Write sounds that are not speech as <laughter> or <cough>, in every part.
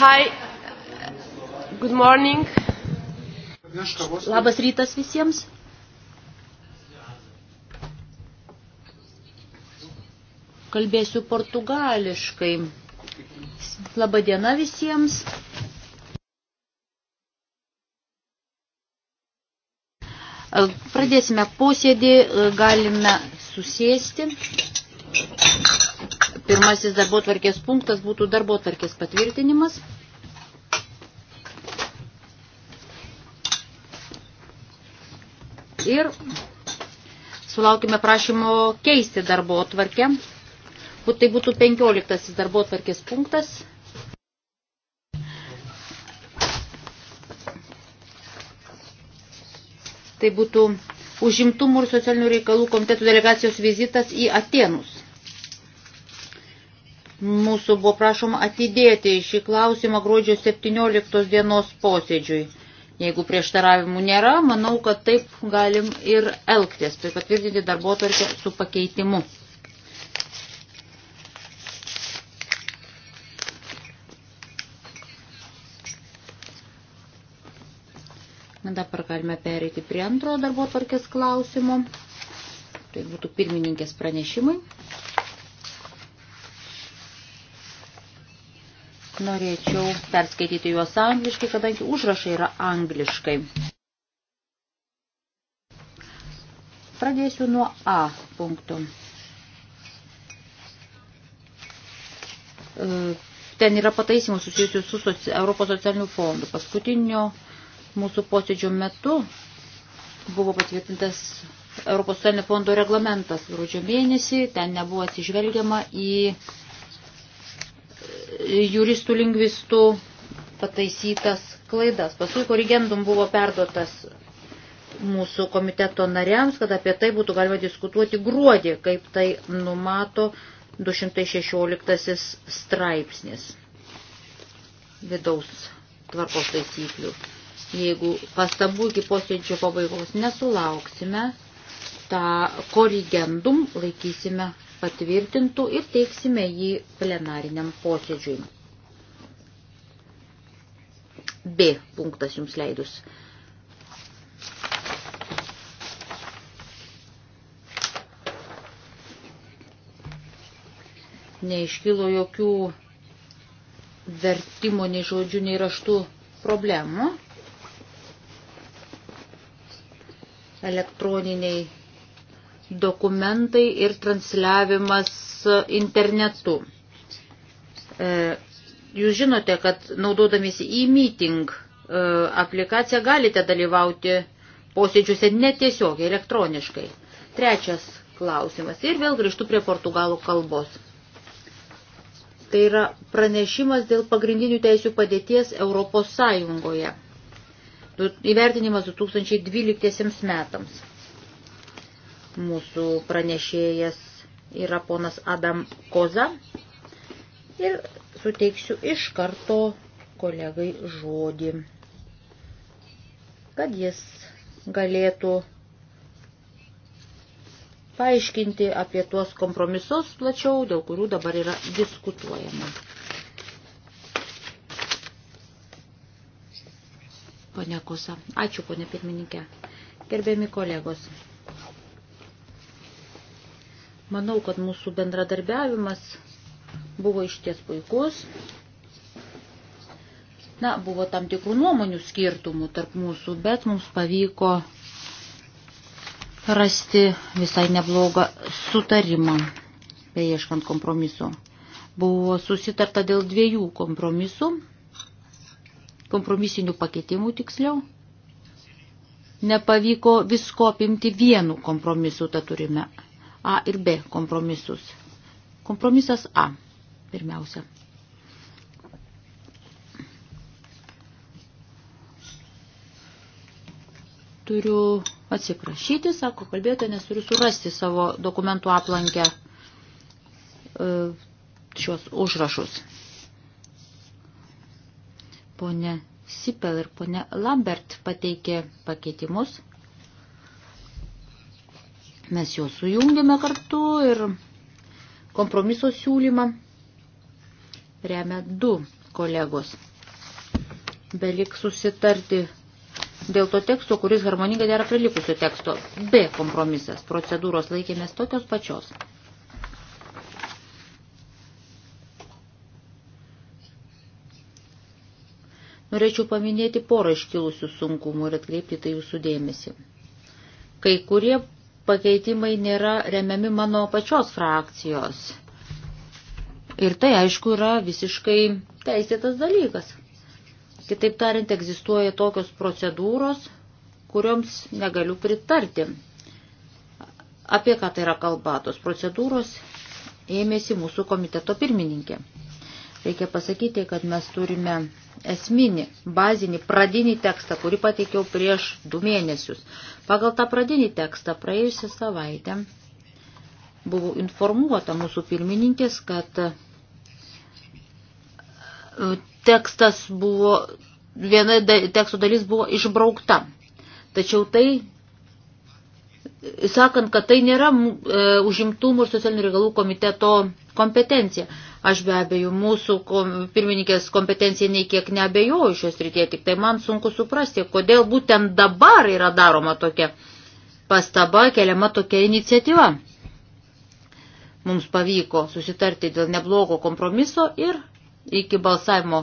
Hi. Good morning. Labas rytas visiems. Kalbėsiu portugališkai. Labą dieną visiems. Pradėsime posėdį, galime susėsti. Pirmasis darbo tvarkės punktas būtų darbo tvarkės patvirtinimas. ir sulaukime prašymo keisti darbo atvarkę. Tai būtų 15 darbo atvarkės punktas. Tai būtų užimtumų ir socialinių reikalų komitetų delegacijos vizitas į Atenus. Mūsų buvo prašoma atidėti šį klausimą gruodžio 17 dienos posėdžiui. Jeigu prieštaravimų nėra, manau, kad taip galim ir elgtis, tai patvirtinti darbo tvarkę su pakeitimu. Dabar galime pereiti prie antrojo darbo tvarkės klausimo. Tai būtų pirmininkės pranešimai. Norėčiau perskaityti juos angliškai, kadangi užrašai yra angliškai. Pradėsiu nuo A punktų. E, ten yra pataisimų susijusių su soci... Europos socialinių fondų. Paskutinio mūsų posėdžio metu buvo patvirtintas Europos socialinių fondų reglamentas rūdžio mėnesį. Ten nebuvo atsižvelgiama į juristų lingvistų pataisytas klaidas. Paskui korigendum buvo perduotas mūsų komiteto nariams, kad apie tai būtų galima diskutuoti gruodį, kaip tai numato 216 straipsnis vidaus tvarkos taisyklių. Jeigu pastabų iki posėdžio pabaigos nesulauksime, tą korigendum laikysime patvirtintų ir teiksime jį plenariniam posėdžiui. B punktas jums leidus. Neiškilo jokių vertimo, nei žodžių, nei raštų problemų. Elektroniniai dokumentai ir transliavimas internetu. E, jūs žinote, kad naudodamėsi e-meeting e, aplikaciją galite dalyvauti posėdžiuose netiesiogiai, elektroniškai. Trečias klausimas. Ir vėl grįžtu prie portugalų kalbos. Tai yra pranešimas dėl pagrindinių teisių padėties Europos Sąjungoje. Įvertinimas 2012 metams. Mūsų pranešėjas yra ponas Adam Koza. Ir suteiksiu iš karto kolegai žodį, kad jis galėtų paaiškinti apie tuos kompromisus plačiau, dėl kurių dabar yra diskutuojama. Pone Kosa. Ačiū, pone pirmininkė. Gerbiami kolegos. Manau, kad mūsų bendradarbiavimas buvo išties puikus. Na, buvo tam tikrų nuomonių skirtumų tarp mūsų, bet mums pavyko rasti visai neblogą sutarimą, beieškant kompromiso. Buvo susitarta dėl dviejų kompromisų, kompromisinių pakeitimų tiksliau. Nepavyko visko apimti vienu kompromisu, tą turime A ir B kompromisus. Kompromisas A pirmiausia. Turiu atsiprašyti, sako kalbėtoja, nes turiu surasti savo dokumentų aplankę e, šios užrašus. Pone Sipel ir pone Lambert pateikė pakeitimus Mes juos sujungėme kartu ir kompromiso siūlymą remia du kolegos. Belik susitarti dėl to teksto, kuris harmoningai dera prie likusio teksto. B kompromisas. Procedūros laikėmės tokios pačios. Norėčiau paminėti porą iškilusių sunkumų ir atkreipti tai jūsų dėmesį. Kai kurie pakeitimai nėra remiami mano pačios frakcijos. Ir tai, aišku, yra visiškai teisėtas dalykas. Kitaip tariant, egzistuoja tokios procedūros, kurioms negaliu pritarti. Apie ką tai yra kalba, tos procedūros ėmėsi mūsų komiteto pirmininkė. Reikia pasakyti, kad mes turime esminį, bazinį, pradinį tekstą, kurį pateikiau prieš du mėnesius. Pagal tą pradinį tekstą praėjusią savaitę buvo informuota mūsų pirmininkės, kad e, tekstas buvo, viena teksto dalis buvo išbraukta. Tačiau tai sakant, kad tai nėra e, užimtumų ir socialinių reikalų komiteto kompetencija. Aš be abejo mūsų kom, pirmininkės kompetencija nei kiek neabejoju šios rytie, tik tai man sunku suprasti, kodėl būtent dabar yra daroma tokia pastaba, keliama tokia iniciatyva. Mums pavyko susitarti dėl neblogo kompromiso ir iki balsavimo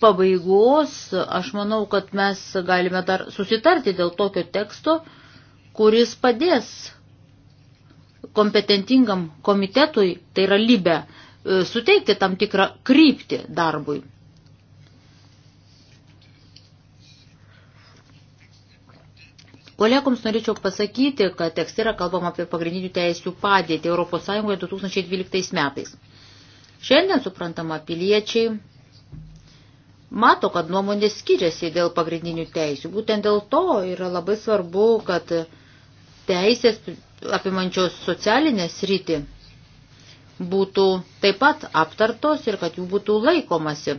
pabaigos aš manau, kad mes galime dar susitarti dėl tokio teksto, kuris padės kompetentingam komitetui, tai yra libė, e, suteikti tam tikrą kryptį darbui. Kolegoms norėčiau pasakyti, kad tekste yra kalbama apie pagrindinių teisių padėtį ES 2012 metais. Šiandien, suprantama, piliečiai mato, kad nuomonės skiriasi dėl pagrindinių teisių. Būtent dėl to yra labai svarbu, kad teisės apimančios socialinę sritį būtų taip pat aptartos ir kad jų būtų laikomasi.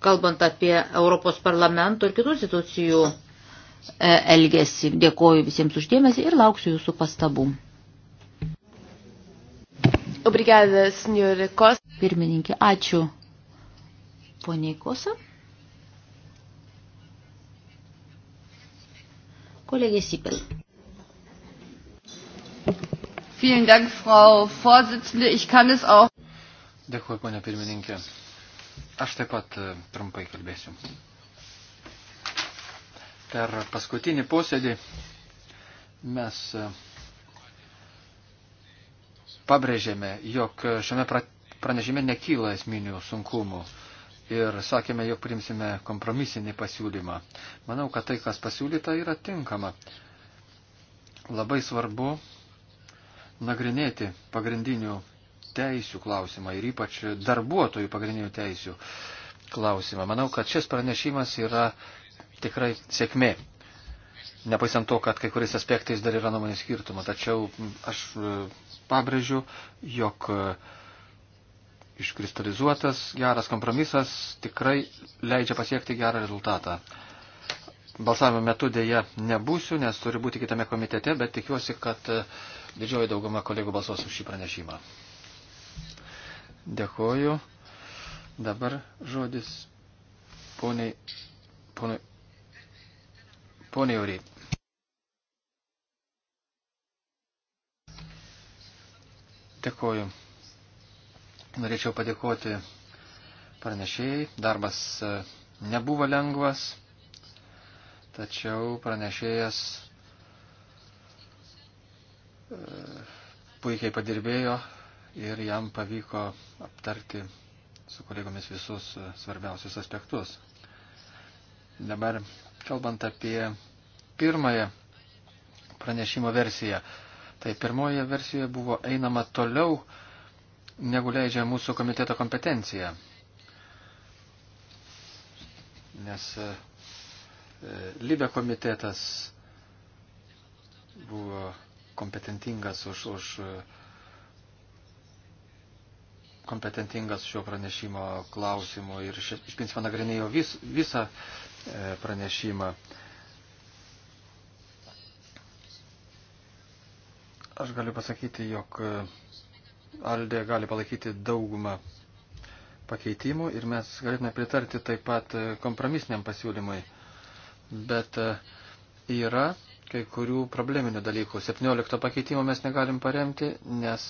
Kalbant apie Europos parlamento ir kitų institucijų e, elgesį, dėkoju visiems uždėmesi ir lauksiu jūsų pastabų. Obrigada, senhora Costa. Pirmininkė, ačiū. Poniai Kosa. Kolegė Sipel. Vielen Dank, Frau Vorsitzende. Ich kann es auch. Dėkuoju, ponia pirmininkė. Aš taip pat e, trumpai kalbėsiu. Per paskutinį posėdį mes e, pabrėžėme, jog šiame pranešime nekyla esminių sunkumų ir sakėme, jog primsime kompromisinį pasiūlymą. Manau, kad tai, kas pasiūlyta, yra tinkama. Labai svarbu nagrinėti pagrindinių teisių klausimą ir ypač darbuotojų pagrindinių teisių klausimą. Manau, kad šis pranešimas yra tikrai sėkmė. Nepaisant to, kad kai kuriais aspektais dar yra nuomonės skirtumo, tačiau aš pabrėžiu, jog e, iškristalizuotas geras kompromisas tikrai leidžia pasiekti gerą rezultatą. Balsavimo metu dėja nebūsiu, nes turi būti kitame komitete, bet tikiuosi, kad e, didžioji dauguma kolegų balsuos už šį pranešimą. Dėkuoju. Dabar žodis poniai, poniai, poniai Uri. Dėkuoju. Norėčiau padėkoti pranešėjai. Darbas e, nebuvo lengvas, tačiau pranešėjas e, puikiai padirbėjo ir jam pavyko aptarti su kolegomis visus e, svarbiausius aspektus. Dabar, kalbant apie pirmąją pranešimo versiją, Tai pirmoje versijoje buvo einama toliau, negu leidžia mūsų komiteto kompetencija. Nes e, e Libė komitetas buvo kompetentingas už, už e, kompetentingas šio pranešimo klausimu ir iš principo nagrinėjo vis, visą e, pranešimą. E, Aš galiu pasakyti, jog e, Aldė gali palaikyti daugumą pakeitimų ir mes galėtume pritarti taip pat e, kompromisiniam pasiūlymui. Bet e, yra kai kurių probleminių dalykų. 17 pakeitimo mes negalim paremti, nes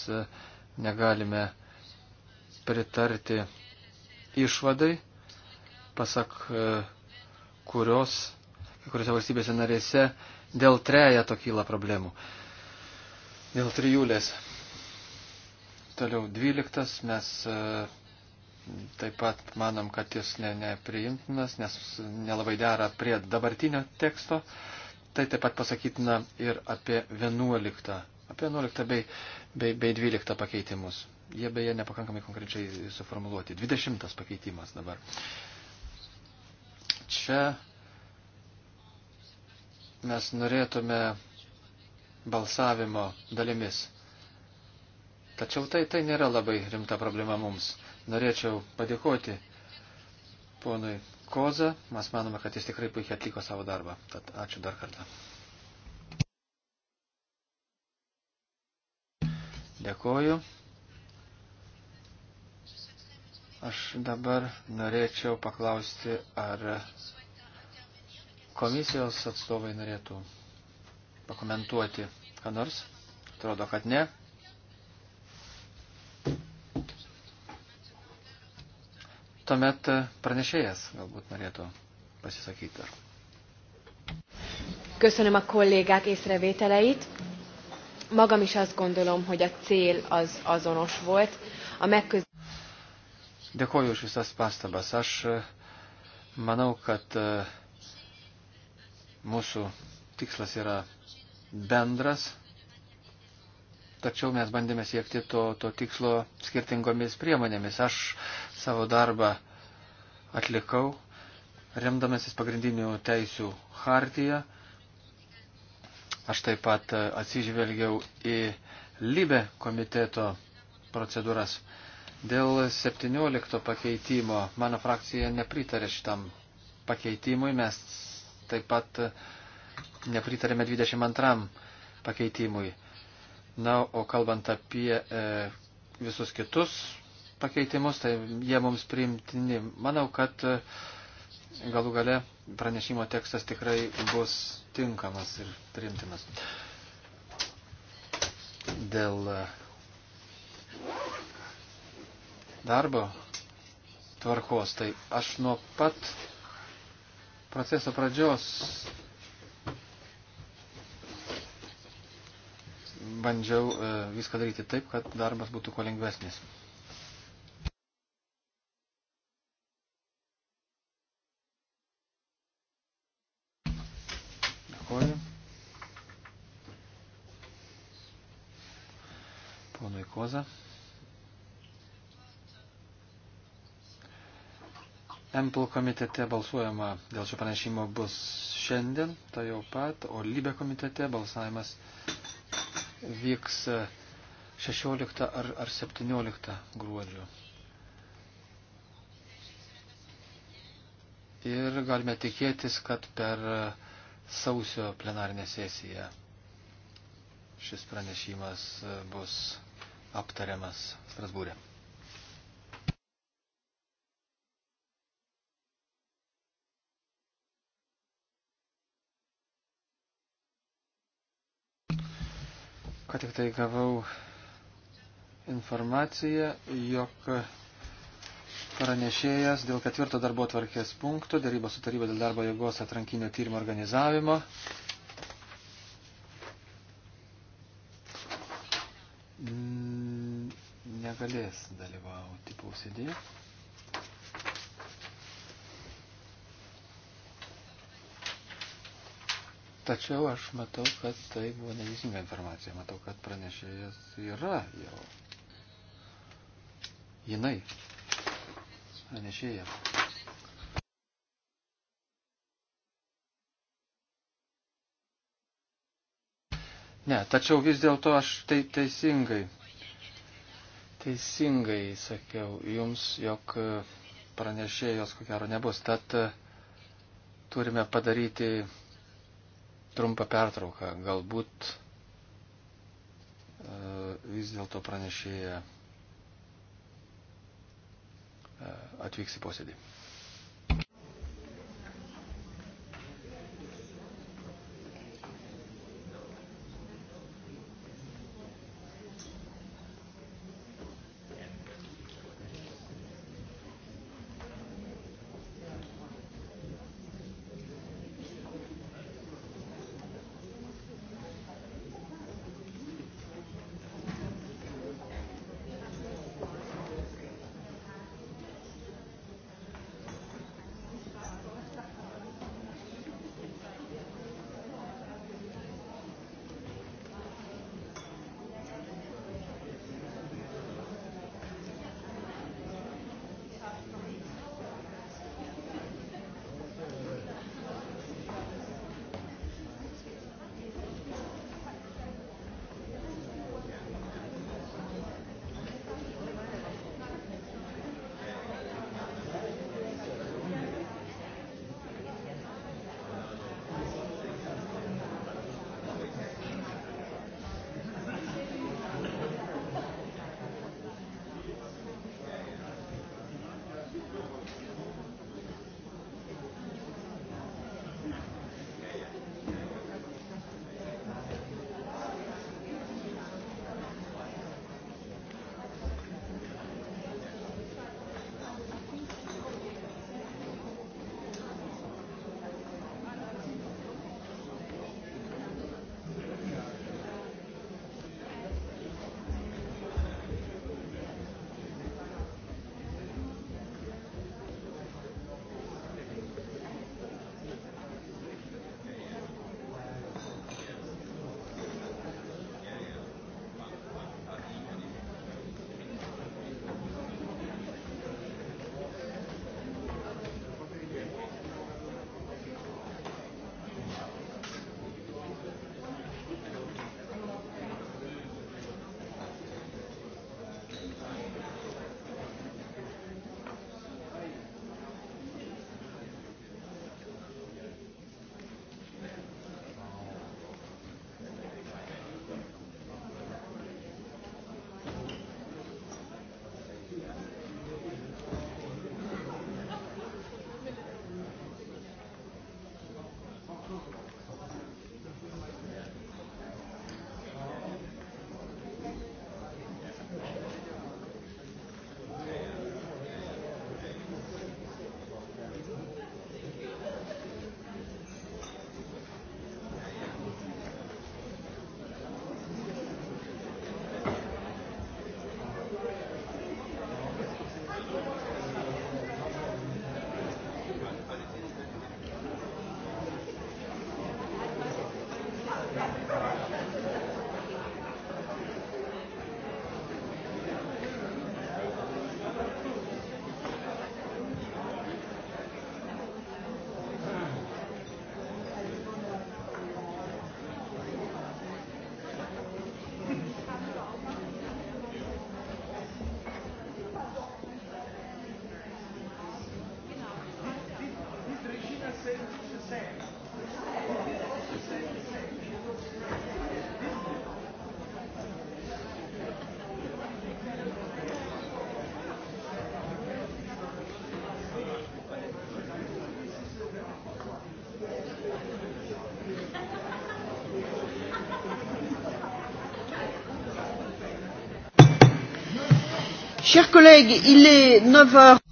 negalime pritarti išvadai, pasak kurios, kai kuriuose valstybėse narėse, dėl trejato kyla problemų. Dėl trijulės. Toliau dvyliktas mes e, taip pat manom, kad jis ne, nepriimtinas, nes nelabai dera prie dabartinio teksto. Tai taip pat pasakytina ir apie 11, apie 11 bei, bei, bei 12 pakeitimus. Jie beje nepakankamai konkrečiai suformuluoti. 20 pakeitimas dabar. Čia mes norėtume balsavimo dalimis. Tačiau tai, tai nėra labai rimta problema mums. Norėčiau padėkoti ponui Koza. Mes manome, kad jis tikrai puikiai atliko savo darbą. Tad ačiū dar kartą. Dėkoju. Aš dabar norėčiau paklausti, ar komisijos atstovai norėtų pakomentuoti, ką nors? Atrodo, kad ne. Tuomet pranešėjas galbūt norėtų pasisakyti dar. Köszönöm a kollégák észrevételeit. Magam is azt gondolom, hogy a cél az azonos volt. A megköz... Dėkoju už visas pastabas. Aš e, manau, kad e, mūsų tikslas yra bendras, tačiau mes bandėme siekti to, to tikslo skirtingomis priemonėmis. Aš savo darbą atlikau, remdamasis pagrindinių teisių hartiją. Aš taip pat atsižvelgiau į Libe komiteto procedūras. Dėl 17 pakeitimo mano frakcija nepritarė šitam pakeitimui. Mes taip pat uh, nepritarėme 22 pakeitimui. Na, o kalbant apie e, visus kitus pakeitimus, tai jie mums priimtini. Manau, kad e, galų gale pranešimo tekstas tikrai bus tinkamas ir priimtinas. Dėl e, darbo tvarkos, tai aš nuo pat proceso pradžios bandžiau e, viską daryti taip, kad darbas būtų kuo lengvesnis. Dėkuoju. Ponui Koza. MPL komitete balsuojama dėl šio pranešimo bus šiandien, tai jau pat, o Libė e komitete balsavimas vyks 16 ar, ar 17 gruodžio. Ir galime tikėtis, kad per sausio plenarinę sesiją šis pranešimas bus aptariamas Strasbūrė. Ką tik tai gavau informaciją, jog pranešėjas dėl ketvirto darbo tvarkės punkto, dėrybos su taryba dėl darbo jėgos atrankinio tyrimo organizavimo. negalės dalyvauti posėdėje. Tačiau aš matau, kad tai buvo neteisinga informacija. Matau, kad pranešėjas yra jau. Jinai. Pranešėja. Ne, tačiau vis dėlto aš tai teisingai. Teisingai sakiau jums, jog pranešėjos ko gero nebus. Tad turime padaryti trumpą pertrauką. Galbūt e, vis dėlto pranešėja e, atvyks į posėdį.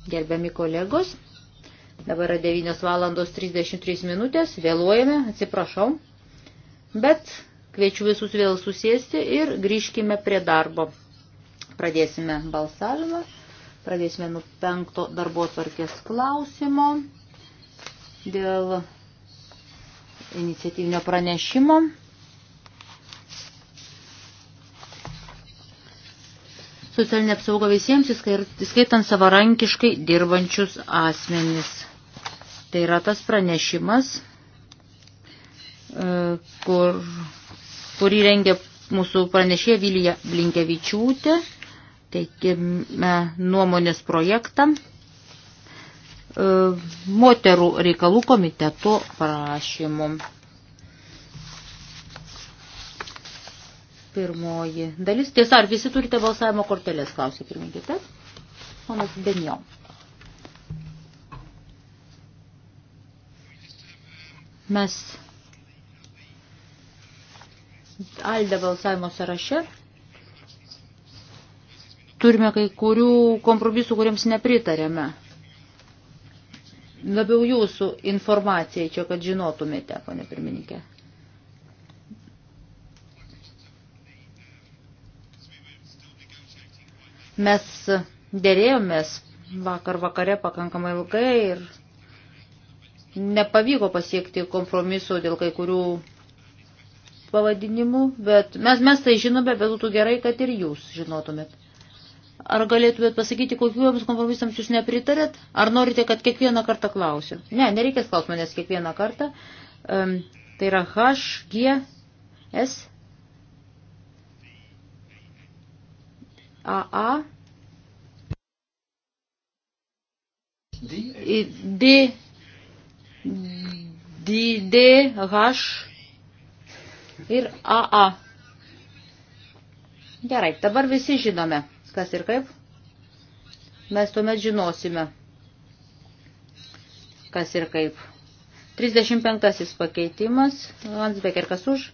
Gerbiami kolegos, dabar yra 9 valandos 33 minutės, vėluojame, atsiprašau, bet kviečiu visus vėl susėsti ir grįžkime prie darbo. Pradėsime balsavimą, pradėsime nuo penkto darbo tvarkės klausimo dėl iniciatyvinio pranešimo. socialinė apsauga visiems, įskaitant savarankiškai dirbančius asmenis. Tai yra tas pranešimas, e, kur, kurį rengia mūsų pranešė Vilija Blinkevičiūtė. Teikime nuomonės projektą. E, Moterų reikalų komiteto prašymu. Pirmoji dalis. Tiesa, ar visi turite balsavimo kortelės, klausė pirmininkite. Ponas Benjo. Mes Alde balsavimo sąraše turime kai kurių kompromisų, kuriems nepritarėme. Labiau jūsų informacijai čia, kad žinotumėte, ponė pirmininkė. Mes dėrėjomės vakar vakare pakankamai ilgai ir nepavyko pasiekti kompromiso dėl kai kurių pavadinimų, bet mes, mes tai žinome, bet būtų gerai, kad ir jūs žinotumėt. Ar galėtumėt pasakyti, kokiuoms kompromisams jūs nepritarėt? Ar norite, kad kiekvieną kartą klausiu? Ne, nereikės klausimą, nes kiekvieną kartą. Um, tai yra H, G, S, AA. D, D, D, H ir AA. Gerai, dabar visi žinome, kas ir kaip. Mes tuomet žinosime, kas ir kaip. 35 pakeitimas, Landsbeker kas už,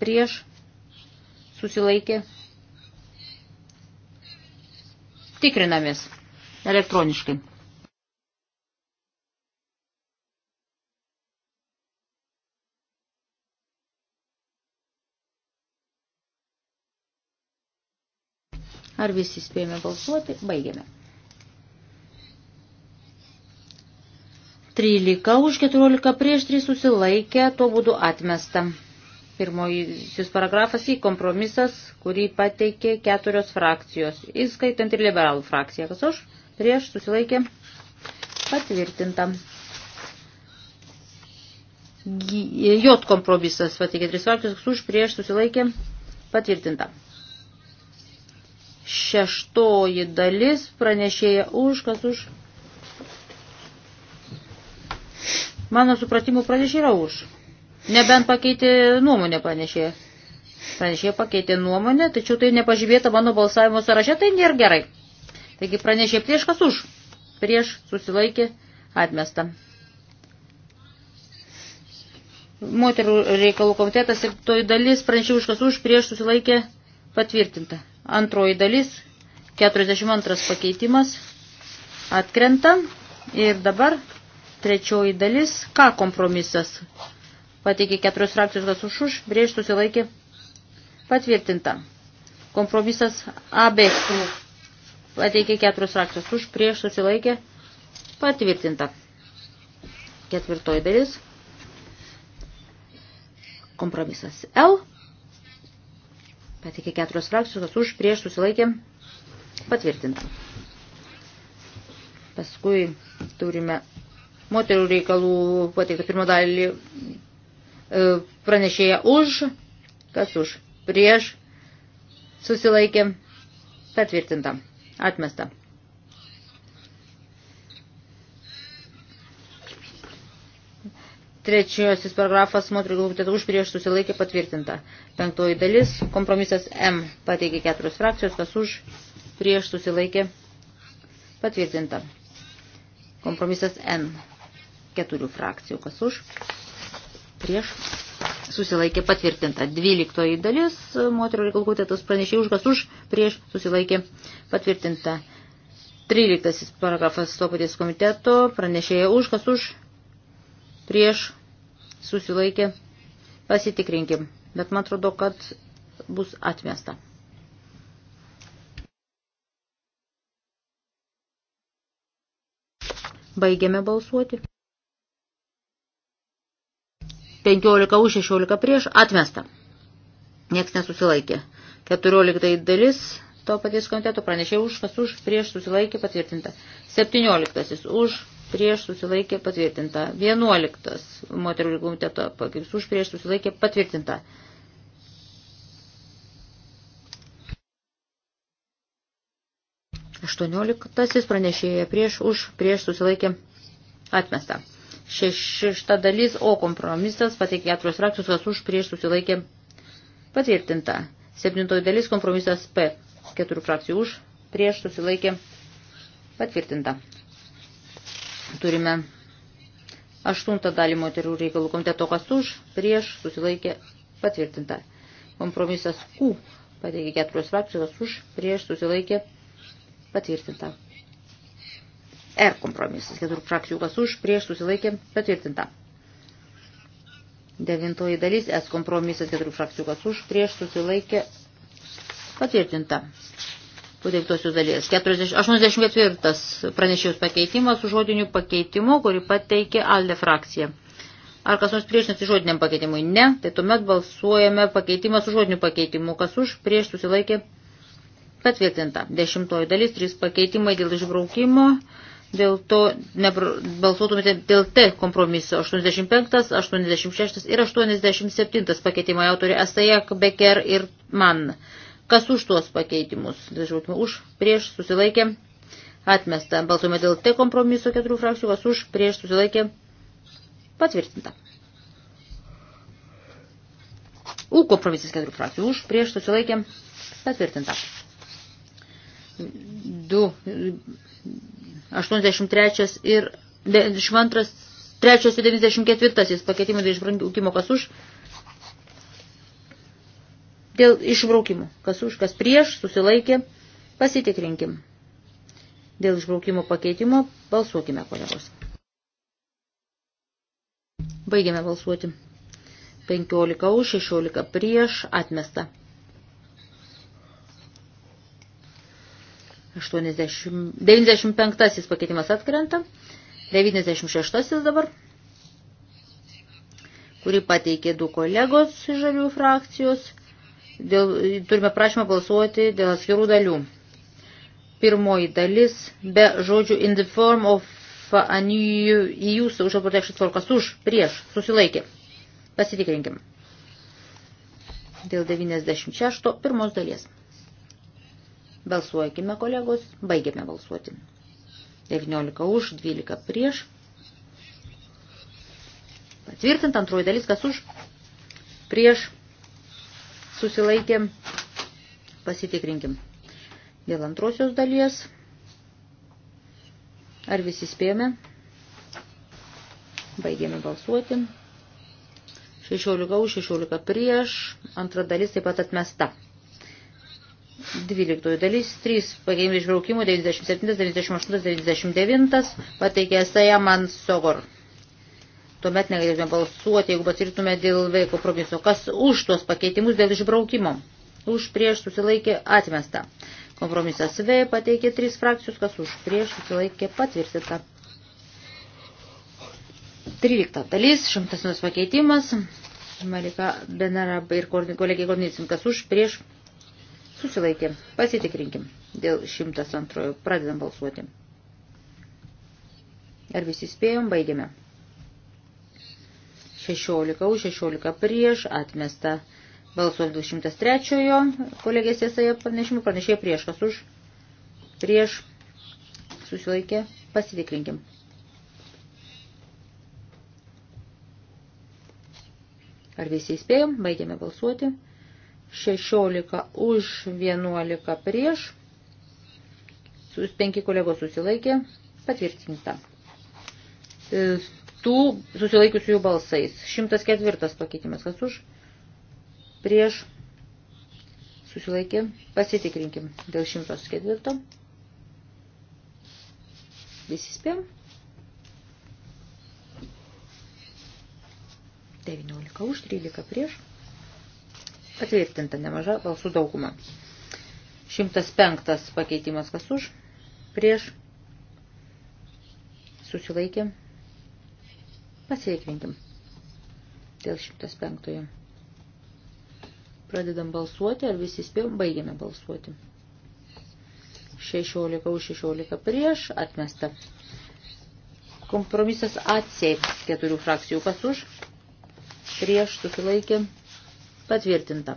prieš, susilaikė, Tikrinamės elektroniškai. Ar visi spėjome balsuoti? Baigėme. 13 už 14 prieš 3 susilaikę, tuo būdu atmesta. Pirmojisis paragrafas į kompromisas, kurį pateikė keturios frakcijos, įskaitant ir liberalų frakciją. Kas už? Prieš susilaikė patvirtinta. E, J kompromisas pateikė tris frakcijos, kas už? Prieš susilaikė patvirtinta. Šeštoji dalis pranešėja už, kas už? Mano supratimu pranešė yra už. Nebent pakeitė nuomonę pranešėje. Pranešėje pakeitė nuomonę, tačiau tai nepažymėta mano balsavimo sąraše, tai nėra gerai. Taigi pranešė prieš kas už. Prieš susilaikė atmestą. Moterų reikalų komitetas ir toji dalis pranešė už kas už, prieš susilaikė patvirtinta. Antroji dalis, 42 pakeitimas, atkrenta. Ir dabar trečioji dalis, ką kompromisas, Pateikė keturios frakcijos, kas už už, prieš susilaikė patvirtinta. Kompromisas AB. Pateikė keturios frakcijos už, prieš susilaikė patvirtinta. Ketvirtoji dalis. Kompromisas L. Pateikė keturios frakcijos, kas už, prieš susilaikė patvirtinta. Paskui turime moterų reikalų pateiktą pirmą dalį E, pranešėja už, kas už, prieš, susilaikė, patvirtinta, atmesta. Trečiasis paragrafas moterų komitetų už prieš susilaikė patvirtinta. Penktoji dalis kompromisas M pateikė keturios frakcijos, kas už prieš susilaikė patvirtinta. Kompromisas N keturių frakcijų, kas už prieš susilaikė patvirtinta. 12 dalis moterų reikalų komitetas pranešė už, kas už, prieš susilaikė patvirtinta. 13 paragrafas to paties komiteto pranešėja už, kas už, prieš susilaikė. Pasitikrinkim, bet man atrodo, kad bus atmesta. Baigiame balsuoti. 15 už 16 prieš atmesta. Niekas nesusilaikė. 14 dalis to paties komiteto pranešė už, kas už, prieš susilaikė patvirtinta. 17 už, prieš susilaikė patvirtinta. 11 moterų lygų komiteto pagims už, prieš susilaikė patvirtinta. Aštuonioliktasis pranešėja prieš už, prieš susilaikė atmesta šešta dalis, o kompromisas pateikė keturios frakcijos, kas už prieš susilaikė patvirtinta. Septintoji dalis kompromisas P, keturių frakcijų už prieš susilaikė patvirtinta. Turime aštuntą dalį moterų reikalų komiteto, kas už prieš susilaikė patvirtinta. Kompromisas Q pateikė keturios frakcijos, kas už prieš susilaikė patvirtinta. R e kompromisas. Keturių frakcijų kas už, prieš susilaikė patvirtinta. Devintoji dalis S kompromisas. Keturių frakcijų kas už, prieš susilaikė patvirtinta. Po devintosios dalies. 40, 84 pranešėjus pakeitimas su žodiniu pakeitimu, kurį pateikė ALDE frakcija. Ar kas nors priešinasi žodiniam pakeitimui? Ne. Tai tuomet balsuojame pakeitimą su žodiniu pakeitimu. Kas už prieš susilaikė patvirtinta. Dešimtoji dalis, trys pakeitimai dėl išbraukimo dėl to balsuotumėte dėl T kompromiso 85, 86 ir 87 pakeitimai autoriai Asajak, Becker ir man. Kas už tuos pakeitimus? Žodžiu, už, prieš, susilaikė, atmesta. Balsuojame dėl T kompromiso keturių frakcijų, kas už, prieš, susilaikė, patvirtinta. U kompromisas keturių frakcijų, už, prieš, susilaikė, patvirtinta. Du 83 ir 92, 3 ir 94 pakeitimai dėl išbraukimo, kas už. Dėl išbraukimo, kas už, kas prieš, susilaikė, pasitikrinkim. Dėl išbraukimo pakeitimo balsuokime, kolegos. Baigiame balsuoti. 15 už, 16 prieš, atmesta. 80, 95 pakeitimas atkrenta, 96 dabar, kurį pateikė du kolegos iš žalių frakcijos. Dėl, turime prašymą balsuoti dėl atskirų dalių. Pirmoji dalis be žodžių in the form of an EU social protection tvarkas už, prieš, susilaikė. Pasitikrinkim. Dėl 96 pirmos dalies. Balsuokime, kolegos, baigėme balsuoti. 19 už, 12 prieš. Patvirtinta antroji dalis, kas už, prieš, susilaikėm, pasitikrinkim. Dėl antrosios dalies, ar visi spėjome, baigėme balsuoti. 16 už, 16 prieš, antra dalis taip pat atmesta. 12 dalis, 3 pakeimė išbraukimų, 97, 98, 99, pateikė Esaja Mansogor. Tuomet negalėtume balsuoti, jeigu patirtume dėl vaiko promiso. Kas už tuos pakeitimus dėl išbraukimo? Už prieš susilaikė atmesta. Kompromisas V pateikė 3 frakcijus, kas už prieš susilaikė patvirtinta. 13 dalis, 100 pakeitimas. Marika Benarab ir kolegė Kornicin, kas už prieš Susilaikė. Pasitikrinkim. Dėl 102. Pradedam balsuoti. Ar visi spėjom? Baigiame. 16 už 16 prieš atmesta. Balsuos 203 kolegės esąją pranešimų, pranešė prieš, kas už, prieš, susilaikė, pasitikrinkim. Ar visi įspėjom, baigėme balsuoti. 16 už 11 prieš. 5 kolegos susilaikė. Patvirtinta. E, tų susilaikiusių jų balsais. 104 pakeitimas. Kas už? Prieš. Susilaikė. Pasitikrinkim dėl 104. Visi spėjom. 19 už, 13 prieš. Patvirtinta nemaža balsų dauguma. 105 pakeitimas kas už, prieš, susilaikė, pasveikrinkim dėl 105. Pradedam balsuoti, ar visi spėjom, baigiame balsuoti. 16 už 16 prieš, atmesta. Kompromisas atsiai keturių frakcijų kas už, prieš susilaikė, Patvirtinta.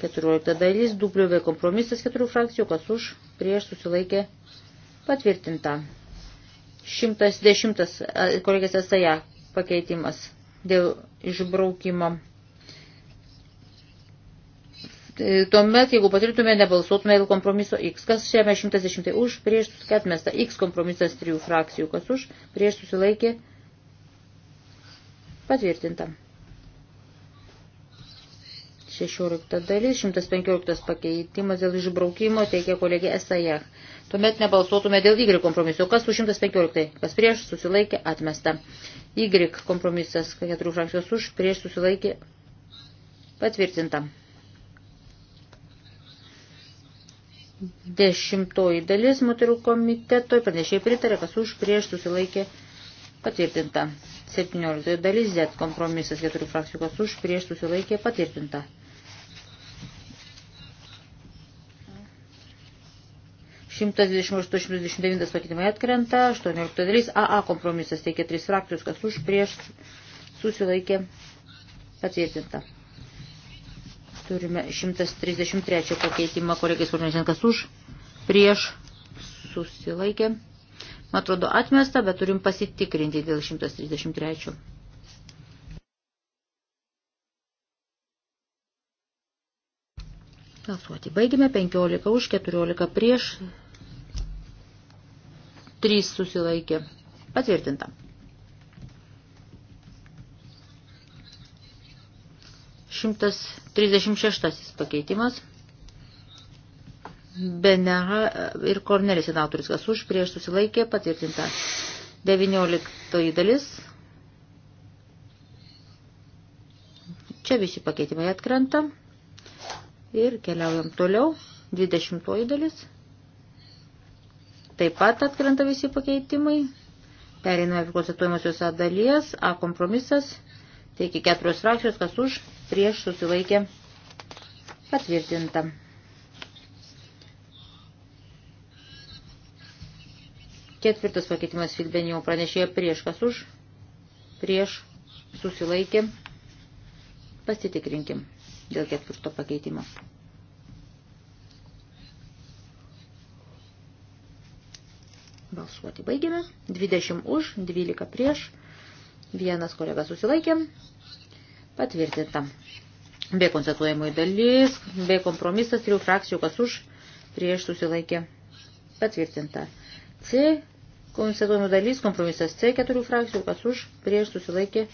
14 dalis, dubliovė kompromisas, 4 frakcijų, kas už, prieš susilaikė, patvirtinta. 110 kolegės esaja pakeitimas dėl išbraukimo. E, tuomet, jeigu patirtume, nebalsuotume dėl kompromiso X. Kas šiame 110 už, prieš atmesta X kompromisas trijų frakcijų. Kas už, prieš susilaikė patvirtinta. 16 dalis, 115 pakeitimas dėl išbraukimo teikia kolegė Esajach. Tuomet nebalsuotume dėl Y kompromiso. Kas už 115? Kas prieš susilaikė atmesta. Y kompromisas, keturių frakcijos už, prieš susilaikė patvirtinta. Dešimtoji dalis moterų komiteto pranešėjai pritarė, kas už prieš susilaikė patvirtinta. 17 dalis Z kompromisas keturių frakcijų, kas už prieš susilaikė patvirtinta. 128-129 pakeitimai atkrenta, 18 dalis AA kompromisas teikia 3 frakcijos, kas už prieš susilaikė patvirtinta. Turime 133 pakeitimą kolegais Kornėžien, kas už prieš susilaikė. Man atrodo atmesta, bet turim pasitikrinti dėl 133. Balsuoti. Baigime 15 už 14 prieš 3 susilaikė. Patvirtinta. Šimtas 36 pakeitimas. Benera ir Kornelis senatorius, kas už, prieš susilaikė, patvirtinta. 19 dalis. Čia visi pakeitimai atkrenta. Ir keliaujam toliau. 20 dalis. Taip pat atkrenta visi pakeitimai. Periname prie konstatuojamosios A dalies. A kompromisas. Teikia keturios frakcijos, kas už, prieš susilaikė patvirtinta. Ketvirtas pakeitimas Filbenio pranešėjo prieš kas už, prieš susilaikė. Pasitikrinkim dėl ketvirto pakeitimo. Balsuoti baigėme. 20 už, 12 prieš. Vienas kolega susilaikė. Patvirtinta. Be konstatuojamųjų dalis, be kompromisas, trijų frakcijų, kas už, prieš susilaikė. Patvirtinta. C. Konstatuojamų dalis, kompromisas C, keturių frakcijų, kas už, prieš susilaikė.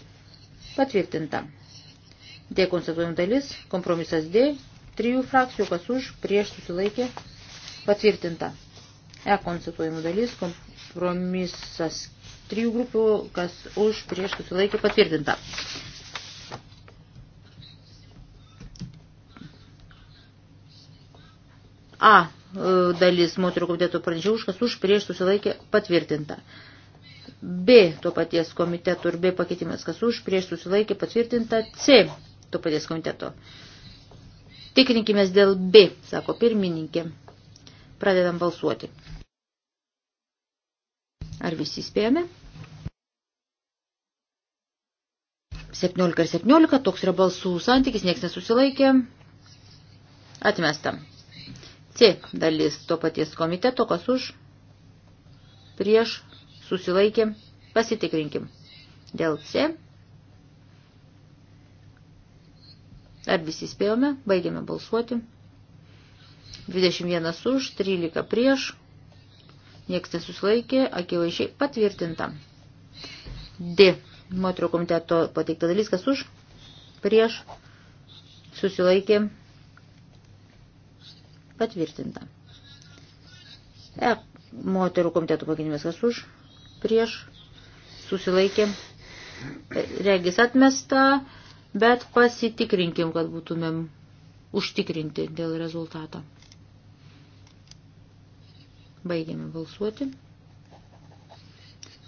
Patvirtinta. D. Konstatuojamų dalis, kompromisas D, trijų frakcijų, kas už, prieš susilaikė. Patvirtinta. E konstatuojimų dalis, kompromisas trijų grupių, kas už prieš susilaikė patvirtinta. A e, dalis moterų komiteto pradžių už, kas už prieš susilaikė patvirtinta. B to paties komiteto ir B pakeitimas, kas už prieš susilaikė patvirtinta. C to paties komiteto. Tikrinkimės dėl B, sako pirmininkė. Pradedam balsuoti. Ar visi spėjome? 17 ir 17, toks yra balsų santykis, nieks nesusilaikė. Atmesta. C dalis to paties komiteto, kas už, prieš, susilaikė, pasitikrinkim. Dėl C. Ar visi spėjome? Baigėme balsuoti. 21 už, 13 prieš, Niekas nesuslaikė, akivaizdžiai patvirtinta. D. Moterio komiteto pateikta dalis, kas už, prieš, susilaikė, patvirtinta. E. Moterų komiteto pakeitimas, kas už, prieš, susilaikė, regis atmesta, bet pasitikrinkim, kad būtumėm užtikrinti dėl rezultato. Baigiame balsuoti.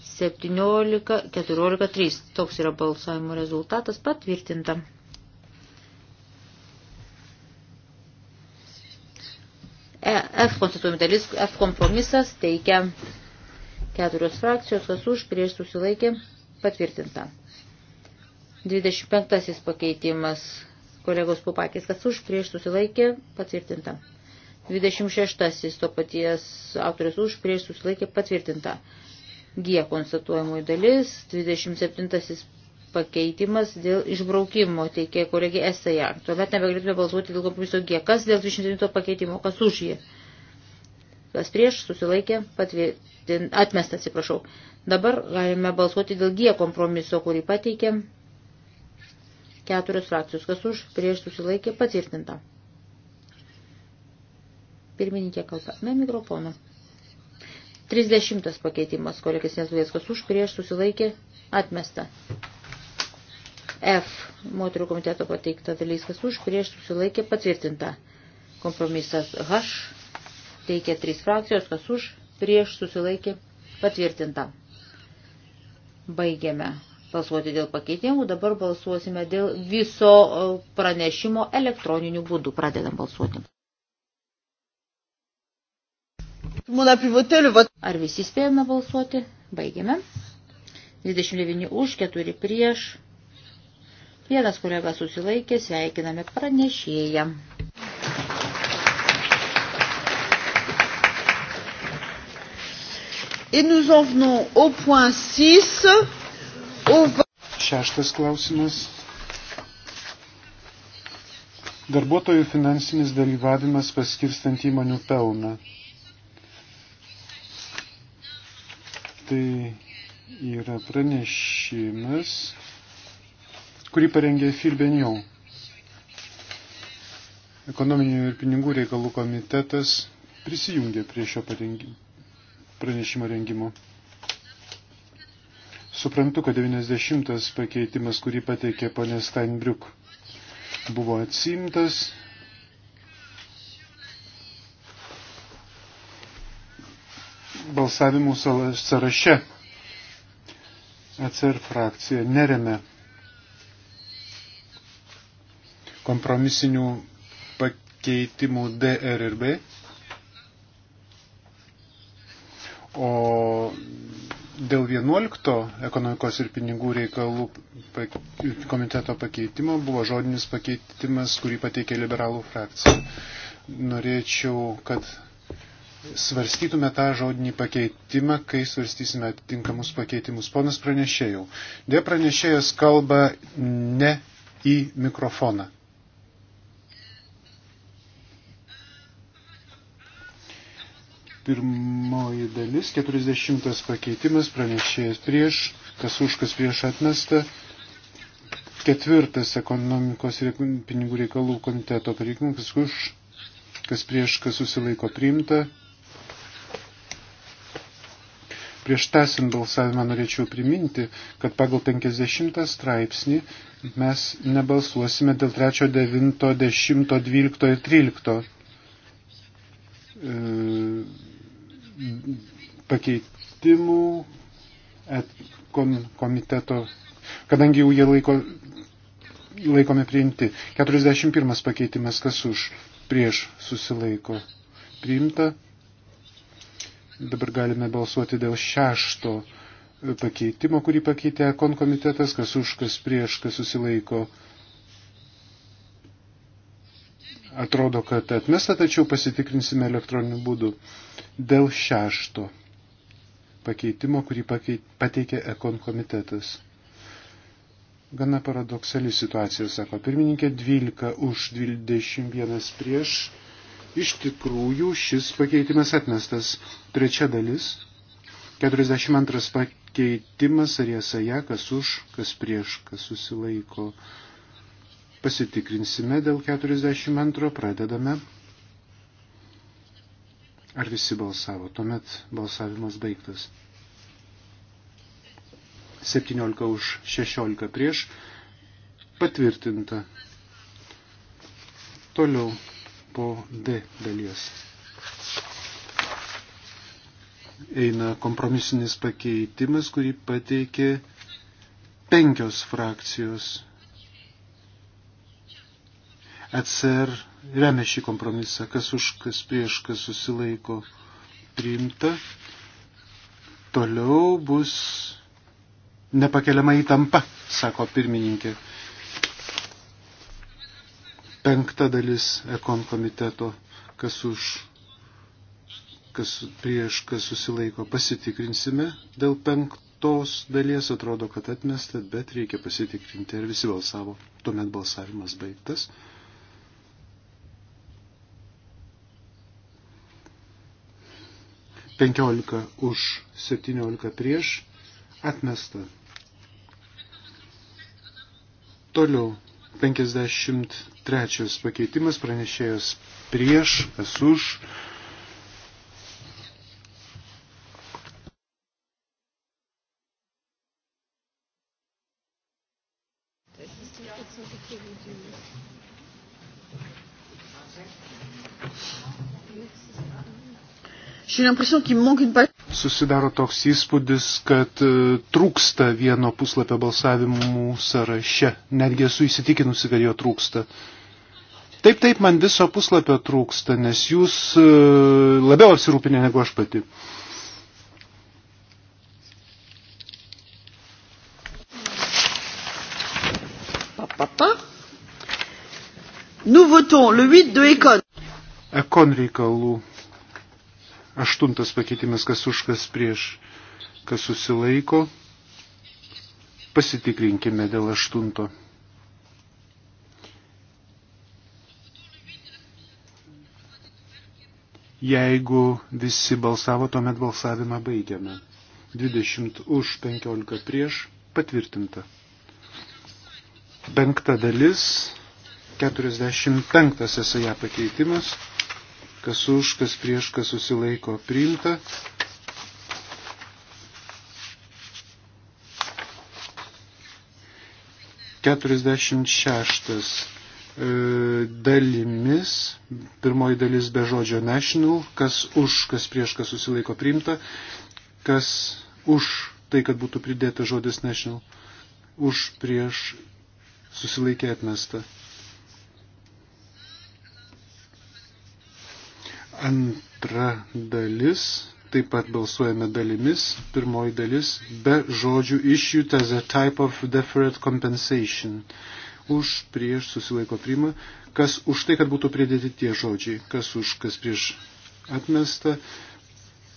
17, 14, 3. Toks yra balsavimo rezultatas patvirtinta. E, F konstituojami dalis, F kompromisas teikia keturios frakcijos, kas už, prieš susilaikė, patvirtinta. 25 pakeitimas kolegos Pupakis, kas už, prieš susilaikė, patvirtinta. 26 to paties autorius už prieš susilaikė patvirtinta. G konstatuojamoji dalis, 27 pakeitimas dėl išbraukimo teikė kolegė Esaja. Tuomet nebegalėtume balsuoti dėl kompromiso G. Kas dėl 27 pakeitimo, kas už jį? Kas prieš susilaikė patvirtin... atmestą, atsiprašau. Dabar galime balsuoti dėl G kompromiso, kurį pateikė keturios frakcijos. Kas už prieš susilaikė patvirtinta. Pirmininkė kalba. Ne mikrofoną. 30 pakeitimas korekcinės dalieskos už prieš susilaikė atmesta. F. Moterų komiteto pateikta daliskas už prieš susilaikė patvirtinta. Kompromisas H. Teikia trys frakcijos, kas už prieš susilaikė patvirtinta. Baigiame balsuoti dėl pakeitimų. Dabar balsuosime dėl viso pranešimo elektroniniu būdu. Pradedam balsuoti. Ar visi spėjome balsuoti? Baigėme. 29 už, 4 prieš. Vienas kolega susilaikė, sveikiname pranešėją. Et nous en venons au point 6. Au... Šeštas klausimas. Darbuotojų finansinis dalyvavimas paskirstant įmonių pelną. tai yra pranešimas, kurį parengė Filbenjau. Ekonominių ir pinigų reikalų komitetas prisijungė prie šio parengimo, pranešimo rengimo. Suprantu, kad 90 pakeitimas, kurį pateikė ponė Steinbriuk, buvo atsimtas balsavimų sąraše. ECR frakcija neremia kompromisinių pakeitimų DR ir B. O dėl 11 ekonomikos ir pinigų reikalų komiteto pakeitimo buvo žodinis pakeitimas, kurį pateikė liberalų frakcija. Norėčiau, kad svarstytume tą žodinį pakeitimą, kai svarstysime atitinkamus pakeitimus. Ponas pranešėjau. Dė pranešėjas kalba ne į mikrofoną. Pirmoji dalis, 40 pakeitimas, pranešėjas prieš, kas už, kas prieš atmesta. Ketvirtas ekonomikos ir pinigų reikalų komiteto pareikimas, kas už, kas prieš, kas susilaiko priimta. Prieš tęsint balsavimą norėčiau priminti, kad pagal 50 straipsnį mes nebalsuosime dėl 3, 9, 10, 12 ir 13 e, pakeitimų komiteto, kadangi jau jie laiko, laikomi priimti. 41 pakeitimas kas už prieš susilaiko priimta. Dabar galime balsuoti dėl šešto e, pakeitimo, kurį pakeitė konkomitetas, kas už, kas prieš, kas susilaiko. Atrodo, kad atmesta, tačiau pasitikrinsime elektroniniu būdu. Dėl šešto pakeitimo, kurį pakeit, pateikė ekon komitetas. Gana paradoksali situacija, sako pirmininkė, 12 už 21 prieš Iš tikrųjų, šis pakeitimas atmestas. Trečia dalis. 42 pakeitimas ar jiesaja, kas už, kas prieš, kas susilaiko. Pasitikrinsime dėl 42, pradedame. Ar visi balsavo? Tuomet balsavimas baigtas. 17 už 16 prieš. Patvirtinta. Toliau po D dalies. Eina kompromisinis pakeitimas, kurį pateikė penkios frakcijos. ECR remia šį kompromisą, kas už, kas prieš, kas susilaiko priimta. Toliau bus nepakeliama įtampa, sako pirmininkė. Penkta dalis ekon komiteto, kas už, kas prieš, kas susilaiko. Pasitikrinsime dėl penktos dalies, atrodo, kad atmesta, bet reikia pasitikrinti, ar visi balsavo. Tuomet balsavimas baigtas. Penkiolika už, septyniolika prieš, atmesta. Toliau 51 Trečias pakeitimas pranešėjas prieš, kas už. J'ai l'impression qu'il me manque une page susidaro toks įspūdis, kad e, trūksta vieno puslapio balsavimų sąraše. Netgi esu įsitikinusi, kad jo trūksta. Taip, taip, man viso puslapio trūksta, nes jūs e, labiau apsirūpinę negu aš pati. Nous votons le 8 de Econ. Econ reikalų Aštuntas pakeitimas, kas už, kas prieš, kas susilaiko. Pasitikrinkime dėl aštunto. Jeigu visi balsavo, tuomet balsavimą baigiame. 20 už 15 prieš patvirtinta. Penkta dalis, 45 esąją pakeitimas kas už, kas prieš, kas susilaiko priimta. Keturiasdešimt šeštas e, dalimis, pirmoji dalis be žodžio national, kas už, kas prieš, kas susilaiko priimta, kas už tai, kad būtų pridėta žodis national, už prieš susilaikė atmesta. Antra dalis, taip pat balsuojame dalimis. Pirmoji dalis be žodžių issued as a type of deferred compensation. Už prieš susilaiko priima. Kas už tai, kad būtų pridėti tie žodžiai. Kas už, kas prieš atmesta.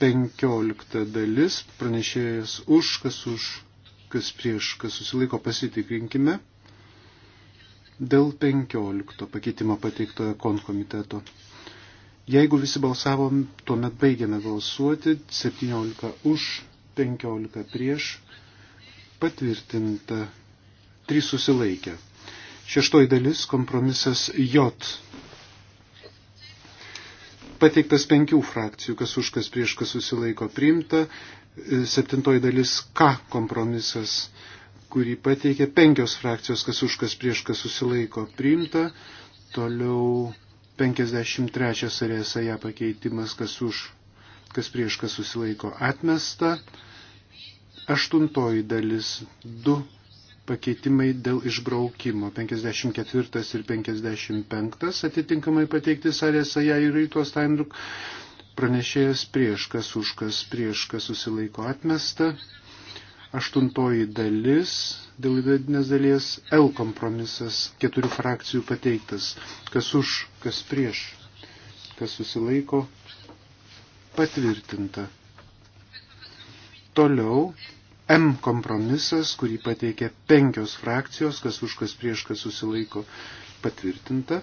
15 dalis, pranešėjas už, kas už, kas prieš, kas susilaiko pasitikrinkime dėl 15 pakeitimo pateiktojo konkomiteto. komiteto. Jeigu visi balsavom, tuomet baigėme balsuoti 17 už, 15 prieš, patvirtinta, 3 susilaikė. Šeštoji dalis kompromisas J. Pateiktas penkių frakcijų, kas už, kas prieš, kas susilaiko priimta. Septintoji dalis K kompromisas, kurį pateikė penkios frakcijos, kas už, kas prieš, kas susilaiko priimta. Toliau 53 sarėsa ją pakeitimas, kas už, kas prieš, kas susilaiko atmesta. Aštuntoji dalis, du pakeitimai dėl išbraukimo, 54 ir 55 atitinkamai pateikti sarėsa ją ir rytos Steinruk. Pranešėjas prieš, kas už, kas prieš, kas susilaiko atmesta aštuntoji dalis, dėl įvedinės dalies L kompromisas keturių frakcijų pateiktas. Kas už, kas prieš, kas susilaiko, patvirtinta. Toliau M kompromisas, kurį pateikė penkios frakcijos, kas už, kas prieš, kas susilaiko, patvirtinta.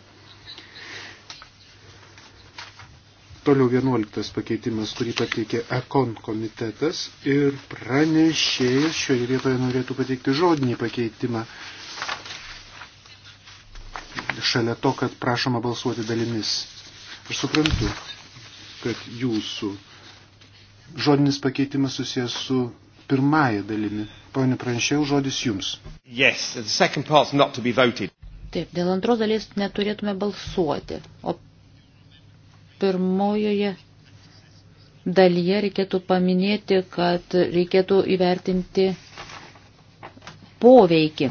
Toliau vienuoliktas pakeitimas, kurį pateikė Ekon komitetas ir pranešėjas šioje vietoje norėtų pateikti žodinį pakeitimą. Šalia to, kad prašoma balsuoti dalimis. Aš suprantu, kad jūsų žodinis pakeitimas susijęs su pirmąją dalimi. Pone pranešėjau, žodis jums. Yes, Taip, dėl antros dalies neturėtume balsuoti, o Pirmojoje dalyje reikėtų paminėti, kad reikėtų įvertinti poveikį,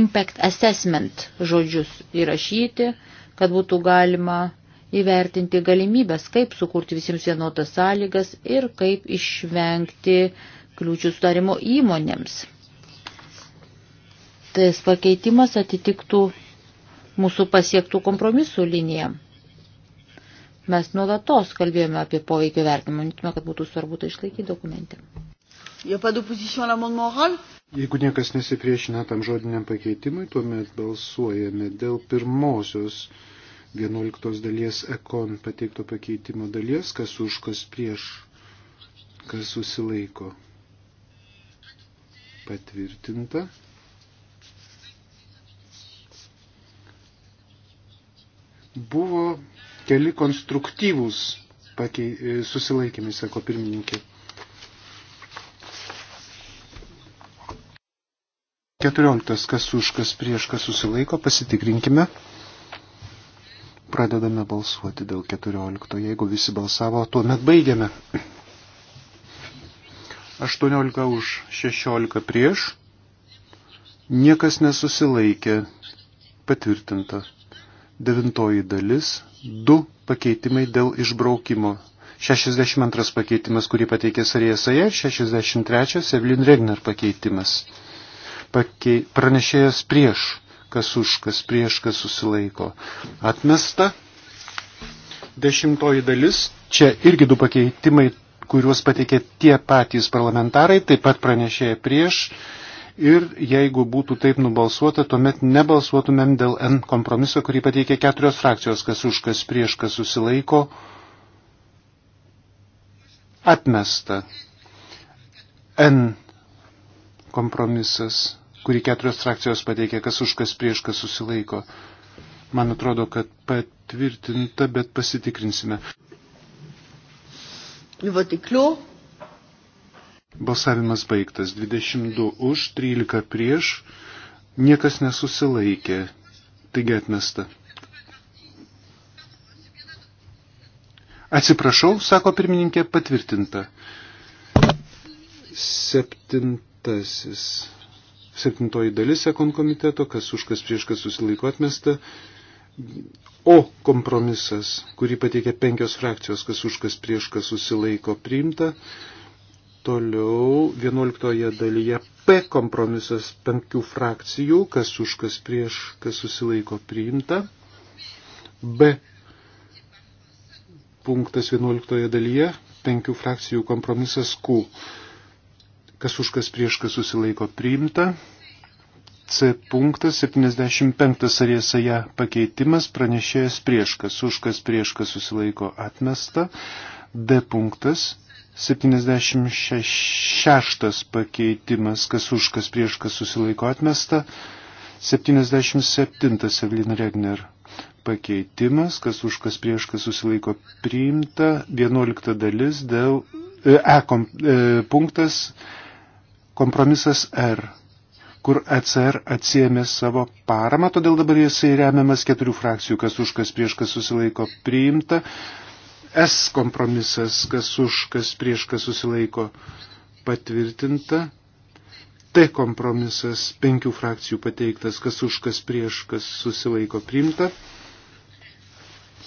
impact assessment žodžius įrašyti, kad būtų galima įvertinti galimybės, kaip sukurti visiems vienodas sąlygas ir kaip išvengti kliūčių sudarimo įmonėms. Tas pakeitimas atitiktų mūsų pasiektų kompromisų liniją. Mes nuolatos kalbėjome apie poveikio vertinimą, manytume, kad būtų svarbu tai išlaikyti dokumente. Jeigu niekas nesipriešina tam žodiniam pakeitimui, tuomet balsuojame dėl pirmosios 11 dalies ekon pateikto pakeitimo dalies, kas už, kas prieš, kas susilaiko. Patvirtinta. Buvo keli konstruktyvūs pakei, e, susilaikymai, sako pirmininkė. 14. Kas už, kas prieš, kas susilaiko, pasitikrinkime. Pradedame balsuoti dėl 14. Jeigu visi balsavo, tuomet baigiame. 18 už, 16 prieš. Niekas nesusilaikė. Patvirtinta devintoji dalis, du pakeitimai dėl išbraukimo. 62 pakeitimas, kurį pateikė Sarėsaja, 63 Evelyn Regner pakeitimas. Pakei, pranešėjas prieš, kas už, kas prieš, kas susilaiko. Atmesta. Dešimtoji dalis, čia irgi du pakeitimai, kuriuos pateikė tie patys parlamentarai, taip pat pranešėja prieš, ir jeigu būtų taip nubalsuota, tuomet nebalsuotumėm dėl N kompromiso, kurį pateikė keturios frakcijos, kas už, kas prieš, kas susilaiko. Atmesta N kompromisas, kurį keturios frakcijos pateikė, kas už, kas prieš, kas susilaiko. Man atrodo, kad patvirtinta, bet pasitikrinsime. Le vote est clos. Balsavimas baigtas. 22 už, 13 prieš. Niekas nesusilaikė. Taigi atmesta. Atsiprašau, sako pirmininkė, patvirtinta. Septintasis. Septintoji dalis ekon komiteto, kas už kas prieš kas susilaiko atmesta. O kompromisas, kurį pateikė penkios frakcijos, kas už kas prieš kas susilaiko priimta. Toliau 11 dalyje P kompromisas penkių frakcijų, kas už, kas prieš, kas susilaiko priimta. B punktas 11 dalyje penkių frakcijų kompromisas Q, kas už, kas prieš, kas susilaiko priimta. C punktas 75 arėsaja pakeitimas pranešėjas prieš, kas už, kas prieš, kas susilaiko atmesta. D punktas 76 pakeitimas, kas už, kas prieš, kas susilaiko atmesta. 77 Evelyn Regner pakeitimas, kas už, kas prieš, kas susilaiko priimta. 11 dalis dėl e, e, kom, e punktas kompromisas R kur ECR atsiemė savo paramą, todėl dabar jisai remiamas keturių frakcijų, kas už, kas prieš, kas susilaiko priimta. S kompromisas, kas už, kas prieš, kas susilaiko patvirtinta. T kompromisas, penkių frakcijų pateiktas, kas už, kas prieš, kas susilaiko priimta.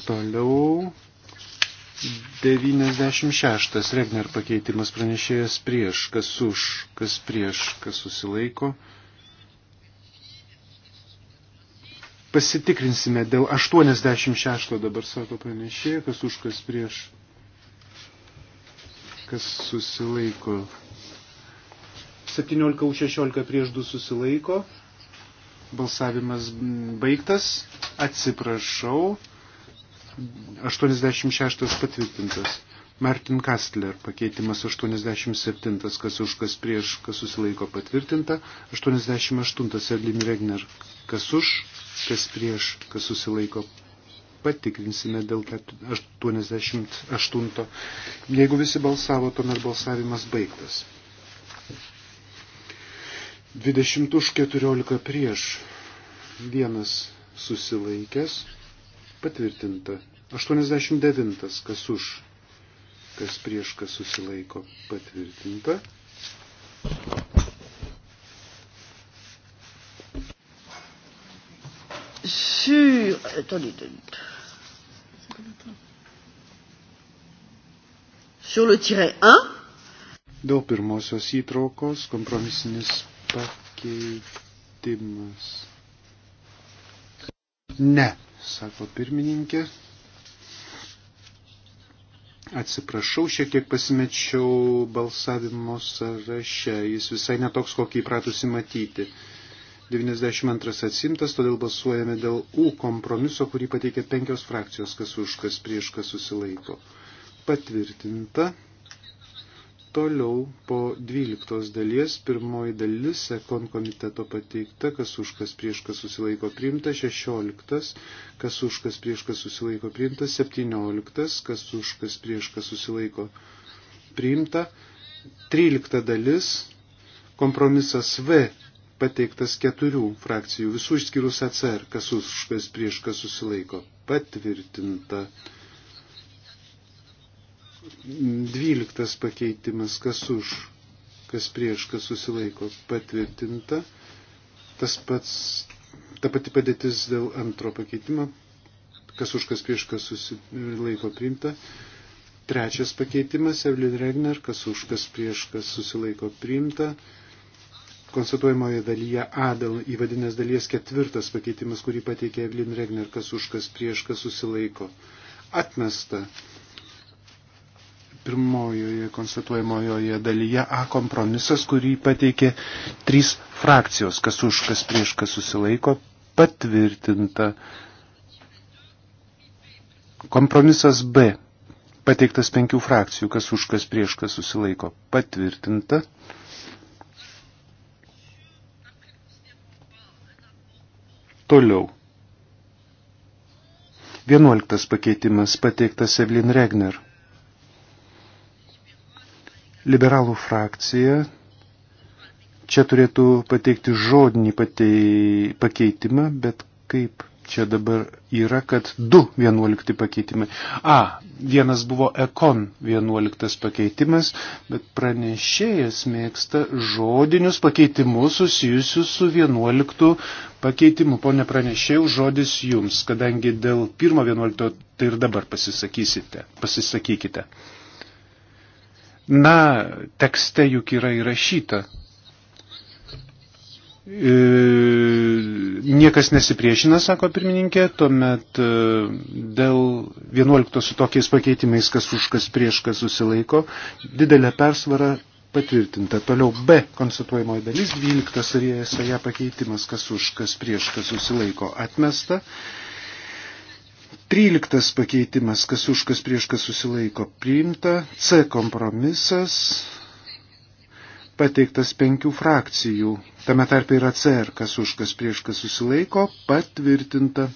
Toliau 96. Regner pakeitimas pranešėjas prieš, kas už, kas prieš, kas susilaiko priimta Pasitikrinsime dėl 86 dabar, sako pranešėja, kas už, kas prieš, kas susilaiko. 17 už 16 prieš 2 susilaiko. Balsavimas baigtas. Atsiprašau. 86 patvirtintas. Martin Kastler pakeitimas 87, kas už, kas prieš, kas susilaiko patvirtinta. 88 Erlin Regner, kas už, kas prieš, kas susilaiko. Patikrinsime dėl 88. Jeigu visi balsavo, tuomet balsavimas baigtas. 20 už 14 prieš, vienas susilaikęs, patvirtinta. 89. kas už, kas prieš, kas susilaiko, patvirtinta. sur. Attendez, sur le tiret 1. Dėl pirmosios įtraukos kompromisinis pakeitimas. Ne, sako pirmininkė. Atsiprašau, šiek tiek pasimečiau balsavimo sąraše. Jis visai netoks, kokį įpratusi matyti. Uh, 92 atsimtas, todėl balsuojame dėl U kompromiso, kurį pateikė penkios frakcijos, kas už, kas prieš, kas susilaiko. Patvirtinta. Toliau po 12 dalies, pirmoji dalis, ekon komiteto pateikta, kas už, kas prieš, kas susilaiko priimta, 16, kas už, kas prieš, kas susilaiko priimta, 17, kas už, kas prieš, kas susilaiko priimta, 13 dalis, kompromisas V pateiktas keturių frakcijų, visų išskyrus ACR, kas už, kas prieš, kas susilaiko. Patvirtinta. Dvyliktas pakeitimas, kas už, kas prieš, kas susilaiko. Patvirtinta. Tas pats, ta pati padėtis dėl antro pakeitimo, kas už, kas prieš, kas susilaiko priimta. Trečias pakeitimas, Evelyn Regner, kas už, kas prieš, kas susilaiko priimta konstatuojamoje dalyje A dėl įvadinės dalies ketvirtas pakeitimas, kurį pateikė Evelyn Regner, kas už kas prieš kas susilaiko. Atmesta pirmojoje konstatuojamojoje dalyje A kompromisas, kurį pateikė trys frakcijos, kas už kas prieš kas susilaiko, patvirtinta. Kompromisas B. Pateiktas penkių frakcijų, kas už kas prieš kas susilaiko, patvirtinta. Toliau. Vienuoliktas pakeitimas pateiktas Evelyn Regner. Liberalų frakcija čia turėtų pateikti žodinį patei, pakeitimą, bet kaip čia dabar yra, kad du 11 pakeitimai. A, vienas buvo ekon 11 pakeitimas, bet pranešėjas mėgsta žodinius pakeitimus susijusius su 11 pakeitimu. Pone pranešėjau, žodis jums, kadangi dėl pirmo 11 tai ir dabar pasisakysite, pasisakykite. Na, tekste juk yra įrašyta E, niekas nesipriešina, sako pirmininkė, tuomet e, dėl 11 su tokiais pakeitimais, kas už kas prieš kas susilaiko, didelė persvara patvirtinta. Toliau B konstatuojamoji dalis, 12 ir ją pakeitimas, kas už kas prieš kas susilaiko, atmesta. 13 pakeitimas, kas už kas prieš kas susilaiko, priimta. C kompromisas, pateiktas penkių frakcijų, tame tarpe ir ACR, kas už, kas prieš, kas susilaiko, patvirtinta.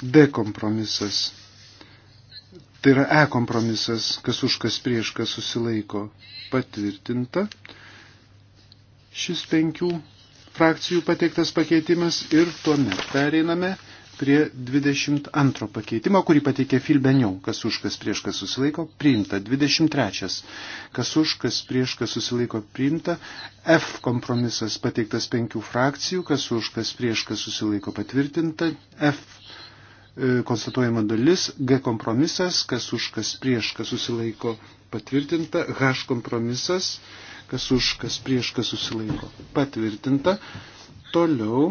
D kompromisas. Tai yra E kompromisas, kas už, kas prieš, kas susilaiko, patvirtinta. Šis penkių frakcijų pateiktas pakeitimas ir tuomet pereiname prie 22 pakeitimo, kurį pateikė Filbeniau, kas už, kas prieš, kas susilaiko, priimta. 23. Kas už, kas prieš, kas susilaiko, priimta. F kompromisas pateiktas penkių frakcijų, kas už, kas prieš, kas susilaiko, patvirtinta. F e, konstatuojama dalis, G kompromisas, kas už, kas prieš, kas susilaiko patvirtinta, H kompromisas, kas už, kas prieš, kas susilaiko patvirtinta. Toliau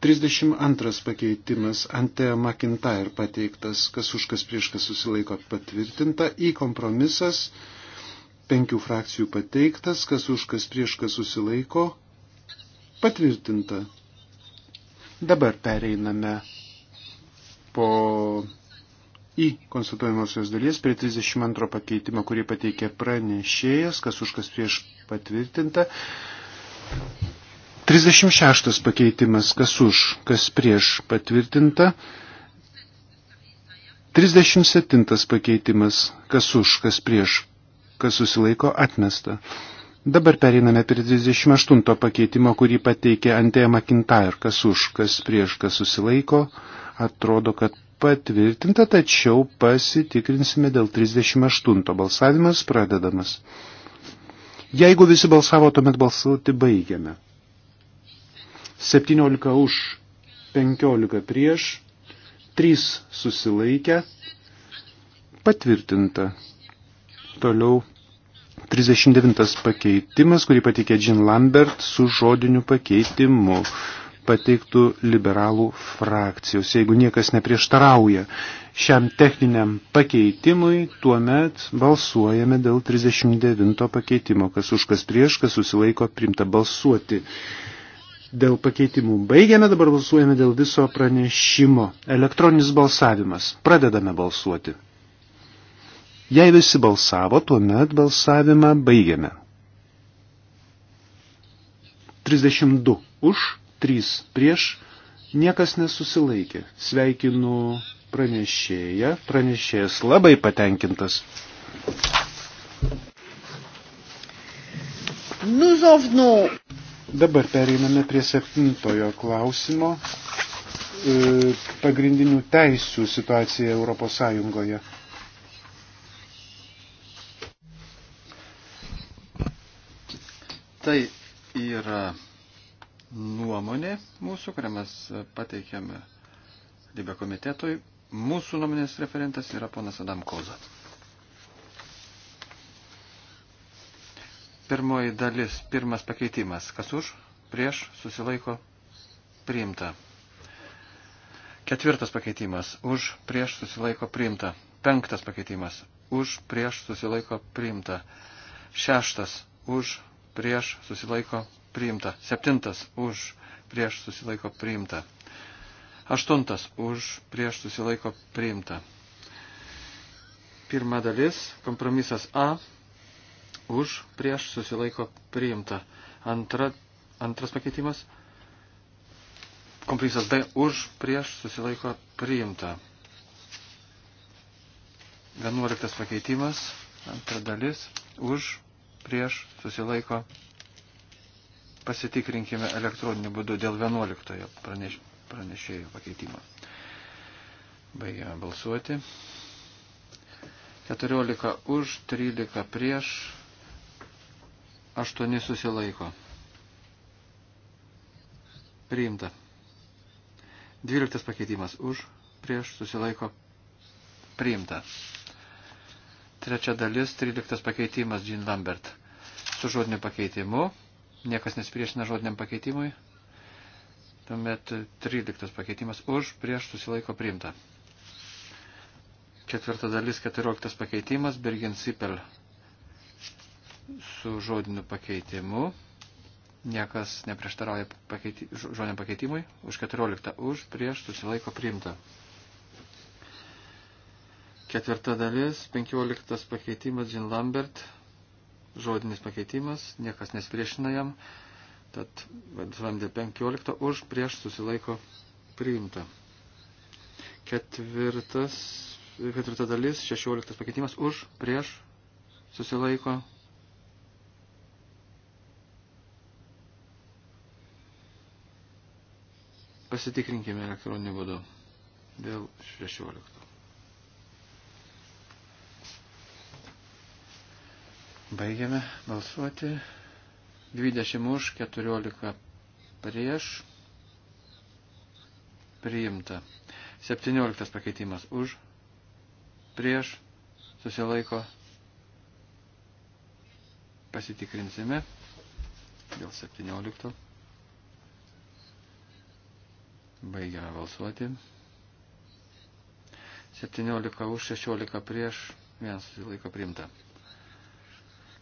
32 pakeitimas ante McIntyre pateiktas, kas už kas prieš kas susilaiko patvirtinta, į kompromisas penkių frakcijų pateiktas, kas už kas prieš kas susilaiko patvirtinta. Dabar pereiname po į konstatuojamosios dalies prie 32 pakeitimo, kurį pateikė pranešėjas, kas už kas prieš patvirtinta. 36 pakeitimas, kas už, kas prieš patvirtinta. 37 pakeitimas, kas už, kas prieš, kas susilaiko atmesta. Dabar pereiname prie 38 pakeitimo, kurį pateikė Antėja McIntyre, kas už, kas prieš, kas susilaiko. Atrodo, kad patvirtinta, tačiau pasitikrinsime dėl 38 balsavimas pradedamas. Jeigu visi balsavo, tuomet balsuoti baigiame. 17 už, 15 prieš, 3 susilaikę, patvirtinta. Toliau 39 pakeitimas, kurį pateikė Jean Lambert su žodiniu pakeitimu pateiktų liberalų frakcijos. Jeigu niekas neprieštarauja šiam techniniam pakeitimui, tuomet balsuojame dėl 39 pakeitimo. Kas už kas prieš, kas susilaiko primta balsuoti dėl pakeitimų. Baigiame, dabar balsuojame dėl viso pranešimo. Elektroninis balsavimas. Pradedame balsuoti. Jei visi balsavo, tuomet balsavimą baigiame. 32 už, 3 prieš, niekas nesusilaikė. Sveikinu pranešėją, pranešėjas labai patenkintas. Nous en venons Dabar pereiname prie septintojo klausimo e, pagrindinių teisių situacija Europos Sąjungoje. Tai yra nuomonė mūsų, kurią mes pateikėme Libė komitetui. Mūsų nuomonės referentas yra ponas Adam Koza. Pirmoji dalis, pirmas pakeitimas. Kas už, prieš, susilaiko, priimta. Ketvirtas pakeitimas. Už, prieš, susilaiko, priimta. Penktas pakeitimas. Už, prieš, susilaiko, priimta. Šeštas. Už, prieš, susilaiko, priimta. Septintas. Už, prieš, susilaiko, priimta. Aštuntas. Už, prieš, susilaiko, priimta. Pirma dalis. Kompromisas A už, prieš susilaiko priimta. Antra, antras pakeitimas. Kompromisas D už, prieš susilaiko priimta. Vienuoliktas pakeitimas. Antra dalis. Už, prieš susilaiko. Pasitikrinkime elektroniniu būdu dėl vienuoliktojo praneš, pranešėjo pakeitimo. Baigiame balsuoti. 14 už, 13 prieš, 8 susilaiko. Priimta. 12 pakeitimas už, prieš susilaiko. Priimta. Trečia dalis, 13 pakeitimas Jean Lambert. Su žodiniu pakeitimu. Niekas nesipriešina žodiniam pakeitimui. Tuomet 13 pakeitimas už, prieš susilaiko priimta. Ketvirta dalis, 14 pakeitimas, Birgin Sipel su žodiniu pakeitimu. Niekas neprieštarauja pakeiti, žodiniam pakeitimui. Už 14 už, prieš susilaiko priimta. Ketvirta dalis, 15 pakeitimas, Jean Lambert, žodinis pakeitimas, niekas nespriešina jam. Tad, vadinam, dėl 15 už, prieš susilaiko priimta. Ketvirtas, ketvirta dalis, 16 pakeitimas, už, prieš susilaiko priimta Pasitikrinkime elektroniniu būdu dėl 16. Baigiame balsuoti. 20 už, 14 prieš. Priimta. 17 pakeitimas už, prieš, susilaiko. Pasitikrinsime dėl 17. Baigiame balsuoti. 17 už, 16 prieš, vienas laiko priimta.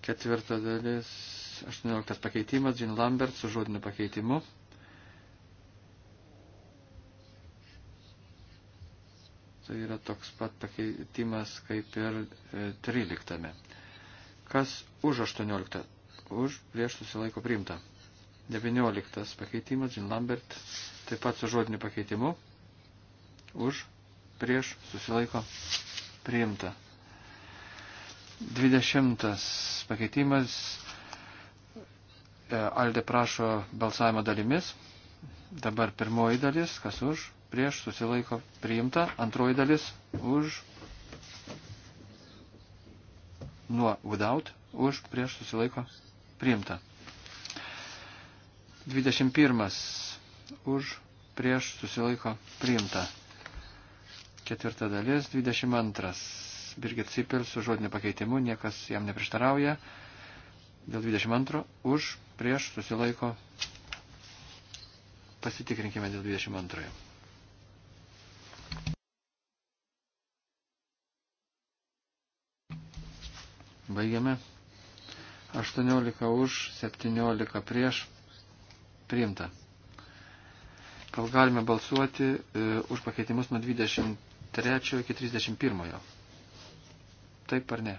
Ketvirta dalis, 18 pakeitimas, Jean Lambert su žodiniu pakeitimu. Tai yra toks pat pakeitimas kaip ir 13. E, Kas už 18? Už prieš susilaiko priimta. 19 pakeitimas, Jean Lambert, taip pat su žodiniu pakeitimu. Už, prieš, susilaiko, priimta. 20 pakeitimas, e, Alde prašo balsavimo dalimis. Dabar pirmoji dalis, kas už, prieš, susilaiko, priimta. Antroji dalis, už, nuo without, už, prieš, susilaiko, priimta. 21. Už, prieš, susilaiko, priimta. Ketvirta dalis, 22. Birgit Cipel su žodiniu pakeitimu, niekas jam neprieštarauja. Dėl 22. Už, prieš, susilaiko. Pasitikrinkime dėl 22. Baigiame. 18 už, 17 prieš priimta. Gal galime balsuoti e, už pakeitimus nuo 23 iki 31. Taip ar ne?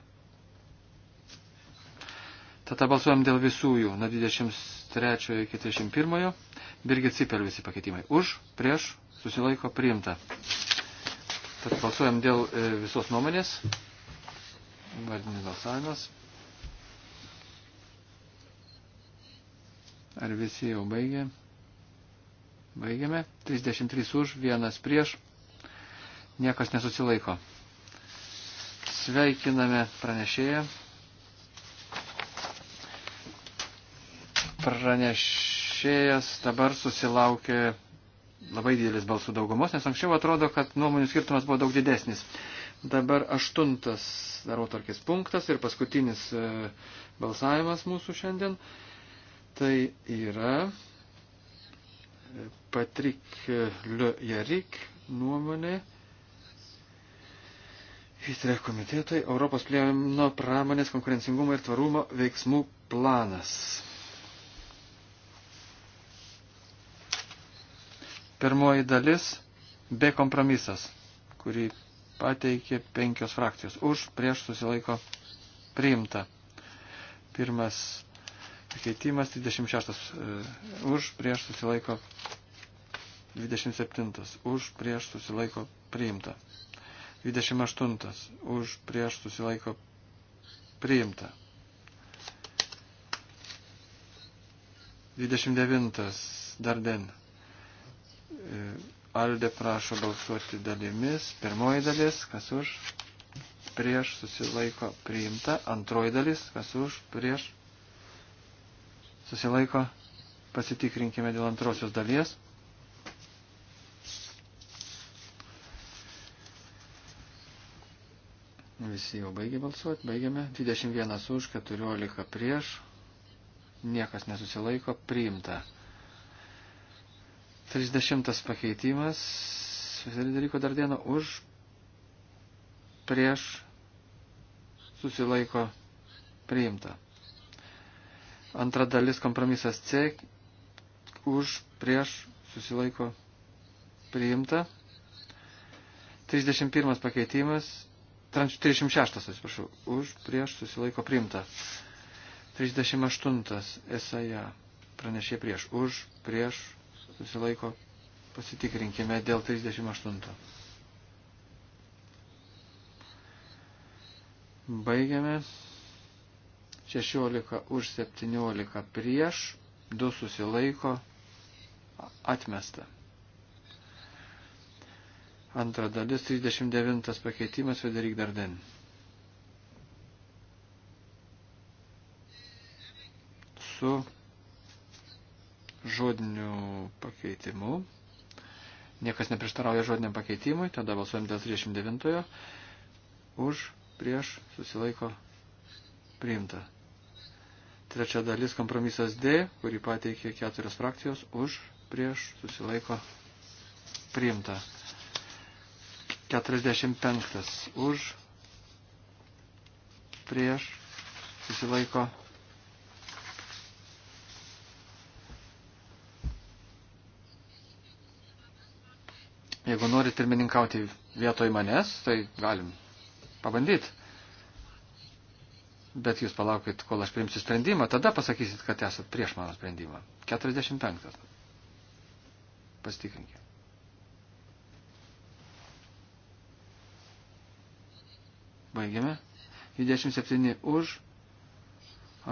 Tada balsuojam dėl visų jų, nuo 23 iki 31. Birgit Cipel visi pakeitimai. Už, prieš, susilaiko, priimta. Tad balsuojam dėl e, visos nuomonės. Vardinis balsavimas. Ar visi jau baigė? Baigėme. 33 už, vienas prieš. Niekas nesusilaiko. Sveikiname pranešėją. Pranešėjas dabar susilaukė labai didelis balsų daugumos, nes anksčiau atrodo, kad nuomonių skirtumas buvo daug didesnis. Dabar aštuntas darotvarkės punktas ir paskutinis e, balsavimas mūsų šiandien. E, tai yra e, Patrik Le Jarik nuomonė. Įtrė komitetai Europos plieno pramonės konkurencingumo ir tvarumo veiksmų planas. Pirmoji dalis B kompromisas, kurį pateikė penkios frakcijos. Už, prieš susilaiko priimta. Pirmas Pakeitimas 26 e, už prieš susilaiko 27 už prieš susilaiko priimta. 28 už prieš susilaiko priimta. 29 dar den. E, Alde prašo balsuoti dalimis. Pirmoji dalis, kas už, prieš susilaiko priimta. Antroji dalis, kas už, prieš susilaiko, pasitikrinkime dėl antrosios dalies. Visi jau baigė balsuoti, baigėme. 21 už, 14 prieš, niekas nesusilaiko, priimta. 30 pakeitimas, Federico Dardeno už, prieš, susilaiko, priimta. Antra dalis kompromisas C. Už, prieš, susilaiko priimta. 31 pakeitimas. 36, atsiprašau. Už, prieš, susilaiko priimta. 38 esaja. Pranešė prieš. Už, prieš, susilaiko. Pasitikrinkime dėl 38. Baigiame. 16 už 17 prieš, 2 susilaiko, atmesta. Antra dalis, 39 pakeitimas, Federik Darden. Su žodiniu pakeitimu. Niekas neprieštarauja žodiniam pakeitimui, tada balsuojam dėl 39. Už, prieš, susilaiko, priimta. Trečia dalis kompromisas D, kurį pateikė keturios frakcijos už, prieš, susilaiko, priimta. 45 už, prieš, susilaiko. Jeigu norit pirmininkauti vietoj manęs, tai galim pabandyti. Bet jūs palaukit, kol aš priimsiu sprendimą, tada pasakysit, kad esat prieš mano sprendimą. 45. Pasitikrinkime. Baigiame. 27 už,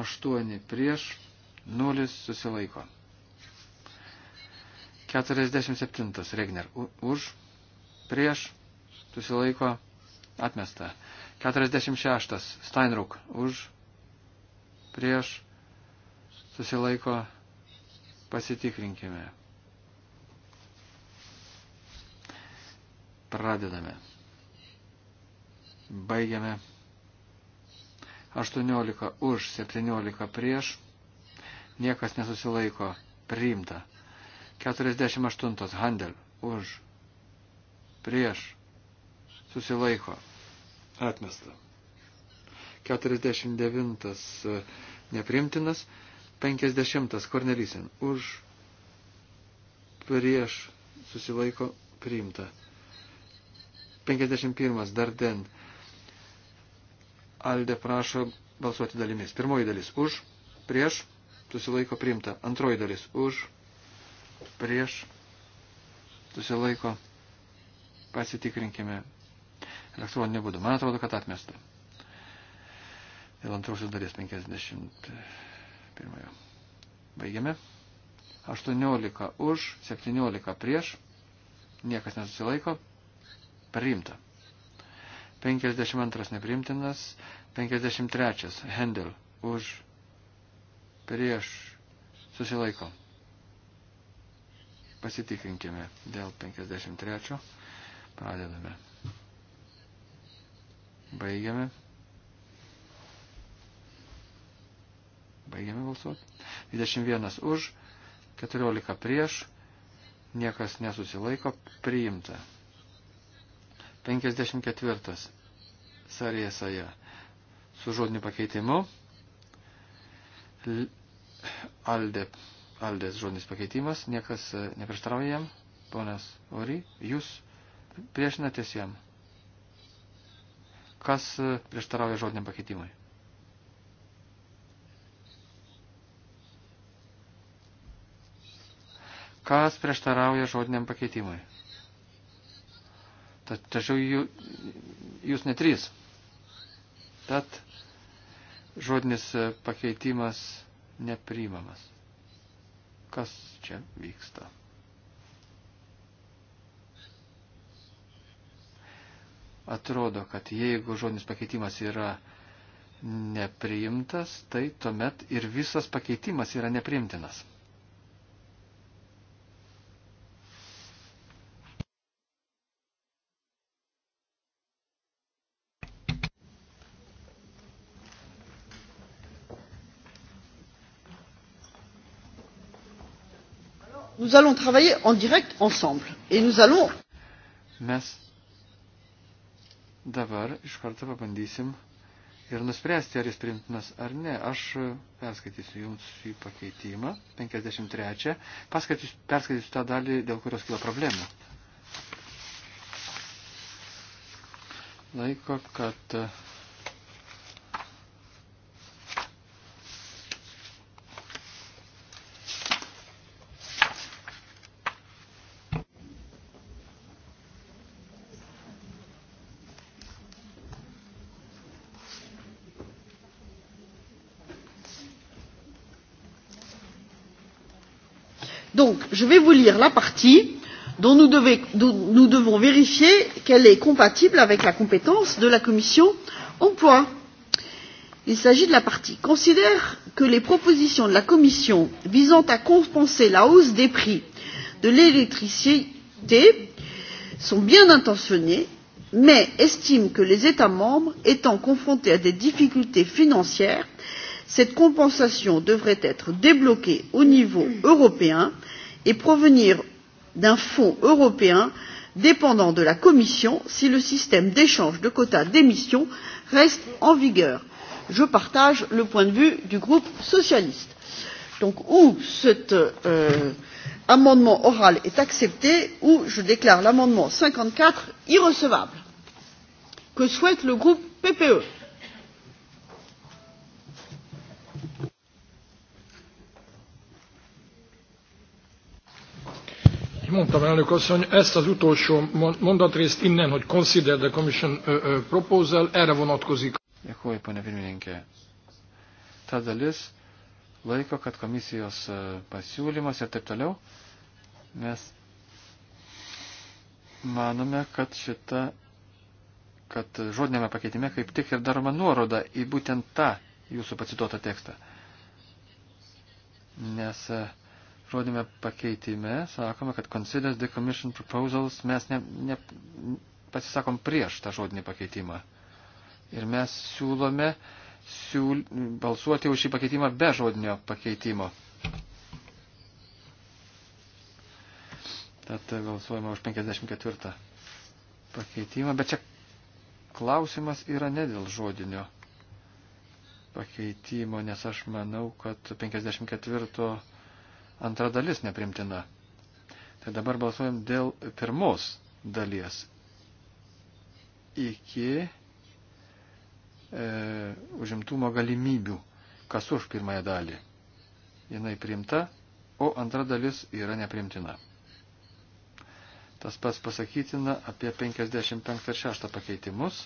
8 prieš, 0 susilaiko. 47 Regner už, prieš, susilaiko, atmesta. 46. Steinruk už, prieš, susilaiko, pasitikrinkime. Pradedame. Baigiame. 18 už, 17 prieš, niekas nesusilaiko, priimta. 48 Handel už, prieš, susilaiko, atmesta. 49 neprimtinas, 50 Kornelysin už prieš susilaiko priimta. 51 Darden Alde prašo balsuoti dalimis. Pirmoji dalis už, prieš susilaiko priimta. Antroji dalis už, prieš susilaiko pasitikrinkime elektroniniu būdu. Man atrodo, kad atmesta. Dėl antrosios dalies 51. Baigiame. 18 už, 17 prieš. Niekas nesusilaiko. Priimta. 52 neprimtinas. 53 Hendel už, prieš. Susilaiko. Pasitikrinkime dėl 53. Pradedame. Baigiame. Baigiame balsuoti. 21 už, 14 prieš, niekas nesusilaiko, priimta. 54. Sarėsaja su žodiniu pakeitimu. Alde, aldės žodinis pakeitimas, niekas e, neprieštarauja jam. Ponas Ori, jūs priešinatės jam. Kas prieštarauja žodiniam pakeitimui? Kas prieštarauja žodiniam pakeitimui? Tačiau jūs netrys. Tad žodinis pakeitimas nepriimamas. Kas čia vyksta? atrodo, kad jeigu žodinis pakeitimas yra nepriimtas, tai tuomet ir visas pakeitimas yra nepriimtinas. Nous allons travailler en direct ensemble et nous allons. Mes dabar iš karto pabandysim ir nuspręsti, ar jis primtinas ar ne. Aš perskaitysiu jums šį pakeitimą, 53, perskaitysiu, perskaitysiu tą dalį, dėl kurios kilo problemų. Laiko, kad relire la partie dont nous, devez, dont nous devons vérifier qu'elle est compatible avec la compétence de la commission emploi. Il s'agit de la partie considère que les propositions de la Commission visant à compenser la hausse des prix de l'électricité sont bien intentionnées, mais estime que les États membres étant confrontés à des difficultés financières, cette compensation devrait être débloquée au niveau européen et provenir d'un fonds européen dépendant de la commission si le système d'échange de quotas d'émission reste en vigueur. je partage le point de vue du groupe socialiste. donc ou cet euh, amendement oral est accepté ou je déclare l'amendement cinquante quatre irrecevable. que souhaite le groupe ppe? Mondtam, elnök asszony, ezt az utolsó mondatrészt innen, hogy consider the commission uh, uh, proposal, erre vonatkozik. Dėkuoju, pane pirmininkė. Ta dalis laiko, kad komisijos pasiūlymas ir taip toliau, mes manome, kad šita, kad žodinėme pakeitime kaip tik ir daroma nuoroda į būtent tą jūsų pacituotą tekstą. Nes uh, rodėme pakeitime, sakome, kad considers the commission proposals, mes ne, ne, pasisakom prieš tą žodinį pakeitimą. Ir mes siūlome siūl, balsuoti už šį pakeitimą be žodinio pakeitimo. Tad balsuojama už 54 pakeitimą, bet čia klausimas yra ne dėl žodinio pakeitimo, nes aš manau, kad 54 antra dalis neprimtina. Tai dabar balsuojam dėl pirmos dalies. Iki e, užimtumo galimybių, kas už pirmąją dalį. Jinai priimta, o antra dalis yra neprimtina. Tas pats pasakytina apie 55 ir 6 pakeitimus.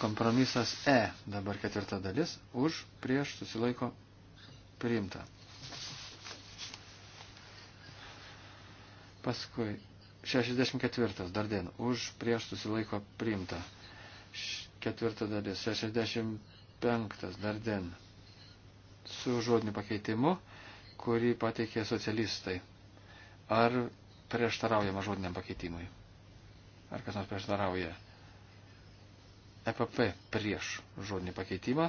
Kompromisas E, dabar ketvirta dalis, už, prieš, susilaiko priimta. Paskui 64 dar dien už prieš susilaiko priimta. Ketvirta dalis 65 dar dien su žodiniu pakeitimu, kurį pateikė socialistai. Ar prieštaraujama žodiniam pakeitimui? Ar kas nors prieštarauja? EPP prieš žodinį pakeitimą.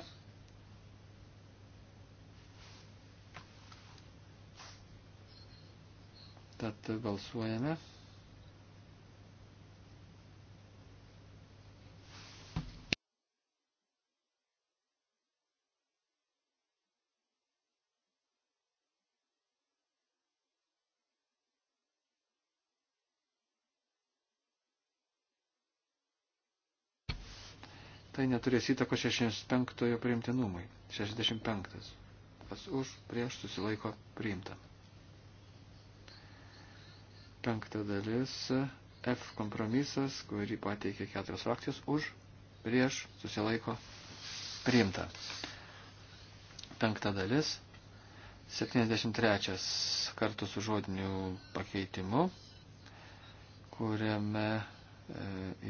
Tad balsuojame. tai neturės įtako 65 priimtinumui. 65. Kas už, prieš susilaiko priimta. Penkta dalis F kompromisas, kurį pateikė keturios frakcijos už, prieš, susilaiko, priimta. Penkta dalis 73 kartu su žodiniu pakeitimu, kuriame e,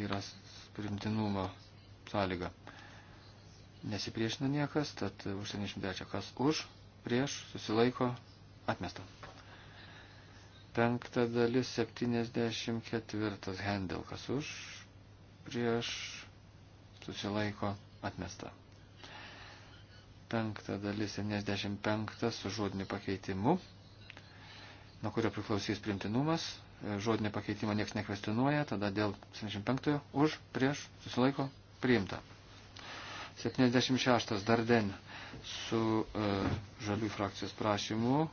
yra primtinumo sąlyga. Nesipriešina niekas, tad už 73 kas už, prieš, susilaiko, atmesta. Penkta dalis 74 hendelkas už, prieš susilaiko atmesta. Penkta dalis 75 su žodiniu pakeitimu, nuo kurio priklausys primtinumas. Žodinį pakeitimą niekas nekvestinuoja, tada dėl 75 už, prieš susilaiko priimta. 76 Darden su e, žalių frakcijos prašymu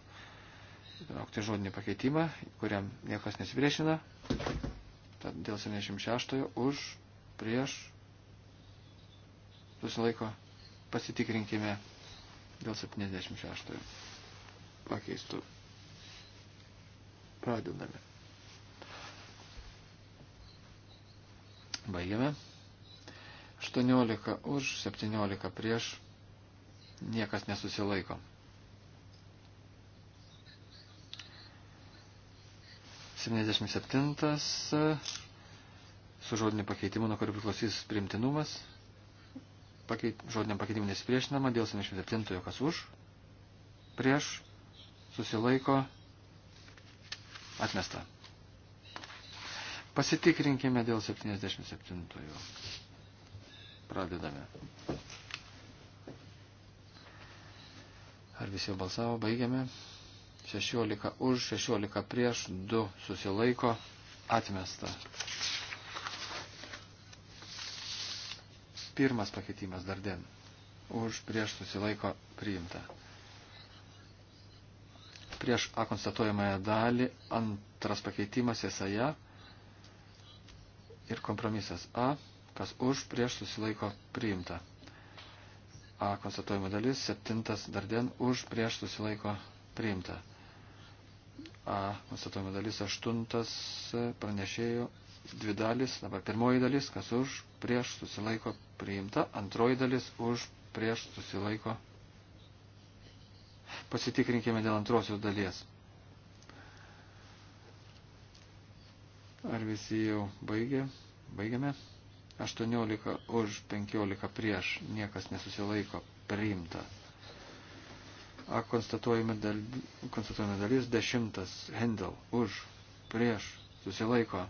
įtraukti žodinį pakeitimą, kuriam niekas nesipriešina. Tad dėl 76 už, prieš, susilaiko, pasitikrinkime dėl 76 pakeistų. Pradedame. Baigiame. 18 už, 17 prieš, niekas nesusilaiko. 77 su žodiniu pakeitimu, nuo kurio priklausys primtinumas. Pakeit, žodiniam pakeitimui nesipriešinama, dėl 77 kas už, prieš, susilaiko, atmesta. Pasitikrinkime dėl 77. Pradedame. Ar visi balsavo, baigiame. 16 už, 16 prieš, 2 susilaiko, atmesta. Pirmas pakeitimas dar den. Už, prieš, susilaiko, priimta. Prieš A konstatuojamąją dalį antras pakeitimas esaja ir kompromisas A, kas už, prieš, susilaiko, priimta. A konstatuojama dalis, septintas dar den, už, prieš, susilaiko, priimta A, nustatome dalis aštuntas pranešėjų dvi dalis, dabar pirmoji dalis, kas už, prieš, susilaiko, priimta, antroji dalis, už, prieš, susilaiko. Pasitikrinkime dėl antrosios dalies. Ar visi jau baigė? Baigėme. 18 už, 15 prieš, niekas nesusilaiko, priimta. A konstatuojama, dal, konstatuojama dalis dešimtas Hendel už prieš susilaiko.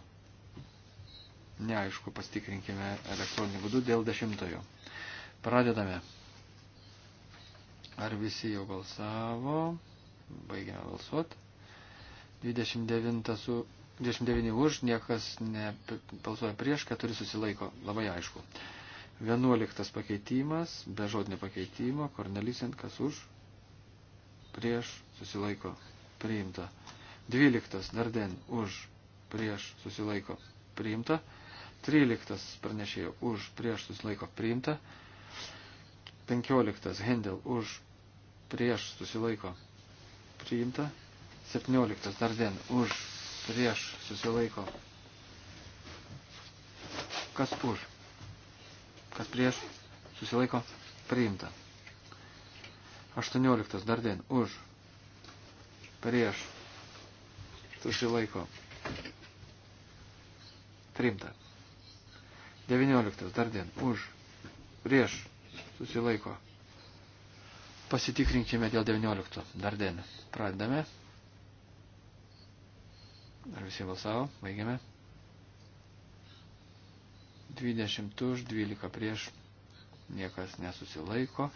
Neaišku, pastikrinkime elektroninį būdų dėl dešimtojo. Pradedame. Ar visi jau balsavo? Baigiame balsuoti. 29 su 29 už, niekas nebalsuoja prieš, keturi susilaiko. Labai aišku. 11 pakeitimas, be žodinio pakeitimo, Kornelisint, kas už, prieš susilaiko priimta. 12 Darden už prieš susilaiko priimta. 13 pranešėjo už prieš susilaiko priimta. 15 Hendel už prieš susilaiko priimta. 17 Darden už prieš susilaiko. Kas už? Kas prieš susilaiko priimta. 18 dar dien. Už. Prieš. Susilaiko. Trimta. 19 dar dien. Už. Prieš. Susilaiko. Pasitikrinkime dėl 19 dar dien. Pradedame. Ar visi balsavo? Baigiame. 20 už, 12 prieš niekas nesusilaiko.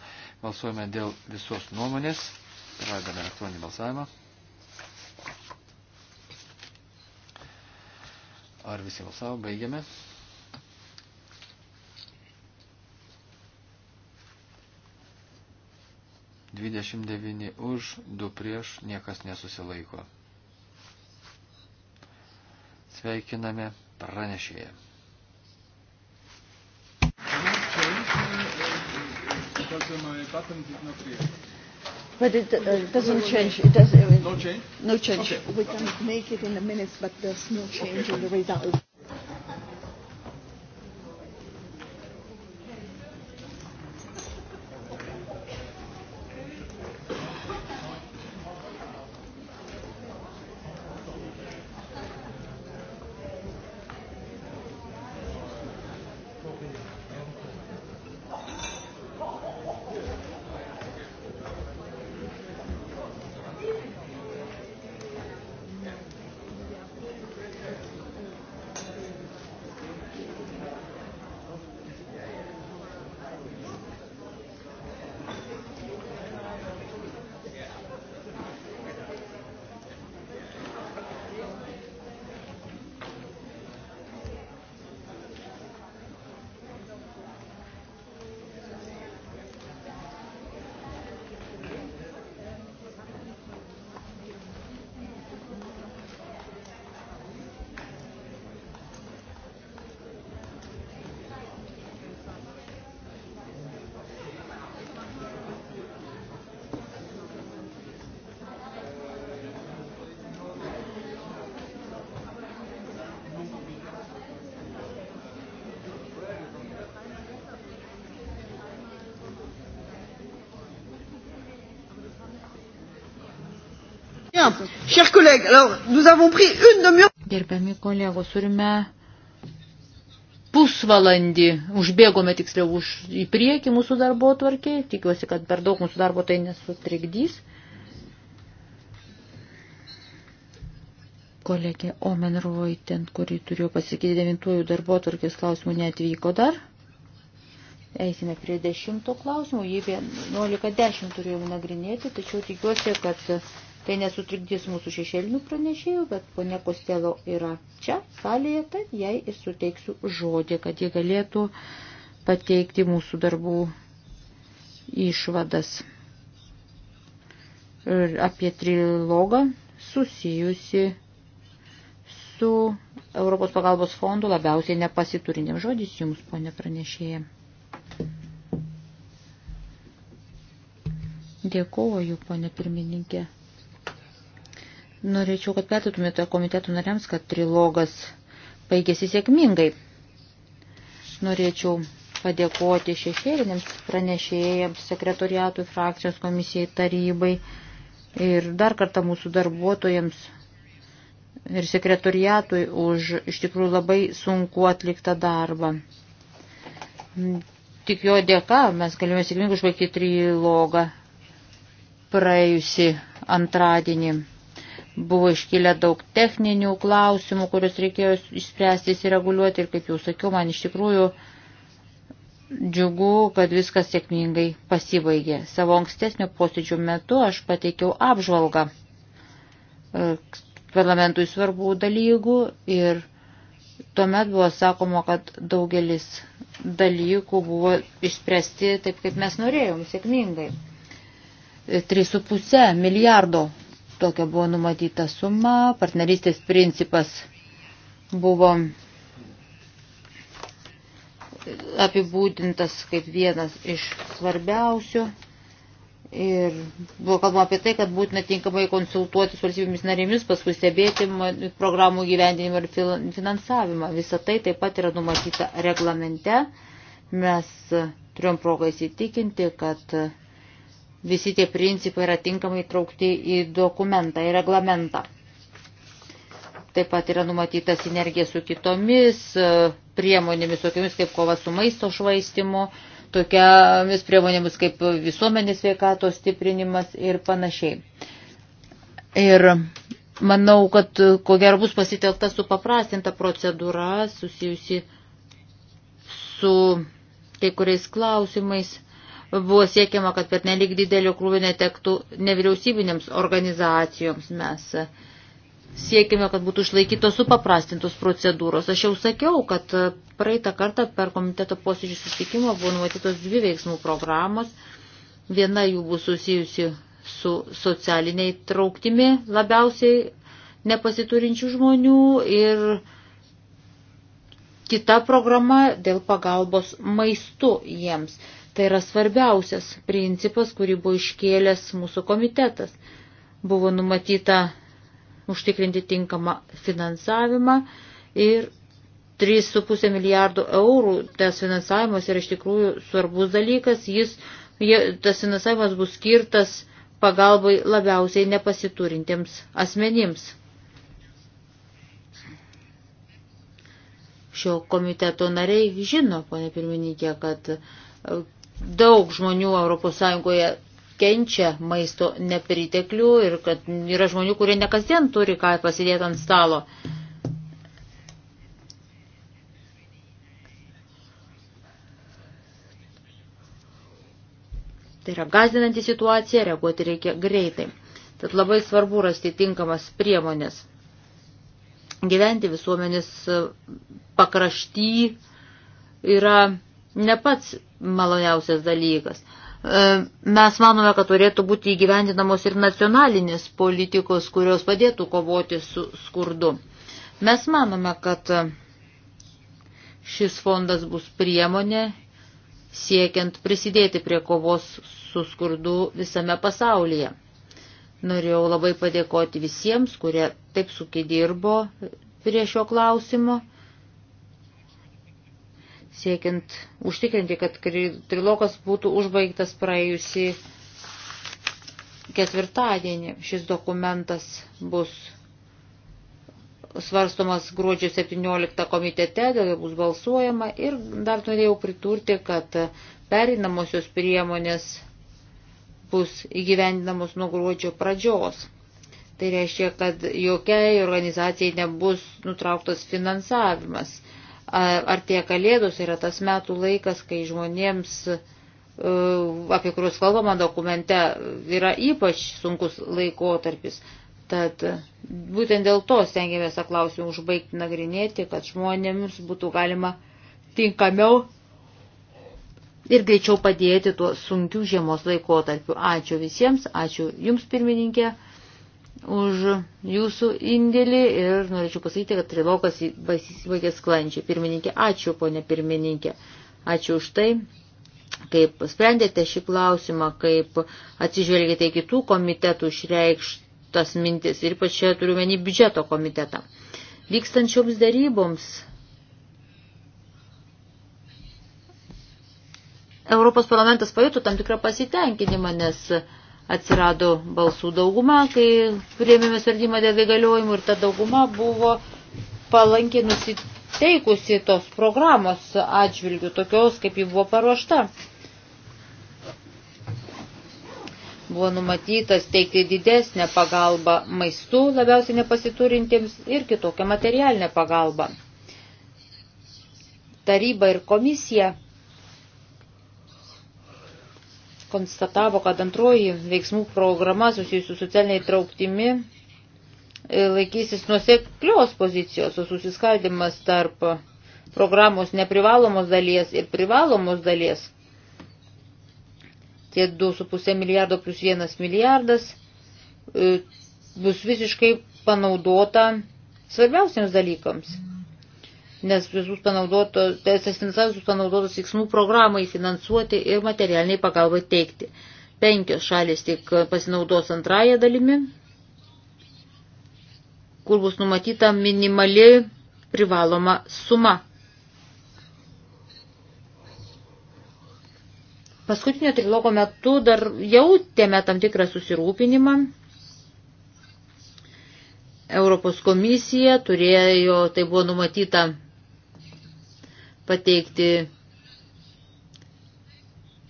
Balsuojame dėl visos nuomonės. Pradedame elektroninį balsavimą. Ar visi balsavo? Baigiame. Dvidešimt devyni už, du prieš, niekas nesusilaiko. Sveikiname pranešėją. But it uh, doesn't change. It does, uh, no change? No change. Okay. We can make it in the minutes, but there's no change okay. in the result. Chers collègues, alors nous avons pris une demi-heure. Gerbiami kolegos, turime pusvalandį, užbėgome tiksliau už į priekį mūsų darbo tvarkė, tikiuosi, kad per daug mūsų darbo tai nesutrikdys. Kolegė Omen Roiten, kurį turėjau pasakyti devintųjų darbo tvarkės klausimų, neatvyko dar. Eisime prie dešimto klausimų, jį 11.10 turėjome nagrinėti, tačiau tikiuosi, kad Tai nesutrikdys mūsų šešėlinių pranešėjų, bet ponia Kostelo yra čia, salėje, tad jai ir suteiksiu žodį, kad jie galėtų pateikti mūsų darbų išvadas ir apie trilogą susijusi su Europos pagalbos fondu labiausiai nepasiturinėm. Žodis jums, ponė pranešėja. Dėkuoju, ponė pirmininkė. Norėčiau, kad perduotumėte komitetų nariams, kad trilogas baigėsi sėkmingai. Norėčiau padėkoti šešėliniams pranešėjams, sekretoriatui, frakcijos komisijai, tarybai ir dar kartą mūsų darbuotojams ir sekretoriatui už iš tikrųjų labai sunku atliktą darbą. Tik jo dėka mes galime sėkmingai užbaigti trilogą praėjusi antradienį. Buvo iškilę daug techninių klausimų, kuriuos reikėjo išspręsti, įsireguliuoti ir, kaip jau sakiau, man iš tikrųjų džiugu, kad viskas sėkmingai pasibaigė. Savo ankstesnio posėdžių metu aš pateikiau apžvalgą e, parlamentui svarbų dalykų ir tuomet buvo sakoma, kad daugelis dalykų buvo išspręsti taip, kaip mes norėjom, sėkmingai. 3,5 e, milijardo Tokia buvo numatyta suma, partnerystės principas buvo apibūdintas kaip vienas iš svarbiausių. Ir buvo kalbama apie tai, kad būtina tinkamai konsultuoti su valstybėmis narėmis, paskui stebėti programų gyvendinimą ir finansavimą. Visa tai taip pat yra numatyta reglamente. Mes e, turėjom progą įsitikinti, kad e, visi tie principai yra tinkamai traukti į dokumentą, į reglamentą. Taip pat yra numatyta sinergija su kitomis e, priemonėmis, tokiamis kaip kova su maisto švaistimu, tokiamis priemonėmis kaip visuomenės veikatos stiprinimas ir panašiai. Ir manau, kad e, ko gero bus pasitelkta supaprastinta procedūra susijusi su kai kuriais klausimais buvo siekiama, kad per nelik didelio krūvio netektų nevyriausybinėms organizacijoms mes. Siekime, kad būtų išlaikytos supaprastintos procedūros. Aš jau sakiau, kad praeitą kartą per komiteto posėdžių susitikimą buvo numatytos dvi veiksmų programos. Viena jų bus susijusi su socialiniai trauktimi labiausiai nepasiturinčių žmonių ir kita programa dėl pagalbos maistu jiems. Tai yra svarbiausias principas, kurį buvo iškėlęs mūsų komitetas. Buvo numatyta užtikrinti tinkamą finansavimą ir 3,5 milijardų eurų tas finansavimas yra iš tikrųjų svarbus dalykas. Jis, jie, tas finansavimas bus skirtas pagalbai labiausiai nepasiturintiems asmenims. Šio komiteto nariai žino, ponė pirmininkė, kad daug žmonių ES kenčia maisto nepriteklių ir kad yra žmonių, kurie ne kasdien turi ką pasidėti ant stalo. Tai yra gazdinanti situacija, reaguoti reikia greitai. Tad labai svarbu rasti tinkamas priemonės. Gyventi visuomenės pakrašty yra ne pats maloniausias dalykas. E, mes manome, kad turėtų būti įgyvendinamos ir nacionalinės politikos, kurios padėtų kovoti su skurdu. Mes manome, kad šis fondas bus priemonė siekiant prisidėti prie kovos su skurdu visame pasaulyje. Norėjau labai padėkoti visiems, kurie taip sukidirbo prie šio klausimo siekiant užtikrinti, kad trilokas būtų užbaigtas praėjusį ketvirtadienį. Šis dokumentas bus svarstomas gruodžio 17 komitete, dėl jo bus balsuojama ir dar norėjau priturti, kad perinamosios priemonės bus įgyvendinamos nuo gruodžio pradžios. Tai reiškia, kad jokiai organizacijai nebus nutrauktas finansavimas. Ar tie kalėdos yra tas metų laikas, kai žmonėms, e, apie kuriuos kalbama dokumente, yra ypač sunkus laikotarpis. Tad būtent dėl to stengiamės tą klausimą užbaigti nagrinėti, kad žmonėms būtų galima tinkamiau ir greičiau padėti tuo sunkiu žiemos laikotarpiu. Ačiū visiems, ačiū Jums pirmininkė už jūsų indėlį ir norėčiau pasakyti, kad trilogas baigė sklandžiai. Pirmininkė, ačiū, ponė pirmininkė. Ačiū už tai, kaip sprendėte šį klausimą, kaip atsižvelgėte į kitų komitetų išreikštas mintis ir ypač čia turiu menį biudžeto komitetą. Vykstančioms daryboms Europos parlamentas pajuto tam tikrą pasitenkinimą, nes atsirado balsų dauguma, kai priėmėme sprendimą dėl įgaliojimų ir ta dauguma buvo palankiai nusiteikusi tos programos atžvilgių, tokios, kaip ji buvo paruošta. Buvo numatytas teikti didesnę pagalbą maistų labiausiai nepasiturintiems ir kitokią materialinę pagalbą. Taryba ir komisija konstatavo, kad antroji veiksmų programa susijusių socialiniai trauktimi e, laikysis nuoseklios pozicijos, o susiskaidimas tarp programos neprivalomos dalies ir privalomos dalies. Tie 2,5 milijardo plus 1 milijardas e, bus visiškai panaudota svarbiausiams dalykams. Mm nes visus panaudotos, teisės finansavimus panaudotos veiksmų programai finansuoti ir materialiniai pagalbai teikti. Penkios šalis tik pasinaudos antrąją dalimi, kur bus numatyta minimali privaloma suma. Paskutinio trilogo metu dar jautėme tam tikrą susirūpinimą. Europos komisija turėjo, tai buvo numatyta pateikti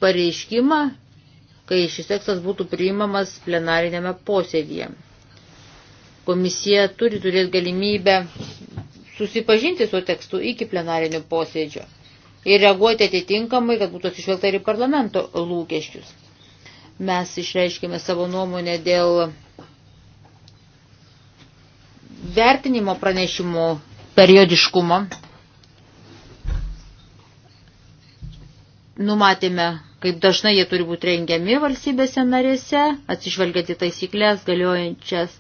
pareiškimą, kai šis tekstas būtų priimamas plenarinėme posėdėje. Komisija turi turėti galimybę susipažinti su tekstu iki plenarinio posėdžio ir reaguoti atitinkamai, kad būtų atsižvelgta ir į parlamento lūkesčius. Mes išreiškėme savo nuomonę dėl vertinimo pranešimų periodiškumo numatėme, kaip dažnai jie turi būti rengiami valstybėse narėse, atsižvelgiant į taisyklės galiojančias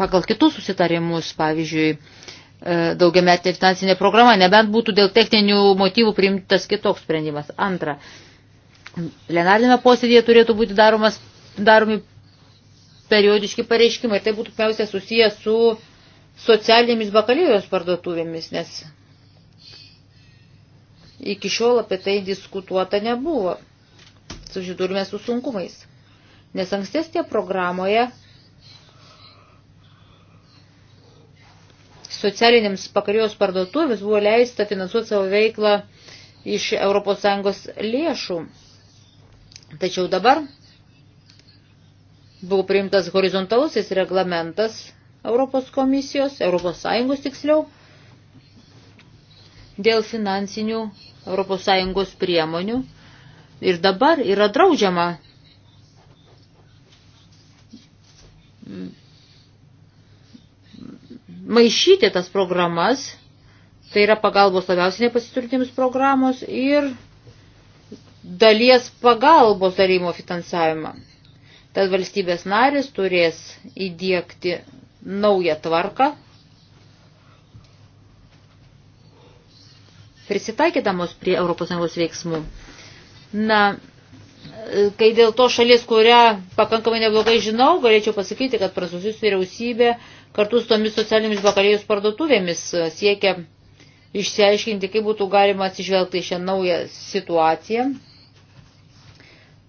pagal kitus susitarimus, pavyzdžiui, e, daugiametė finansinė programa, nebent būtų dėl techninių motyvų priimtas kitoks sprendimas. Antra, plenarinėme posėdėje turėtų būti daromas, daromi periodiški pareiškimai ir tai būtų pirmiausia susiję su socialinėmis bakalijos parduotuvėmis, nes iki šiol apie tai diskutuota nebuvo. Susidūrime su sunkumais. Nes ankstesnė programoje socialinėms pakarijos parduotuvės buvo leista finansuoti savo veiklą iš ES lėšų. Tačiau dabar buvo priimtas horizontalusis reglamentas Europos komisijos, ES tiksliau, dėl finansinių ES priemonių ir dabar yra draudžiama maišyti tas programas, tai yra pagalbos labiausiai nepasiturintiems programos ir dalies pagalbos darymo finansavimą. Tad valstybės narės turės įdėkti naują tvarką, prisitaikydamos prie ES veiksmų. Na, kai dėl to šalies, kurią pakankamai neblogai žinau, galėčiau pasakyti, kad prancūzijos vyriausybė kartu su tomis socialinėmis bakalėjus parduotuvėmis siekia išsiaiškinti, kaip būtų galima atsižvelgti į šią naują situaciją,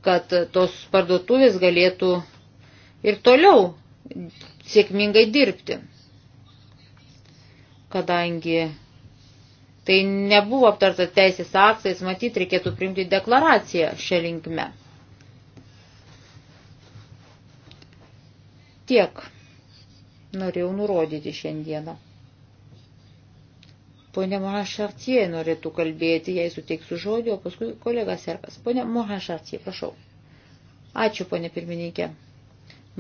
kad tos parduotuvės galėtų ir toliau sėkmingai dirbti, kadangi Tai nebuvo aptarta teisės aktais, matyt, reikėtų priimti deklaraciją šią linkme. Tiek norėjau nurodyti šiandieną. Pone Mohašartie norėtų kalbėti, jei suteiksiu žodį, o paskui kolega Serkas. Pone Mohašartie, prašau. Ačiū, pone pirmininkė.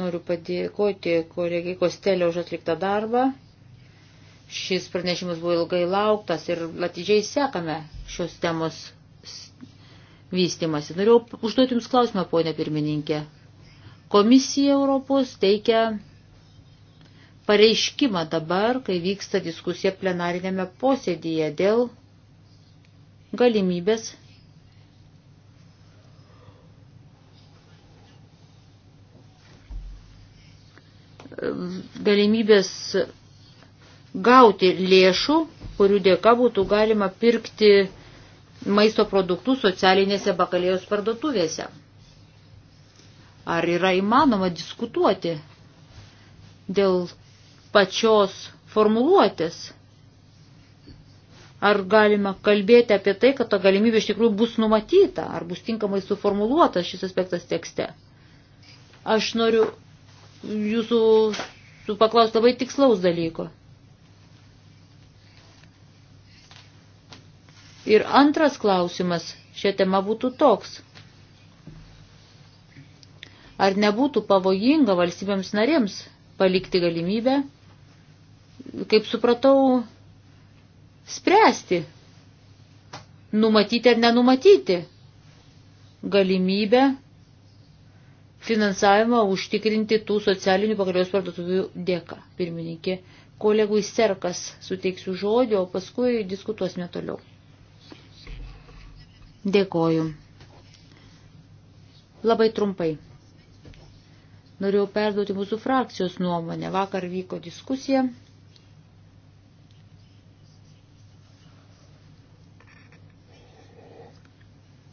Noriu padėkoti kolegai Kostelio už atliktą darbą Šis pranešimas buvo ilgai lauktas ir latidžiai sekame šios temos vystimasi. Norėjau užduoti Jums klausimą, ponė pirmininkė. Komisija Europos teikia pareiškimą dabar, kai vyksta diskusija plenarinėme posėdyje dėl galimybės galimybės gauti lėšų, kurių dėka būtų galima pirkti maisto produktus socialinėse bakalėjos parduotuvėse. Ar yra įmanoma diskutuoti dėl pačios formuluotės? Ar galima kalbėti apie tai, kad ta galimybė iš tikrųjų bus numatyta, ar bus tinkamai suformuluotas šis aspektas tekste? Aš noriu jūsų paklausti labai tikslaus dalyko. Ir antras klausimas šią temą būtų toks. Ar nebūtų pavojinga valstybėms narėms palikti galimybę, kaip supratau, spręsti, numatyti ar nenumatyti galimybę finansavimą užtikrinti tų socialinių pagalbos parduotuvių dėka. Pirmininkė, kolegui Serkas suteiksiu žodį, o paskui diskutuosime toliau. Dėkoju. Labai trumpai. Norėjau perduoti mūsų frakcijos nuomonę. Vakar vyko diskusija.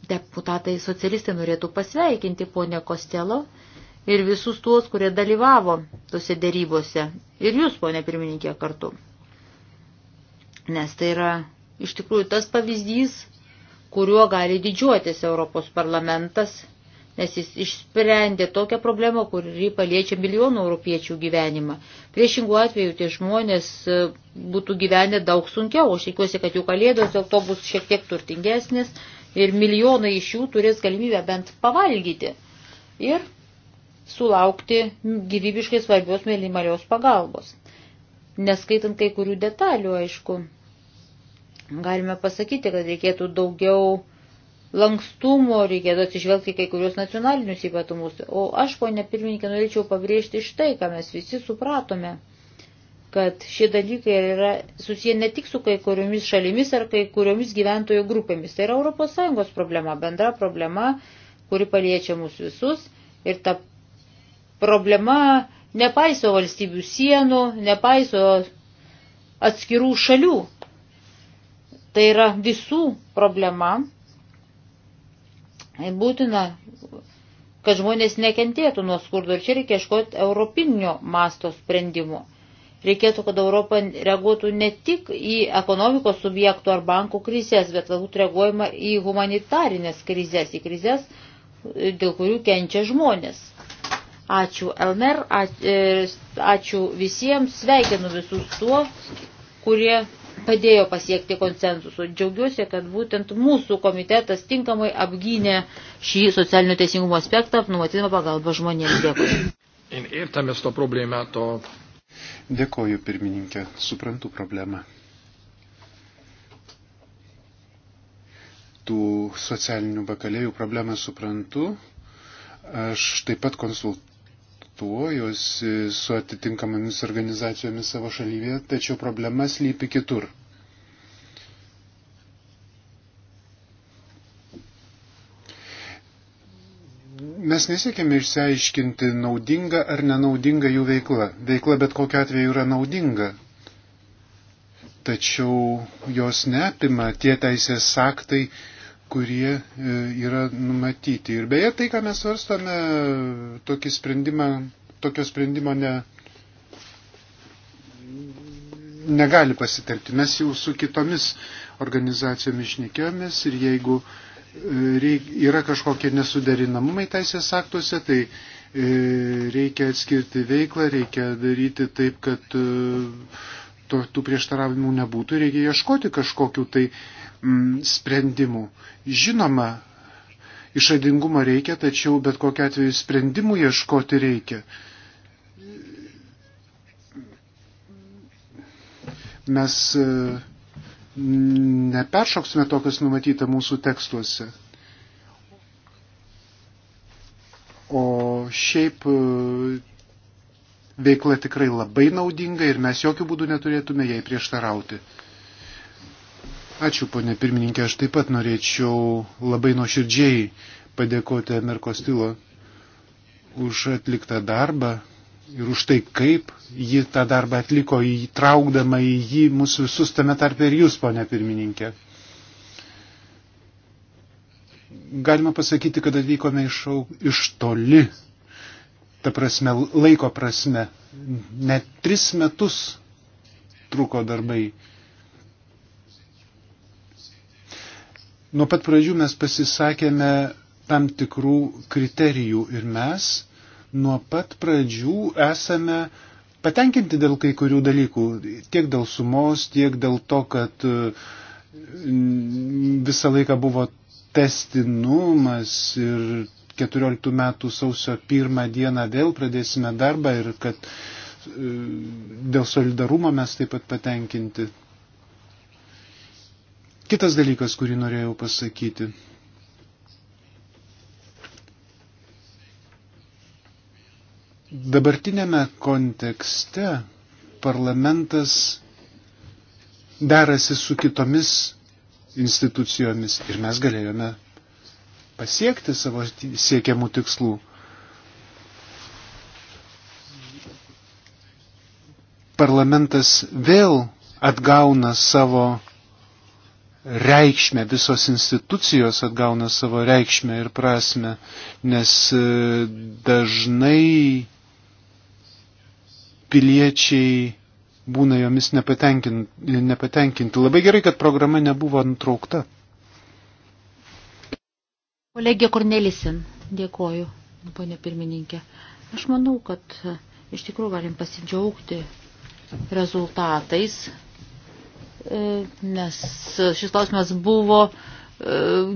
Deputatai socialistai norėtų pasveikinti ponę Kostelo ir visus tuos, kurie dalyvavo tose dėrybose. Ir jūs, ponė pirmininkė, kartu. Nes tai yra iš tikrųjų tas pavyzdys, kuriuo gali didžiuotis Europos parlamentas, nes jis išsprendė tokią problemą, kuri paliečia milijonų europiečių gyvenimą. Priešingų atveju tie žmonės e, būtų gyvenę daug sunkiau, aš tikiuosi, kad jų kalėdos dėl to bus šiek tiek turtingesnės ir milijonai iš jų turės galimybę bent pavalgyti ir sulaukti gyvybiškai svarbios minimalios pagalbos. Neskaitant kai kurių detalių, aišku, Galime pasakyti, kad reikėtų daugiau lankstumo, reikėtų atsižvelgti kai kurios nacionalinius ypatumus. O aš, ponė pirmininkė, norėčiau pabrėžti iš tai, ką mes visi supratome, kad šie dalykai yra susiję ne tik su kai kuriomis šalimis ar kai kuriomis gyventojų grupėmis. Tai yra ES problema, bendra problema, kuri paliečia mus visus ir ta problema nepaiso valstybių sienų, nepaiso atskirų šalių Tai yra visų problema. Būtina, kad žmonės nekentėtų nuo skurdo ir čia reikia ieškoti europinio masto sprendimų. Reikėtų, kad Europa reaguotų ne tik į ekonomikos subjektų ar bankų krizės, bet galbūt reaguojama į humanitarinės krizės, į krizės, dėl kurių kenčia žmonės. Ačiū Elmer, e, ačiū visiems, sveikinu visus tuos, kurie padėjo pasiekti konsensusų. Džiaugiuosi, kad būtent mūsų komitetas tinkamai apgynė šį socialinio teisingumo aspektą, numatydama pagalbą žmonėms. Dėkui. Dėkoju, pirmininkė. Suprantu problemą. Tų socialinių bakalėjų problemą suprantu. Aš taip pat konsult, konsultuojuosi su atitinkamomis organizacijomis savo šalyje, tačiau problema slypi kitur. mes nesiekime išsiaiškinti naudinga ar nenaudinga jų veikla. Veikla bet kokiu atveju yra naudinga. Tačiau jos neapima tie teisės aktai, kurie e, yra numatyti. Ir beje, tai, ką mes svarstame, tokį sprendimą, tokio sprendimo ne, negali pasitelkti. Mes jau su kitomis organizacijomis šnekėjomės ir jeigu e, reik, yra kažkokie nesuderinamumai teisės aktuose, tai e, reikia atskirti veiklą, reikia daryti taip, kad to, tų prieštaravimų nebūtų, reikia ieškoti kažkokių tai e, mm, sprendimų. Žinoma, išradingumo reikia, tačiau bet kokia atveju sprendimų ieškoti reikia. Mes e, neperšoksime to, kas numatyta mūsų tekstuose. O šiaip e, veikla tikrai labai naudinga ir mes jokių būdų neturėtume jai prieštarauti. Ačiū, ponė pirmininkė. Aš taip pat norėčiau labai nuoširdžiai padėkoti Merkostilo už atliktą darbą ir už tai, kaip ji tą darbą atliko, įtraukdama į jį mūsų visus, tame tarp ir jūs, ponė pirmininkė. Galima pasakyti, kad atvykome iš, iš toli, ta prasme, laiko prasme. Net tris metus truko darbai Nuo pat pradžių mes pasisakėme tam tikrų kriterijų ir mes nuo pat pradžių esame patenkinti dėl kai kurių dalykų, tiek dėl sumos, tiek dėl to, kad mm, visą laiką buvo testinumas ir 14 metų sausio 1 dieną vėl pradėsime darbą ir kad mm, dėl solidarumo mes taip pat patenkinti. Kitas dalykas, kurį norėjau pasakyti. Dabartinėme kontekste parlamentas derasi su kitomis institucijomis ir mes galėjome pasiekti savo siekiamų tikslų. Parlamentas vėl atgauna savo reikšmę, visos institucijos atgauna savo reikšmę ir prasme, nes e, dažnai piliečiai būna jomis nepatenkinti. nepatenkinti. Labai gerai, kad programa nebuvo nutraukta. Kolegė Kornelisin, dėkoju, ponė pirmininkė. Aš manau, kad e, iš tikrųjų galim pasidžiaugti rezultatais E, nes šis klausimas buvo e,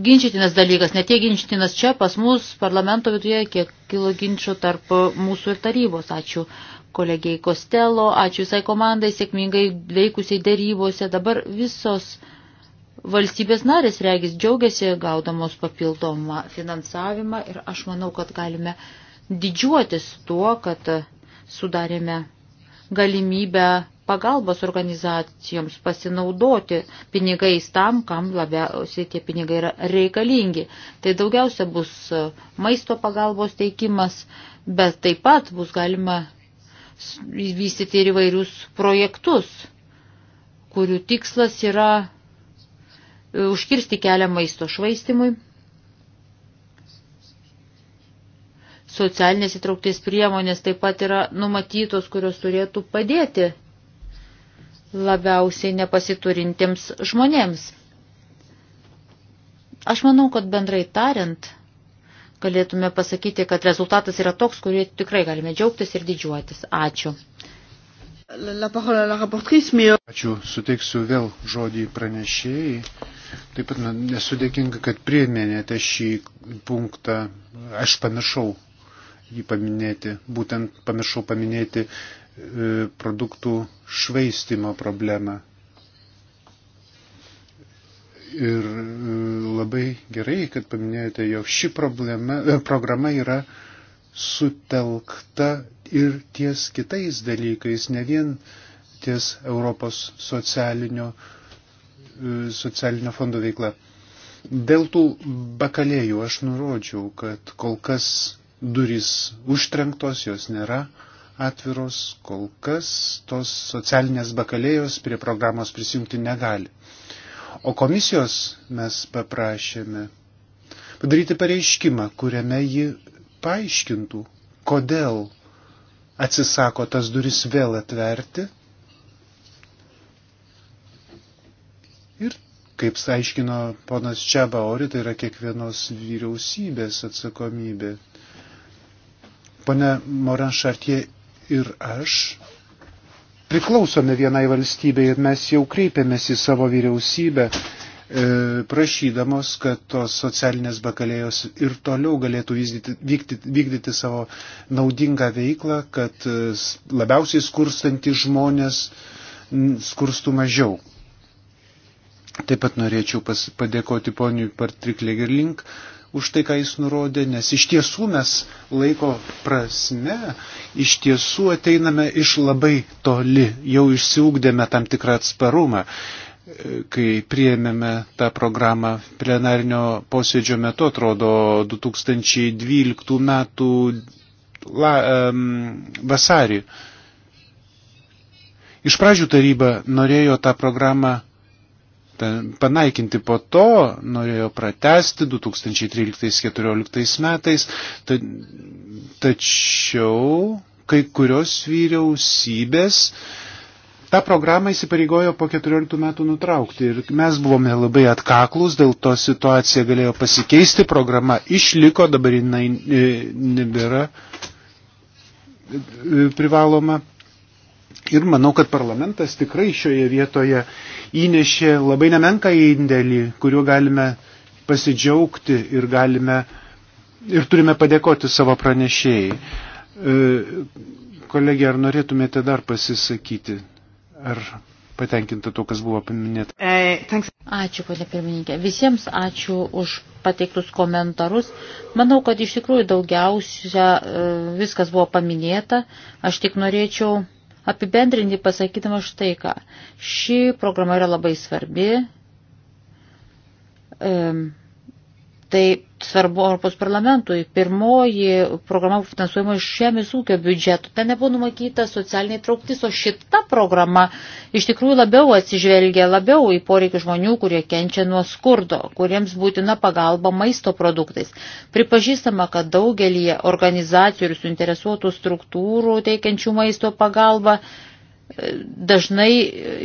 ginčytinas dalykas, ne tiek ginčytinas čia pas mus parlamento viduje, kiek kilo ginčio tarp mūsų ir tarybos. Ačiū kolegiai Kostelo, ačiū visai komandai, sėkmingai veikusiai dėrybose. Dabar visos valstybės narės regis džiaugiasi gaudamos papildomą finansavimą ir aš manau, kad galime didžiuotis tuo, kad sudarėme galimybę pagalbos organizacijoms pasinaudoti pinigais tam, kam labiausiai tie pinigai yra reikalingi. Tai daugiausia bus maisto pagalbos teikimas, bet taip pat bus galima vystyti ir įvairius projektus, kurių tikslas yra e, užkirsti kelią maisto švaistimui. Socialinės įtraukties priemonės taip pat yra numatytos, kurios turėtų padėti labiausiai nepasiturintiems žmonėms. Aš manau, kad bendrai tariant, galėtume pasakyti, kad rezultatas yra toks, kurį tikrai galime džiaugtis ir didžiuotis. Ačiū. Ačiū, suteiksiu vėl žodį pranešėjai. Taip pat nesu dėkinga, kad priminėte šį punktą. Aš pamiršau jį paminėti, būtent pamiršau paminėti E, produktų švaistimo problemą. Ir e, labai gerai, kad paminėjote, jog ši problema, e, programa yra sutelkta ir ties kitais dalykais, ne vien ties Europos socialinio, socialinio fondo veikla. Dėl tų bakalėjų aš nurodžiau, kad kol kas durys užtrenktos, jos nėra atviros, kol kas tos socialinės bakalėjos prie programos prisijungti negali. O komisijos mes paprašėme padaryti pareiškimą, kuriame ji paaiškintų, kodėl atsisako tas duris vėl atverti ir kaip aiškino ponas Čiabaori, tai yra kiekvienos vyriausybės atsakomybė. Pone Moran Šartie ir aš priklausome vienai valstybei ir mes jau kreipėmės į savo vyriausybę e, prašydamos, kad tos socialinės bakalėjos ir toliau galėtų vykdyti, vykdyti, vykdyti savo naudingą veiklą, kad e, labiausiai skurstantys žmonės skurstų mažiau. Taip pat norėčiau pas, padėkoti poniui Partriklegerlink už tai, ką jis nurodė, nes iš tiesų mes laiko prasme, iš tiesų ateiname iš labai toli, jau išsiugdėme tam tikrą atsparumą, kai priėmėme tą programą plenarinio posėdžio metu, atrodo, 2012 metų la, um, vasarį. Iš pradžių taryba norėjo tą programą panaikinti po to, norėjo pratesti 2013-2014 metais, ta, tačiau kai kurios vyriausybės tą programą įsipareigojo po 14 metų nutraukti ir mes buvome labai atkaklus, dėl to situacija galėjo pasikeisti, programa išliko, dabar jinai e, nebėra e, privaloma ir manau, kad parlamentas tikrai šioje vietoje įnešė labai nemenką indėlį, kuriuo galime pasidžiaugti ir, galime, ir turime padėkoti savo pranešėjai. E, kolegė, ar norėtumėte dar pasisakyti? Ar patenkinta to, kas buvo paminėta? E, ačiū, ponė pirmininkė. Visiems ačiū už pateiktus komentarus. Manau, kad iš tikrųjų daugiausia e, viskas buvo paminėta. Aš tik norėčiau apibendrinti pasakydama štai ką. Ši programa yra labai svarbi. Um, tai svarbu Europos parlamentui. Pirmoji programa finansuojama iš žemės ūkio biudžeto. Ten nebuvo numatyta socialiniai trauktis, o šita programa iš tikrųjų labiau atsižvelgia labiau į poreikį žmonių, kurie kenčia nuo skurdo, kuriems būtina pagalba maisto produktais. Pripažįstama, kad daugelį organizacijų ir suinteresuotų struktūrų teikiančių maisto pagalbą dažnai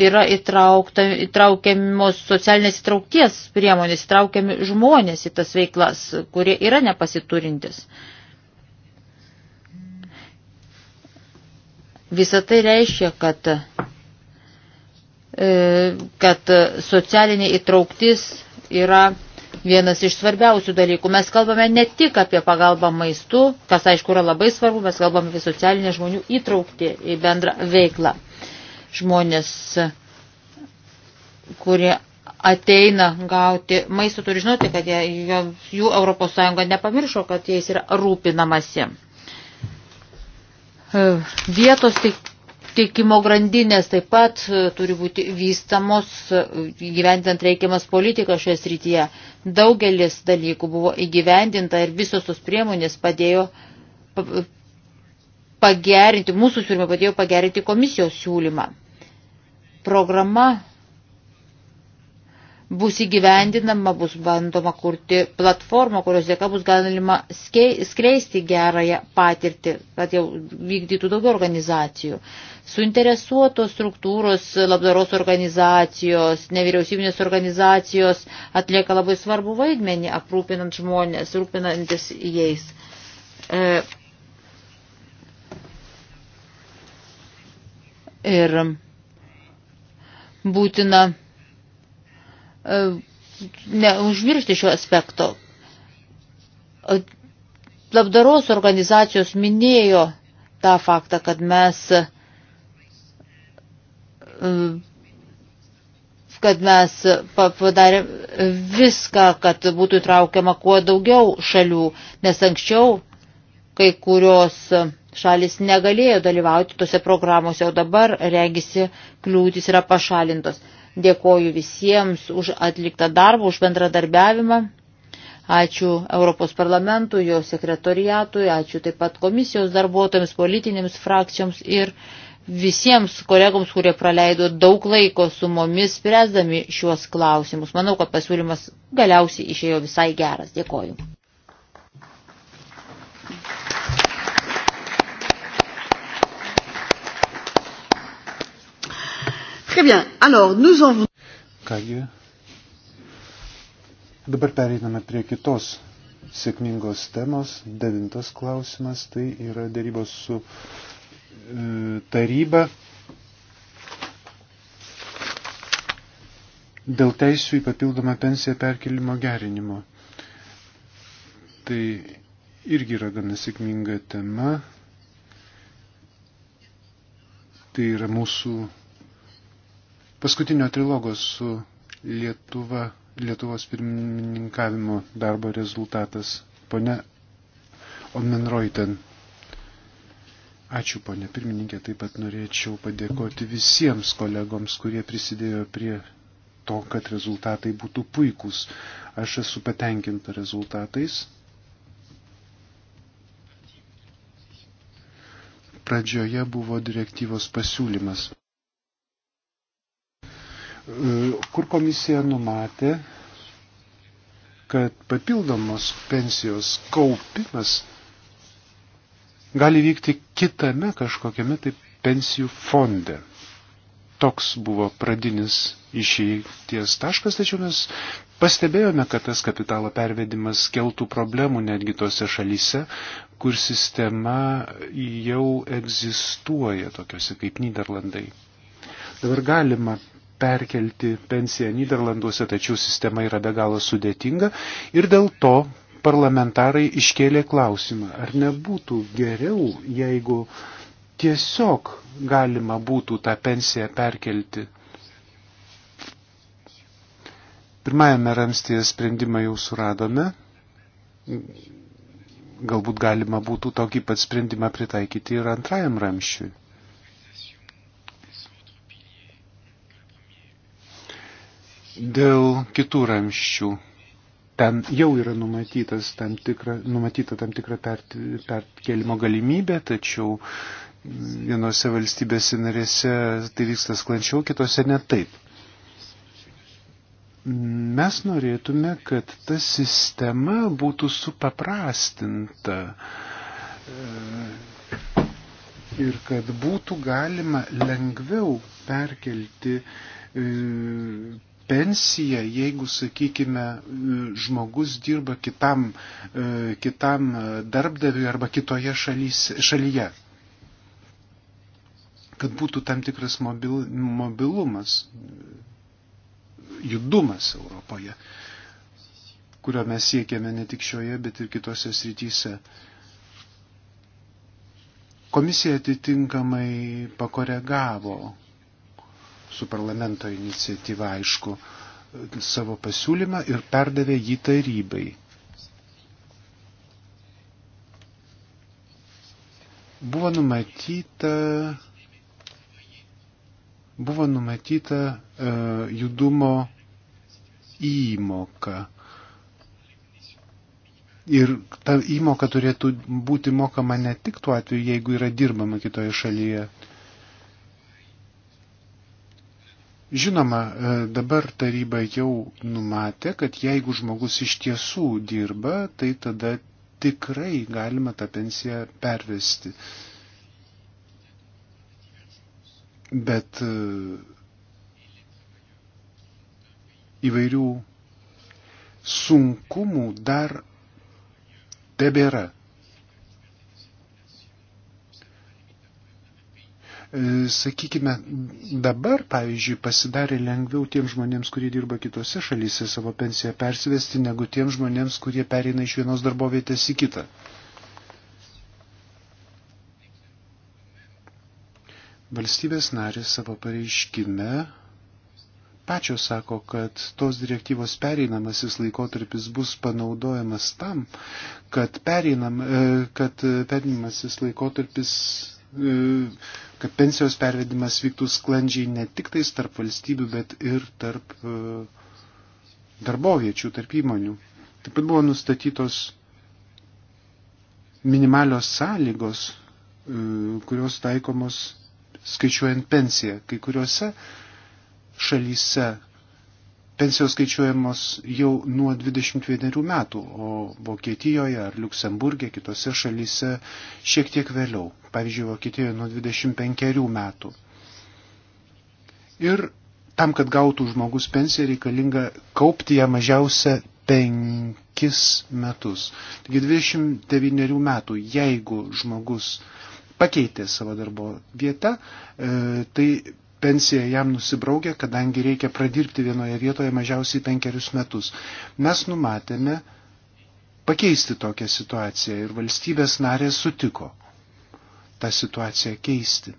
yra įtraukta, įtraukiamos socialinės įtraukties priemonės, įtraukiami žmonės į tas veiklas, kurie yra nepasiturintis. Visą tai reiškia, kad, e, kad socialinė įtrauktis yra vienas iš svarbiausių dalykų. Mes kalbame ne tik apie pagalbą maistu, kas aišku yra labai svarbu, mes kalbame apie socialinę žmonių įtraukti į bendrą veiklą žmonės, kurie ateina gauti maisto, turi žinoti, kad jie, jų Europos Sąjunga nepamiršo, kad jais yra rūpinamasi. E, vietos tiekimo grandinės taip pat e, turi būti vystamos, e, gyvendinant reikiamas politiką šioje srityje. Daugelis dalykų buvo įgyvendinta ir visos tos priemonės padėjo pagerinti, mūsų siūlymą padėjo pagerinti komisijos siūlymą. Programa bus įgyvendinama, bus bandoma kurti platformą, kurios dėka bus galima skleisti gerąją patirtį, kad jau vykdytų daugiau organizacijų. Suinteresuotos struktūros, labdaros organizacijos, nevyriausybinės organizacijos atlieka labai svarbu vaidmenį, aprūpinant žmonės, rūpinantis jais. E, Ir būtina e, neužmiršti šio aspekto. Labdaros organizacijos minėjo tą faktą, kad mes e, kad mes padarėm viską, kad būtų įtraukiama kuo daugiau šalių, nes anksčiau kai kurios šalis negalėjo dalyvauti tose programuose, o dabar regisi kliūtis yra pašalintos. Dėkoju visiems už atliktą darbą, už bendradarbiavimą. Ačiū Europos parlamentui, jo sekretoriatui, ačiū taip pat komisijos darbuotojams, politinėms frakcijoms ir visiems kolegoms, kurie praleido daug laiko su mumis spręsdami šiuos klausimus. Manau, kad pasiūlymas galiausiai išėjo visai geras. Dėkoju. Très bien. Alors, nous en... Kągi. Dabar pereiname prie kitos sėkmingos temos. Devintas klausimas tai yra dėrybos su e, taryba dėl teisų į papildomą pensiją perkelimo gerinimo. Tai irgi yra gana sėkminga tema. Tai yra mūsų paskutinio trilogo su Lietuva, Lietuvos pirmininkavimo darbo rezultatas. Pone Omenroiten. Ačiū, ponė pirmininkė, taip pat norėčiau padėkoti visiems kolegoms, kurie prisidėjo prie to, kad rezultatai būtų puikūs. Aš esu patenkinta rezultatais. Pradžioje buvo direktyvos pasiūlymas kur komisija numatė, kad papildomos pensijos kaupimas gali vykti kitame kažkokiame tai pensijų fonde. Toks buvo pradinis išeities taškas, tačiau mes pastebėjome, kad tas kapitalo pervedimas keltų problemų netgi tose šalyse, kur sistema jau egzistuoja, tokiuose kaip Niderlandai. Dabar galima perkelti pensiją Niderlanduose, tačiau sistema yra be galo sudėtinga ir dėl to parlamentarai iškėlė klausimą, ar nebūtų geriau, jeigu tiesiog galima būtų tą pensiją perkelti. Pirmajame ramstėje sprendimą jau suradome. Galbūt galima būtų tokį pat sprendimą pritaikyti ir antrajam ramščiui. Dėl kitų ramščių. Ten jau yra numatytas tam tikra, numatyta tam tikra perkelimo galimybė, tačiau vienose valstybėse narėse tai vyksta sklančiau, kitose ne taip. Mes norėtume, kad ta sistema būtų supaprastinta e, ir kad būtų galima lengviau perkelti e, pensija, jeigu, sakykime, žmogus dirba kitam, e, kitam darbdaviui arba kitoje šalys, šalyje. Kad būtų tam tikras mobil, mobilumas, judumas Europoje, kurio mes siekiame ne tik šioje, bet ir kitose srityse. Komisija atitinkamai pakoregavo su parlamento iniciatyva, aišku, savo pasiūlymą ir perdavė jį tarybai. Buvo numatyta, buvo numatyta uh, judumo įmoka. Ir ta įmoka turėtų būti mokama ne tik tuo atveju, jeigu yra dirbama kitoje šalyje, uh, Žinoma, e, dabar taryba jau numatė, kad jeigu žmogus iš tiesų dirba, tai tada tikrai galima tą pensiją pervesti. Bet e, įvairių sunkumų dar tebėra. E, sakykime, dabar, pavyzdžiui, pasidarė lengviau tiem žmonėms, kurie dirba kitose šalyse savo pensiją persivesti, negu tiem žmonėms, kurie pereina iš vienos darbovietės į kitą. Valstybės narės savo pareiškime pačios sako, kad tos direktyvos pereinamasis laikotarpis bus panaudojamas tam, kad, pereinam, e, kad pereinamasis laikotarpis E, kad pensijos pervedimas vyktų sklandžiai ne tik tais tarp valstybių, bet ir tarp e, darboviečių, tarp įmonių. Taip pat buvo nustatytos minimalios sąlygos, e, kurios taikomos skaičiuojant pensiją. Kai kuriuose šalyse pensijos skaičiuojamos jau nuo 21 metų, o Vokietijoje ar Luksemburgė kitose šalyse šiek tiek vėliau, pavyzdžiui, Vokietijoje nuo 25 metų. Ir tam, kad gautų žmogus pensiją, reikalinga kaupti ją mažiausia penkis metus. Taigi 29 metų, jeigu žmogus pakeitė savo darbo vietą, e, tai pensija jam nusibraukia, kadangi reikia pradirbti vienoje vietoje mažiausiai penkerius metus. Mes numatėme pakeisti tokią situaciją ir valstybės narės sutiko tą situaciją keisti.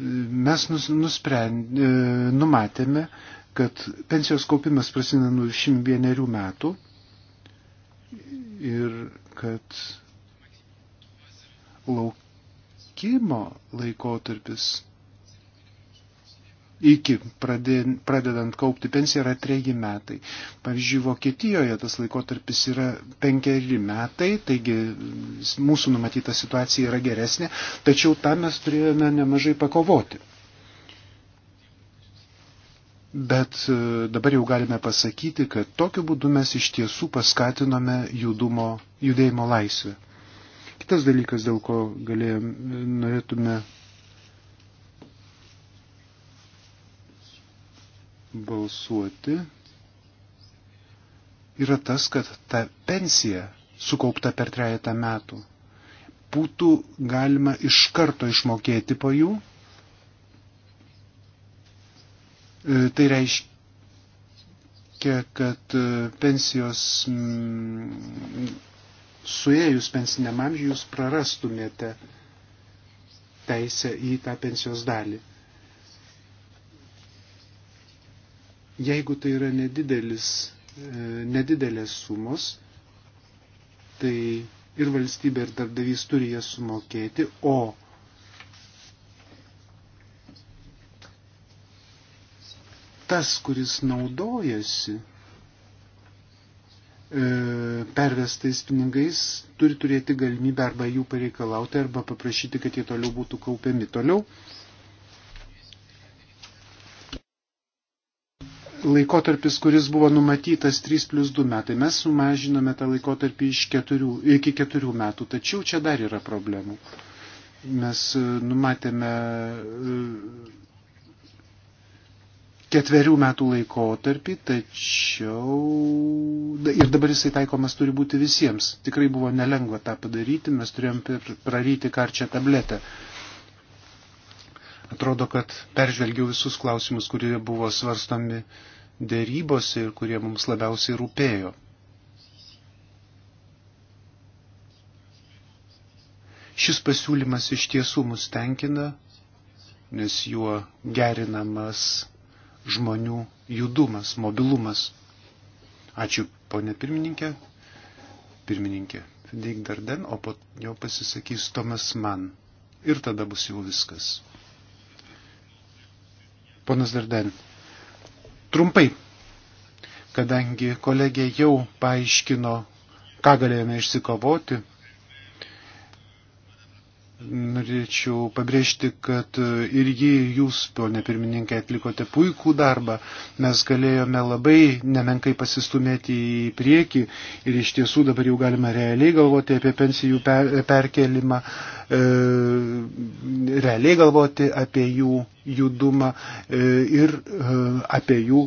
Mes nusprend, e, numatėme, kad pensijos kaupimas prasideda nuo 21 metų ir kad lauk veikimo laikotarpis iki pradedant kaupti pensiją yra treji metai. Pavyzdžiui, Vokietijoje tas laikotarpis yra penkeri metai, taigi mūsų numatyta situacija yra geresnė, tačiau tam mes turėjome nemažai pakovoti. Bet e, dabar jau galime pasakyti, kad tokiu būdu mes iš tiesų paskatinome judumo, judėjimo laisvę. Kitas dalykas, dėl ko galėjom, norėtume balsuoti, yra tas, kad ta pensija sukaupta per trejata metų būtų galima iš karto išmokėti po jų. E, tai reiškia, kad e, pensijos suėjus pensiniam amžiui jūs prarastumėte teisę į tą pensijos dalį. Jeigu tai yra nedidelis, e, nedidelės sumos, tai ir valstybė, ir darbdavys turi jas sumokėti, o tas, kuris naudojasi E, pervestais pinigais turi turėti galimybę arba jų pareikalauti, arba paprašyti, kad jie toliau būtų kaupiami toliau. Laikotarpis, kuris buvo numatytas 3 plus 2 metai, mes sumažinome tą laikotarpį iš 4, iki 4 metų, tačiau čia dar yra problemų. Mes e, numatėme e, ketverių metų laikotarpį, tačiau ir dabar jisai taikomas turi būti visiems. Tikrai buvo nelengva tą padaryti, mes turėjom praryti karčią tabletę. Atrodo, kad peržvelgiau visus klausimus, kurie buvo svarstomi dėrybose ir kurie mums labiausiai rūpėjo. Šis pasiūlymas iš tiesų mus tenkina, nes juo gerinamas žmonių judumas, mobilumas. Ačiū, ponė pirmininkė. Pirmininkė Fedik Darden, o po jo pasisakys Tomas Mann. Ir tada bus jau viskas. Ponas Darden, trumpai, kadangi kolegė jau paaiškino, ką galėjome išsikovoti, Norėčiau pabrėžti, kad ir jį jūs, ponė pirmininkė, atlikote puikų darbą. Mes galėjome labai nemenkai pasistumėti į priekį ir iš tiesų dabar jau galime realiai galvoti apie pensijų perkelimą, e, realiai galvoti apie jų judumą e, ir e, apie jų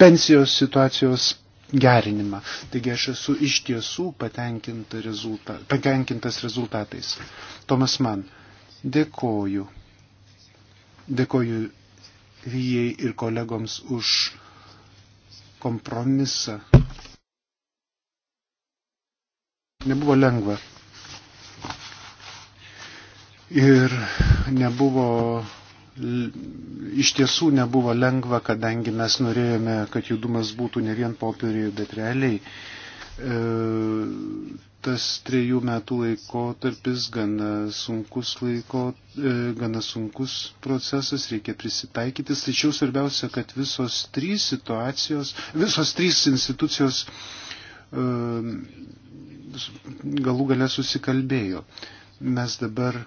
pensijos situacijos gerinimą. Taigi aš esu iš tiesų patenkinta rezultat, patenkintas rezultatais. Tomas man, dėkoju. Dėkoju Vijai ir kolegoms už kompromisą. Nebuvo lengva. Ir nebuvo iš tiesų nebuvo lengva, kadangi mes norėjome, kad judumas būtų ne vien popieriuje, bet realiai. E, tas trejų metų laikotarpis gana sunkus, laiko, e, gana sunkus procesas, reikia prisitaikytis. Tačiau svarbiausia, kad visos trys situacijos, visos trys institucijos e, galų gale susikalbėjo. Mes dabar uh,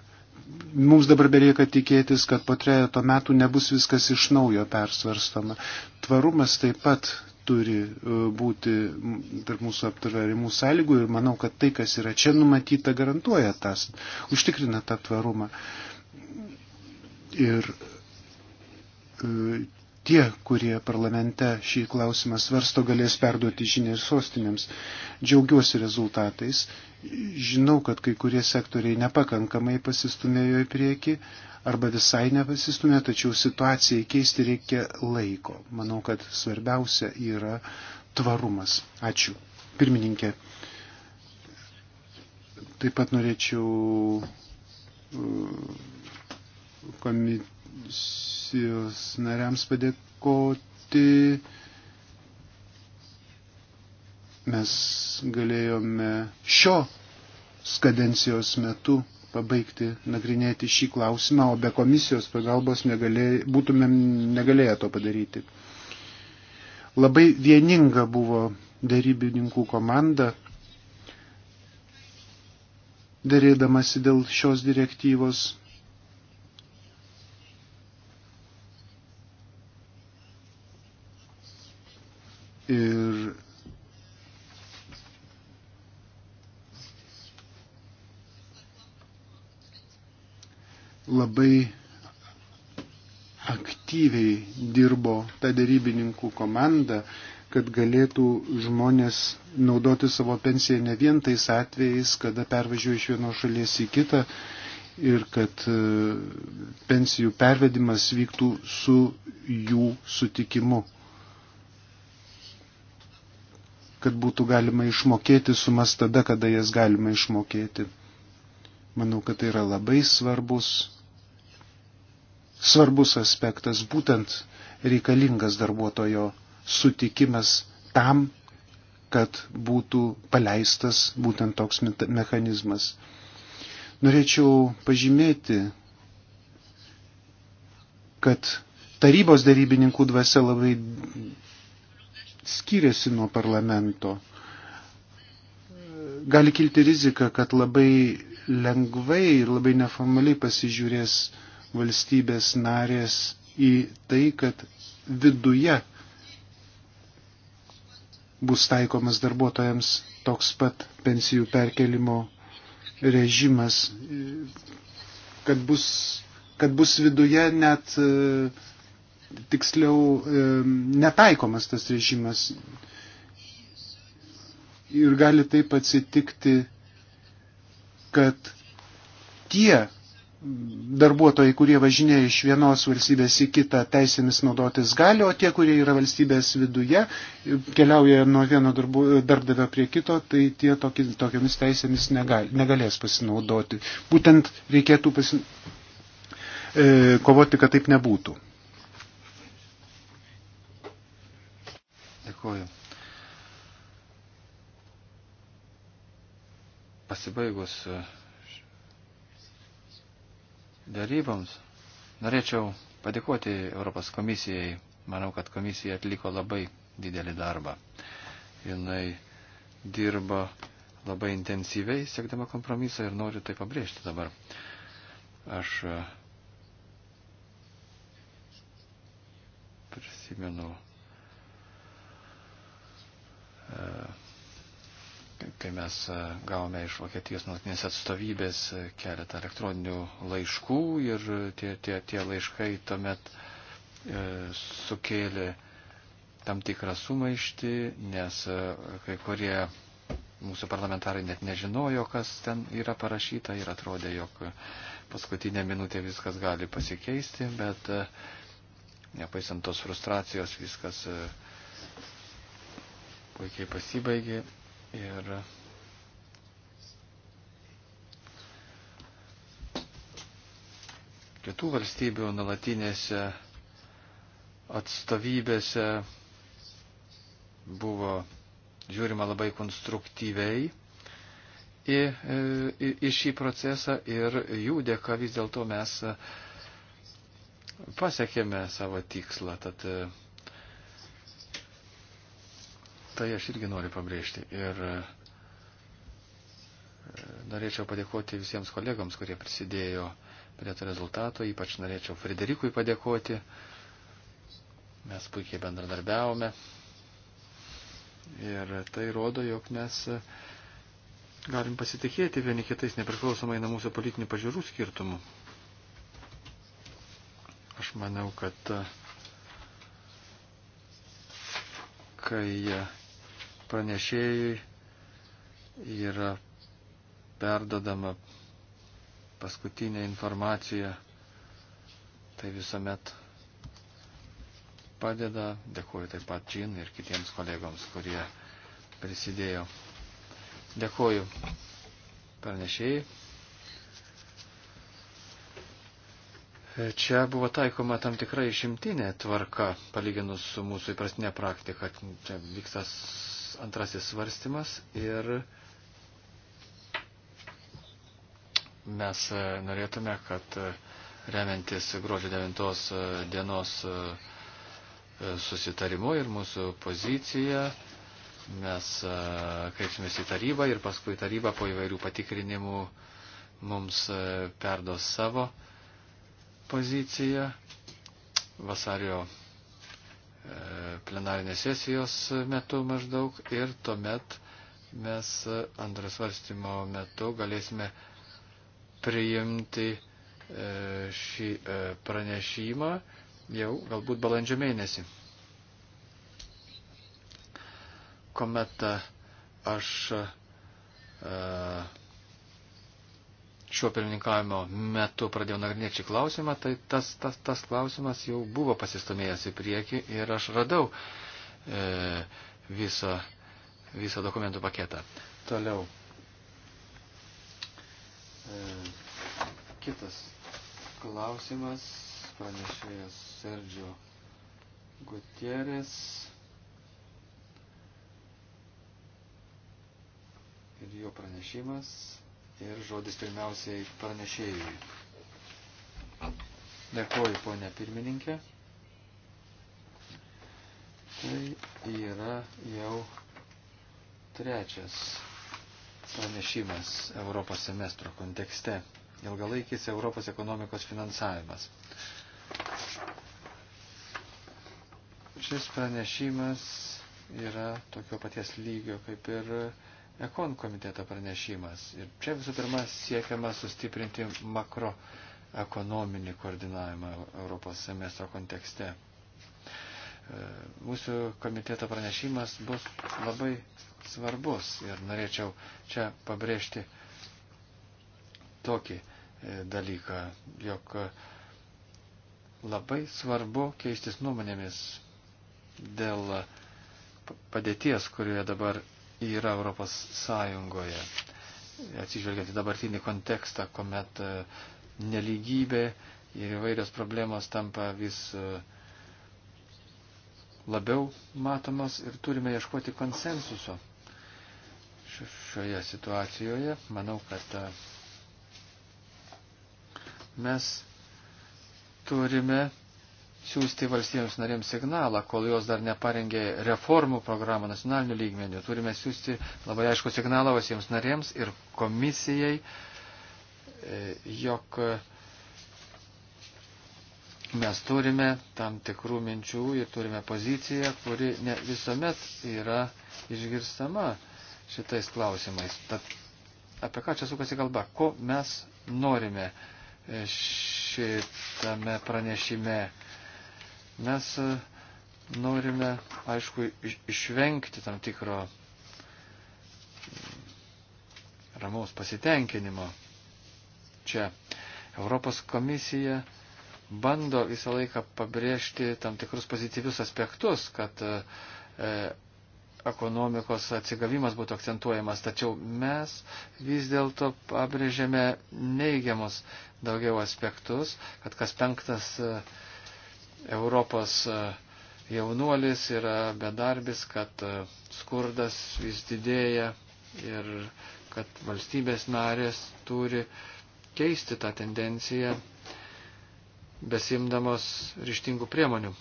Mums dabar belieka tikėtis, kad po trejato metų nebus viskas iš naujo persvarstama. Tvarumas taip pat turi e, būti tarp mūsų aptariamų sąlygų ir manau, kad tai, kas yra čia numatyta, garantuoja tas, užtikrina tą tvarumą. Ir e, tie, kurie parlamente šį klausimą svarsto, galės perduoti žinią ir sostinėms. Džiaugiuosi rezultatais. Žinau, kad kai kurie sektoriai nepakankamai pasistumėjo į priekį arba visai nepasistumė, tačiau situacijai keisti reikia laiko. Manau, kad svarbiausia yra tvarumas. Ačiū. Pirmininkė. Taip pat norėčiau uh, komit komisijos nariams padėkoti. Mes galėjome šio skadencijos metu pabaigti nagrinėti šį klausimą, o be komisijos pagalbos negalėj, būtumėm negalėję to padaryti. Labai vieninga buvo darybininkų komanda, darėdamasi dėl šios direktyvos Ir labai aktyviai dirbo ta dėrybininkų komanda, kad galėtų žmonės naudoti savo pensiją ne vien tais atvejais, kada pervažiuoja iš vienos šalies į kitą ir kad e, pensijų pervedimas vyktų su jų sutikimu kad būtų galima išmokėti sumas tada, kada jas galima išmokėti. Manau, kad tai yra labai svarbus, svarbus aspektas, būtent reikalingas darbuotojo sutikimas tam, kad būtų paleistas būtent toks mechanizmas. Norėčiau pažymėti, kad tarybos darybininkų dvasia labai skiriasi nuo parlamento. Gali kilti rizika, kad labai lengvai ir labai neformaliai pasižiūrės valstybės narės į tai, kad viduje bus taikomas darbuotojams toks pat pensijų perkelimo režimas, kad bus, kad bus viduje net uh, tiksliau netaikomas tas režimas. Ir gali taip atsitikti, kad tie darbuotojai, kurie važinėja iš vienos valstybės į kitą, teisėmis naudotis gali, o tie, kurie yra valstybės viduje, keliauja nuo vieno darbu, darbdavio prie kito, tai tie toki, tokiamis teisėmis negal, negalės pasinaudoti. Būtent reikėtų pasin... e, kovoti, kad taip nebūtų. Dėkuoju. Pasibaigus e, daryboms, norėčiau padėkoti Europos komisijai. Manau, kad komisija atliko labai didelį darbą. Jinai dirba labai intensyviai, siekdama kompromisą ir noriu tai pabrėžti dabar. Aš e, prisimenu kai mes e, gavome iš Vokietijos nuolatinės atstovybės e, keletą elektroninių laiškų ir tie, tie, tie laiškai tuomet e, sukėlė tam tikrą sumaištį, nes e, kai kurie mūsų parlamentarai net nežinojo, kas ten yra parašyta ir atrodė, jog paskutinė minutė viskas gali pasikeisti, bet e, nepaisant tos frustracijos viskas. E, puikiai pasibaigė ir kitų valstybių nalatinėse atstovybėse buvo žiūrima labai konstruktyviai į, į, į šį procesą ir jų dėka vis dėlto mes pasiekėme savo tikslą. Tad Tai aš irgi noriu pabrėžti. Ir e, norėčiau padėkoti visiems kolegams, kurie prisidėjo prie to rezultato. Ypač norėčiau Frederikui padėkoti. Mes puikiai bendradarbiavome. Ir tai rodo, jog mes galim pasitikėti vieni kitais nepriklausomai nuo mūsų politinių pažiūrų skirtumų. Aš manau, kad e, kai e, pranešėjui yra perdodama paskutinė informacija. Tai visuomet padeda. Dėkuoju taip pat Džin ir kitiems kolegoms, kurie prisidėjo. Dėkuoju pranešėjai. Čia buvo taikoma tam tikra išimtinė tvarka, palyginus su mūsų įprastinė praktika. Čia vyksta bus antrasis svarstymas ir mes e, norėtume, kad e, remiantis gruodžio 9 e, dienos susitarimu ir mūsų pozicija, mes kreipsimės į tarybą ir paskui taryba po įvairių patikrinimų mums perdos savo poziciją. Vasario E, plenarinės sesijos metu maždaug ir tuomet mes antras svarstymo metu galėsime priimti e, šį e, pranešimą jau galbūt balandžio mėnesį. Komet aš uh, šiuo pirmininkavimo metu pradėjau nagrinėti šį klausimą, tai tas, tas, tas klausimas jau buvo pasistumėjęs į priekį ir aš radau e, visą, visą dokumentų paketą. Toliau. E, kitas klausimas pranešėjas Sergio Gutierrez. Ir jo pranešimas ir žodis pirmiausiai pranešėjui. Dėkoju, ponė pirmininkė. Tai yra jau trečias pranešimas Europos semestro kontekste. Ilgalaikis Europos ekonomikos finansavimas. Šis pranešimas yra tokio paties lygio kaip ir Ekon komiteto pranešimas. Ir čia visų pirma siekiama sustiprinti makroekonominį koordinavimą Europos semestro kontekste. E, mūsų komiteto pranešimas bus labai svarbus ir norėčiau čia pabrėžti tokį e, dalyką, jog labai svarbu keistis nuomonėmis dėl padėties, kurioje dabar yra Europos Sąjungoje. Atsižvelgiant į dabartinį kontekstą, kuomet e, neligybė ir įvairios problemos tampa vis e, labiau matomos ir turime ieškoti konsensuso šioje situacijoje. Manau, kad e, mes turime siūsti valstybėms narėms signalą, kol jos dar neparengė reformų programą nacionalinių lygmenių. Turime siūsti labai aišku signalą valstybėms narėms ir komisijai, e, jog mes turime tam tikrų minčių ir turime poziciją, kuri ne visuomet yra išgirstama šitais klausimais. Tad apie ką čia sukasi kalba? Ko mes norime e, šitame pranešime? Mes e, norime, aišku, išvengti tam tikro mm, ramaus pasitenkinimo. Čia Europos komisija bando visą laiką pabrėžti tam tikrus pozityvius aspektus, kad e, e, ekonomikos atsigavimas būtų akcentuojamas, tačiau mes vis dėlto pabrėžėme neigiamus daugiau aspektus, kad kas penktas e, Europos e, jaunuolis yra bedarbis, kad e, skurdas vis didėja ir kad valstybės narės turi keisti tą tendenciją besimdamos ryštingų priemonių.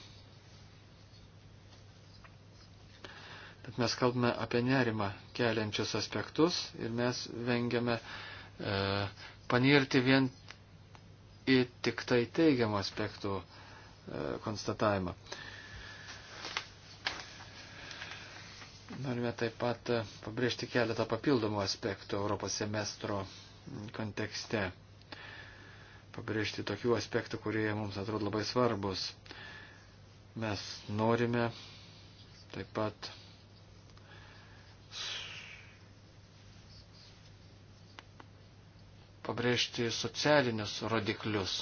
Bet mes kalbame apie nerimą keliančius aspektus ir mes vengiame e, panirti vien į tik tai teigiamų aspektų e, E, konstatavimą. Norime taip pat e, pabrėžti keletą papildomų aspektų Europos semestro kontekste. Pabrėžti tokių aspektų, kurie mums atrodo labai svarbus. Mes norime taip pat pabrėžti socialinius rodiklius.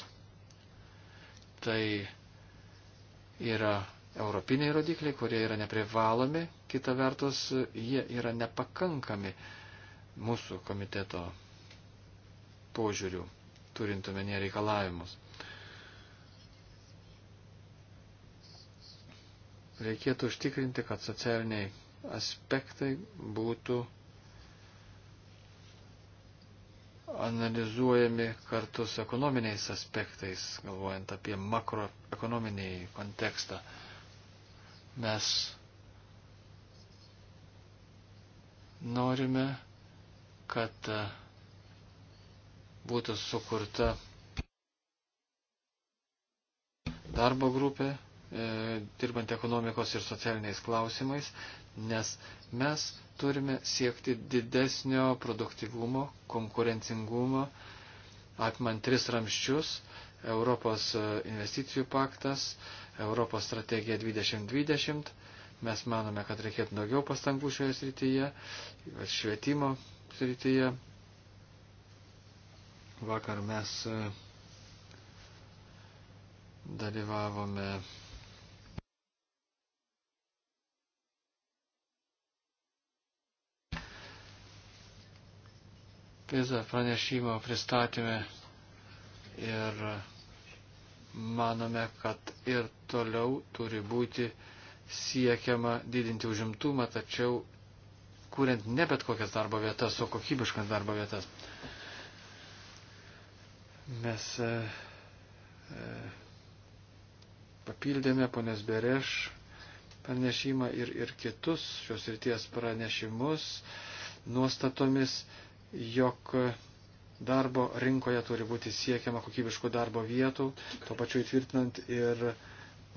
Tai Yra europiniai rodikliai, kurie yra neprivalomi, kita vertus, jie yra nepakankami mūsų komiteto požiūrių, turint omenyje reikalavimus. Reikėtų užtikrinti, kad socialiniai aspektai būtų analizuojami kartu su ekonominiais aspektais, galvojant apie makroekonominį kontekstą. Mes norime, kad e, būtų sukurta darbo grupė, e, dirbant ekonomikos ir socialiniais klausimais, nes mes turime siekti didesnio produktivumo, konkurencingumo, apimant tris ramščius - Europos e, investicijų paktas, Europos strategija 2020. Mes manome, kad reikėtų daugiau pastangų šioje srityje, švietimo srityje. Vakar mes e, dalyvavome PISA pranešimo pristatymė ir manome, kad ir toliau turi būti siekiama didinti užimtumą, tačiau kuriant ne bet kokias darbo vietas, o kokybiškas darbo vietas. Mes e, e, papildėme ponės Bereš pranešimą ir, ir kitus šios ryties pranešimus nuostatomis jog darbo rinkoje turi būti siekiama kokybiškų darbo vietų, tuo pačiu įtvirtinant ir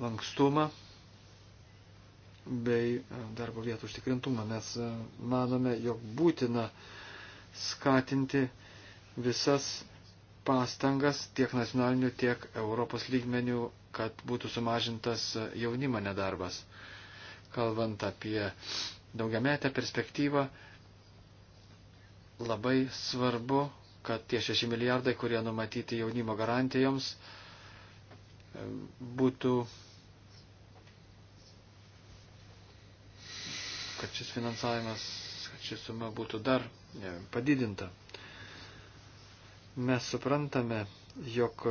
lankstumą bei e, darbo vietų užtikrintumą. Mes e, manome, jog būtina skatinti visas pastangas tiek nacionalinių, tiek Europos lygmenių, kad būtų sumažintas e, jaunimo nedarbas. Kalbant apie daugiametę perspektyvą, Labai svarbu, kad tie 6 milijardai, kurie numatyti jaunimo garantijoms, būtų, kad šis finansavimas, kad ši suma būtų dar e, padidinta. Mes suprantame, jog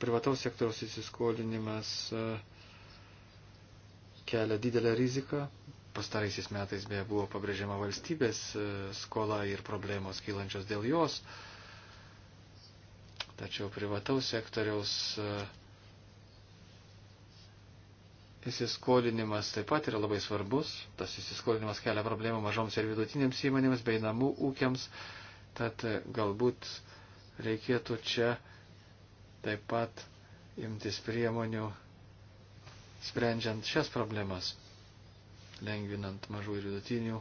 privataus sektoriaus įsiskolinimas e, kelia didelę riziką, Pastaraisiais metais beje buvo pabrėžiama valstybės e, skola ir problemos kylančios dėl jos. Tačiau privataus sektoriaus e, įsiskolinimas taip pat yra labai svarbus. Tas įsiskolinimas kelia problemų mažoms ir vidutinėms įmonėms bei namų ūkiams. Tad e, galbūt reikėtų čia taip pat imtis priemonių sprendžiant šias problemas lengvinant mažų ir vidutinių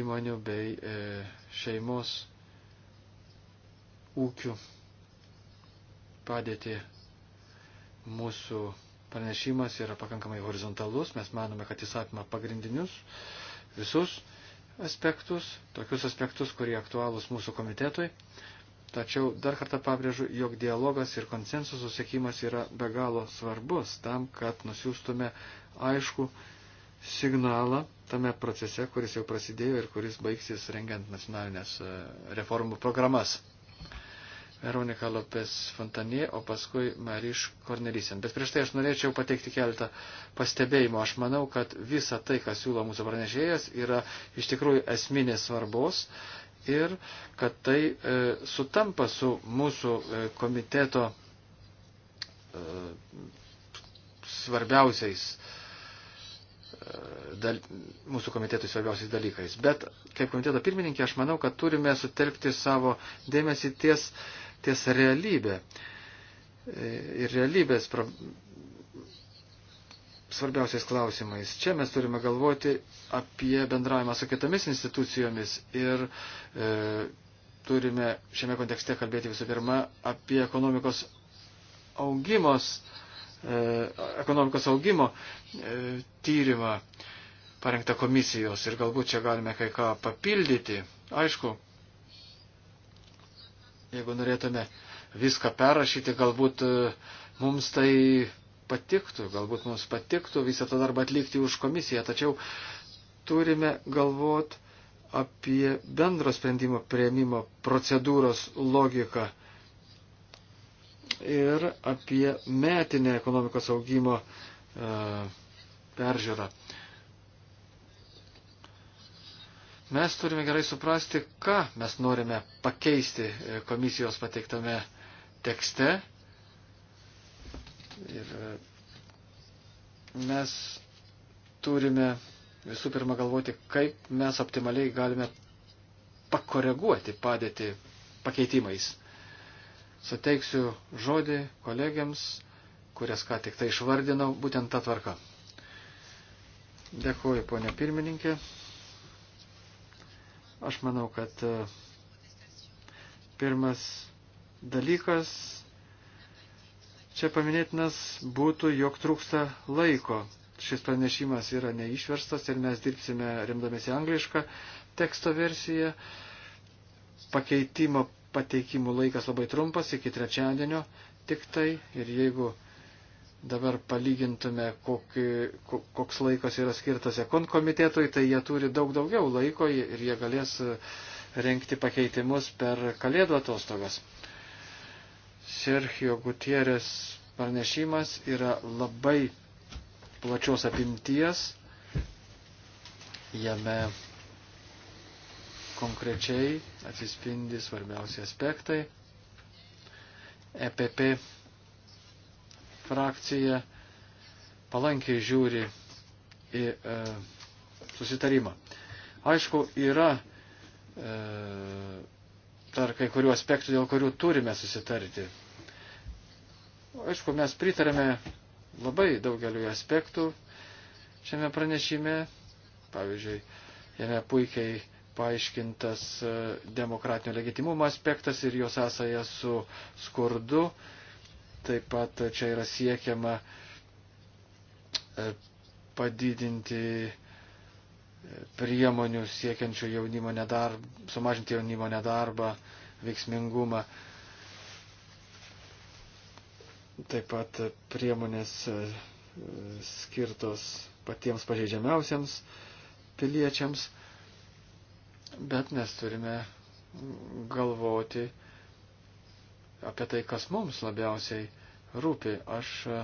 įmonių bei e, šeimos ūkių padėti. Mūsų pranešimas yra pakankamai horizontalus, mes manome, kad jis apima pagrindinius visus aspektus, tokius aspektus, kurie aktualūs mūsų komitetui. Tačiau dar kartą pabrėžu, jog dialogas ir konsensusų sėkimas yra be galo svarbus tam, kad nusiųstume aišku signalą tame procese, kuris jau prasidėjo ir kuris baigsis rengiant nacionalinės e, reformų programas. Veronika Lopes Fontanie, o paskui Mariš Kornelysen. Bet prieš tai aš norėčiau pateikti keletą pastebėjimų. Aš manau, kad visa tai, ką siūlo mūsų pranešėjas, yra iš tikrųjų esminės svarbos ir kad tai e, sutampa su mūsų e, komiteto e, svarbiausiais e, dal, mūsų komitetų svarbiausiais dalykais. Bet kaip komiteto pirmininkė, aš manau, kad turime sutelkti savo dėmesį ties, ties realybė e, ir realybės pro, svarbiausiais klausimais. Čia mes turime galvoti apie bendravimą su kitomis institucijomis ir e, turime šiame kontekste kalbėti visų pirma apie ekonomikos augimos e, E, ekonomikos augimo e, tyrimą parengtą komisijos ir galbūt čia galime kai ką papildyti. Aišku, jeigu norėtume viską perrašyti, galbūt e, mums tai patiktų, galbūt mums patiktų visą tą darbą atlikti už komisiją, tačiau turime galvoti apie bendro sprendimo prieimimo procedūros logiką ir apie metinę ekonomikos augimo e, peržiūrą. Mes turime gerai suprasti, ką mes norime pakeisti e, komisijos pateiktame tekste. Ir e, mes turime visų pirma galvoti, kaip mes optimaliai galime pakoreguoti padėti pakeitimais suteiksiu žodį kolegiams, kurias ką tik tai išvardinau, būtent tą tvarką. Dėkuoju, ponė pirmininkė. Aš manau, kad pirmas dalykas čia paminėtinas būtų, jog trūksta laiko. Šis pranešimas yra neišverstas ir mes dirbsime remdamėsi anglišką teksto versiją. Pakeitimo pateikimų laikas labai trumpas, iki trečiadienio tik tai. Ir jeigu dabar palygintume, kokį, koks laikas yra skirtas ekon komitetui, tai jie turi daug daugiau laiko ir jie galės e, renkti pakeitimus per kalėdų atostogas. Sergio Gutierrez pranešimas yra labai plačios apimties. Jame konkrečiai atsispindi svarbiausi aspektai. EPP frakcija palankiai žiūri į e, susitarimą. Aišku, yra e, dar kai kurių aspektų, dėl kurių turime susitarti. Aišku, mes pritarėme labai daugeliu aspektų šiame pranešime. Pavyzdžiui, jame puikiai paaiškintas e, demokratinio legitimumo aspektas ir jo sąsaja su skurdu. Taip pat čia yra siekiama e, padidinti e, priemonių siekiančių jaunimo nedarbą, sumažinti jaunimo nedarbą, veiksmingumą. Taip pat priemonės skirtos patiems pažeidžiamiausiams piliečiams bet mes turime galvoti apie tai, kas mums labiausiai rūpi. Aš e,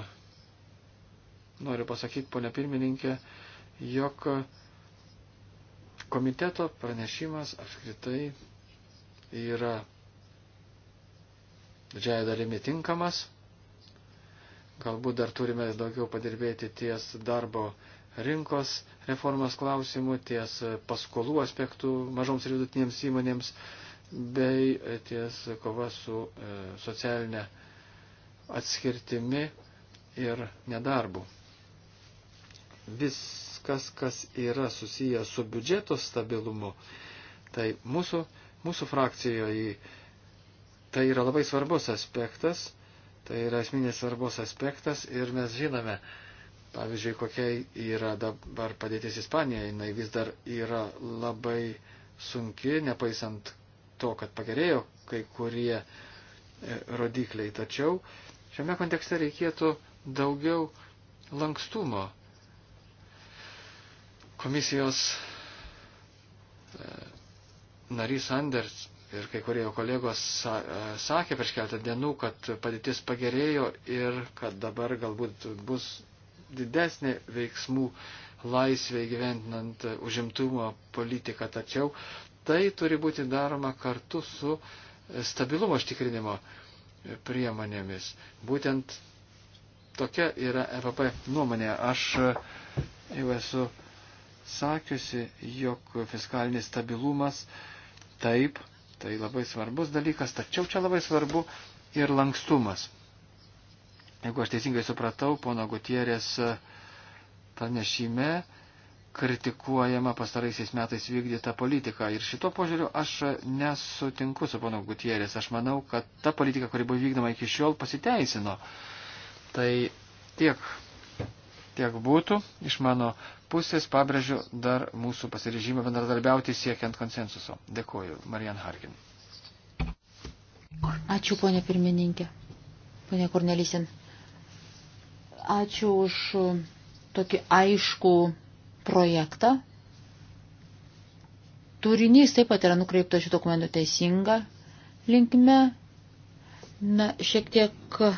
noriu pasakyti, ponia pirmininkė, jog komiteto pranešimas apskritai yra didžiaja dalimi tinkamas. Galbūt dar turime daugiau padirbėti ties darbo rinkos reformos klausimų, ties paskolų aspektų mažoms ir vidutinėms įmonėms bei ties kova su e, socialinė atskirtimi ir nedarbu. Viskas, kas yra susiję su biudžeto stabilumu, tai mūsų, mūsų frakcijoje tai yra labai svarbus aspektas, tai yra esminės svarbus aspektas ir mes žinome, Pavyzdžiui, kokia yra dabar padėtis Ispanijoje, jinai vis dar yra labai sunki, nepaisant to, kad pagerėjo kai kurie e, rodikliai. Tačiau šiame kontekste reikėtų daugiau lankstumo. Komisijos e, narys Anders ir kai kurie jo kolegos e, sakė prieš keletą dienų, kad padėtis pagerėjo ir kad dabar galbūt bus didesnė veiksmų laisvė gyventinant užimtumo politiką, tačiau tai turi būti daroma kartu su stabilumo užtikrinimo priemonėmis. Būtent tokia yra EPP nuomonė. Aš jau esu sakiusi, jog fiskalinis stabilumas taip, tai labai svarbus dalykas, tačiau čia labai svarbu ir lankstumas. Jeigu aš teisingai supratau, pono Gutierės e, pranešime kritikuojama pastaraisiais metais vykdyta politika. Ir šito požiūriu aš e, nesutinku su pono Gutierės. Aš manau, kad ta politika, kuri buvo vykdoma iki šiol, pasiteisino. Tai tiek tiek būtų. Iš mano pusės pabrėžiu dar mūsų pasirežimą bendradarbiauti siekiant konsensuso. Dėkuoju, Marian Harkin. Ačiū, ponė pirmininkė. Ponė Kornelysin. Ačiū už tokį aišku projektą. Turinys taip pat yra nukreiptas šių dokumentų teisinga linkme. Na, šiek tiek e,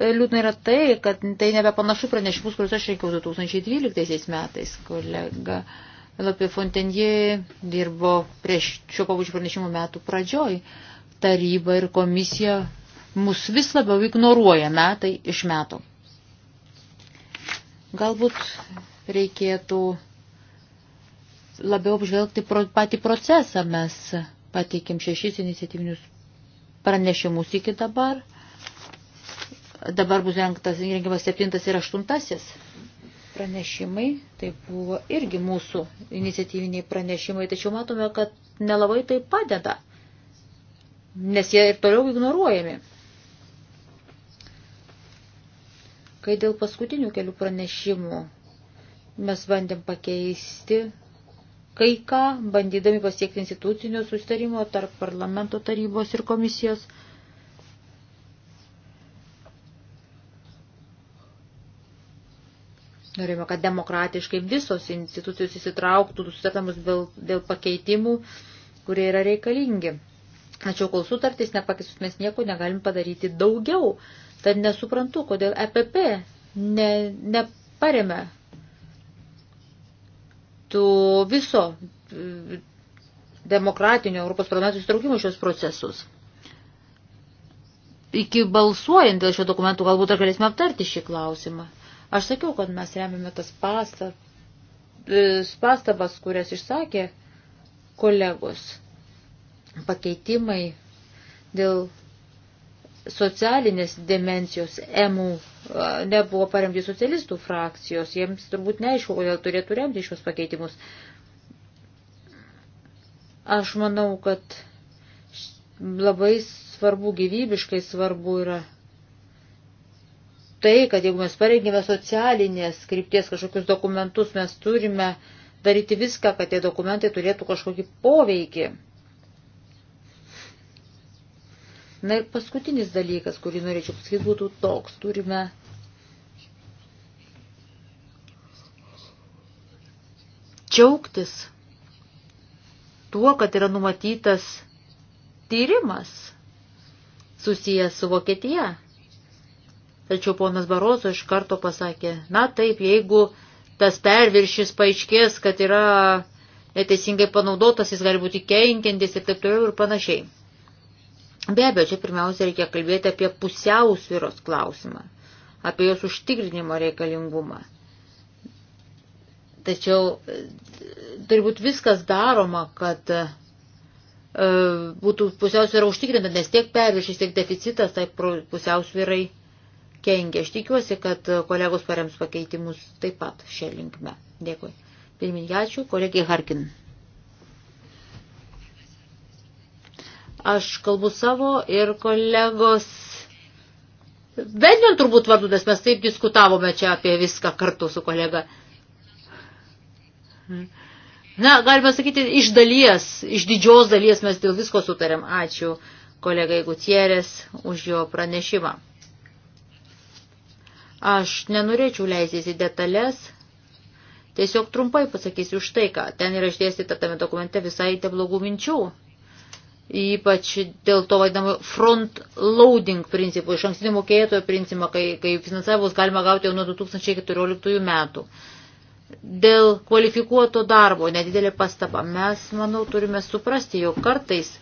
liūdna yra tai, kad tai nebepanašu pranešimus, kuriuos aš reikiau 2012 metais. Kolega Lopė Fontenji dirbo prieš šio pabučių pranešimų metų pradžioj. Taryba ir komisija mus vis labiau ignoruoja metai iš metų. Galbūt reikėtų labiau apžvelgti pro, patį procesą. Mes pateikėm šešis iniciatyvinius pranešimus iki dabar. Dabar bus rengtas, rengiamas septintas ir aštuntasis pranešimai. Tai buvo irgi mūsų iniciatyviniai pranešimai, tačiau matome, kad nelabai tai padeda, nes jie ir toliau ignoruojami. Kai dėl paskutinių kelių pranešimų mes bandėm pakeisti kai ką, bandydami pasiekti institucinio sustarimo tarp parlamento tarybos ir komisijos. Norime, kad demokratiškai visos institucijos įsitrauktų sutartamus dėl pakeitimų, kurie yra reikalingi. Tačiau kol sutartys nepakeistus mes nieko negalim padaryti daugiau. Tad nesuprantu, kodėl EPP ne, neparėmė tų viso e, demokratinio Europos parlamento įsitraukimo šios procesus. Iki balsuojant dėl šio dokumentų galbūt ar galėsime aptarti šį klausimą. Aš sakiau, kad mes remiame tas pastabas, e, pastabas kurias išsakė kolegos pakeitimai dėl socialinės dimensijos emų nebuvo paremti socialistų frakcijos. Jiems turbūt neaišku, kodėl turėtų remti šios pakeitimus. Aš manau, kad labai svarbu, gyvybiškai svarbu yra tai, kad jeigu mes parengėme socialinės krypties kažkokius dokumentus, mes turime daryti viską, kad tie dokumentai turėtų kažkokį poveikį Na ir paskutinis dalykas, kurį norėčiau pasakyti, būtų toks. Turime džiaugtis tuo, kad yra numatytas tyrimas susijęs su Vokietija. Tačiau ponas Barozo iš karto pasakė, na taip, jeigu tas perviršis paaiškės, kad yra neteisingai panaudotas, jis gali būti kenkiantis ir taip toliau ir panašiai. Be abejo, čia pirmiausia reikia kalbėti apie pusiausviros klausimą, apie jos užtikrinimo reikalingumą. Tačiau e, turbūt viskas daroma, kad e, būtų pusiausvėra užtikrinta, nes tiek perviršys, tiek deficitas tai pusiausvėrai kenkia. Aš tikiuosi, kad kolegos parems pakeitimus taip pat šią linkmę. Dėkui. Pirmininkė, ačiū. Kolegiai Harkin. Aš kalbu savo ir kolegos Benjon turbūt vardu, nes mes taip diskutavome čia apie viską kartu su kolega. Na, galime sakyti, iš dalies, iš didžios dalies mes dėl visko sutarėm. Ačiū kolegai Gutierės už jo pranešimą. Aš nenorėčiau leistis į detalės, tiesiog trumpai pasakysiu už tai, ką ten yra išdėstyta tame dokumente visai te blogų minčių ypač dėl to vadinamo front loading principų, iš ankstinių mokėtojo principą, kai, kai finansavimus galima gauti jau nuo 2014 metų. Dėl kvalifikuoto darbo nedidelė pastaba. Mes, manau, turime suprasti, jog kartais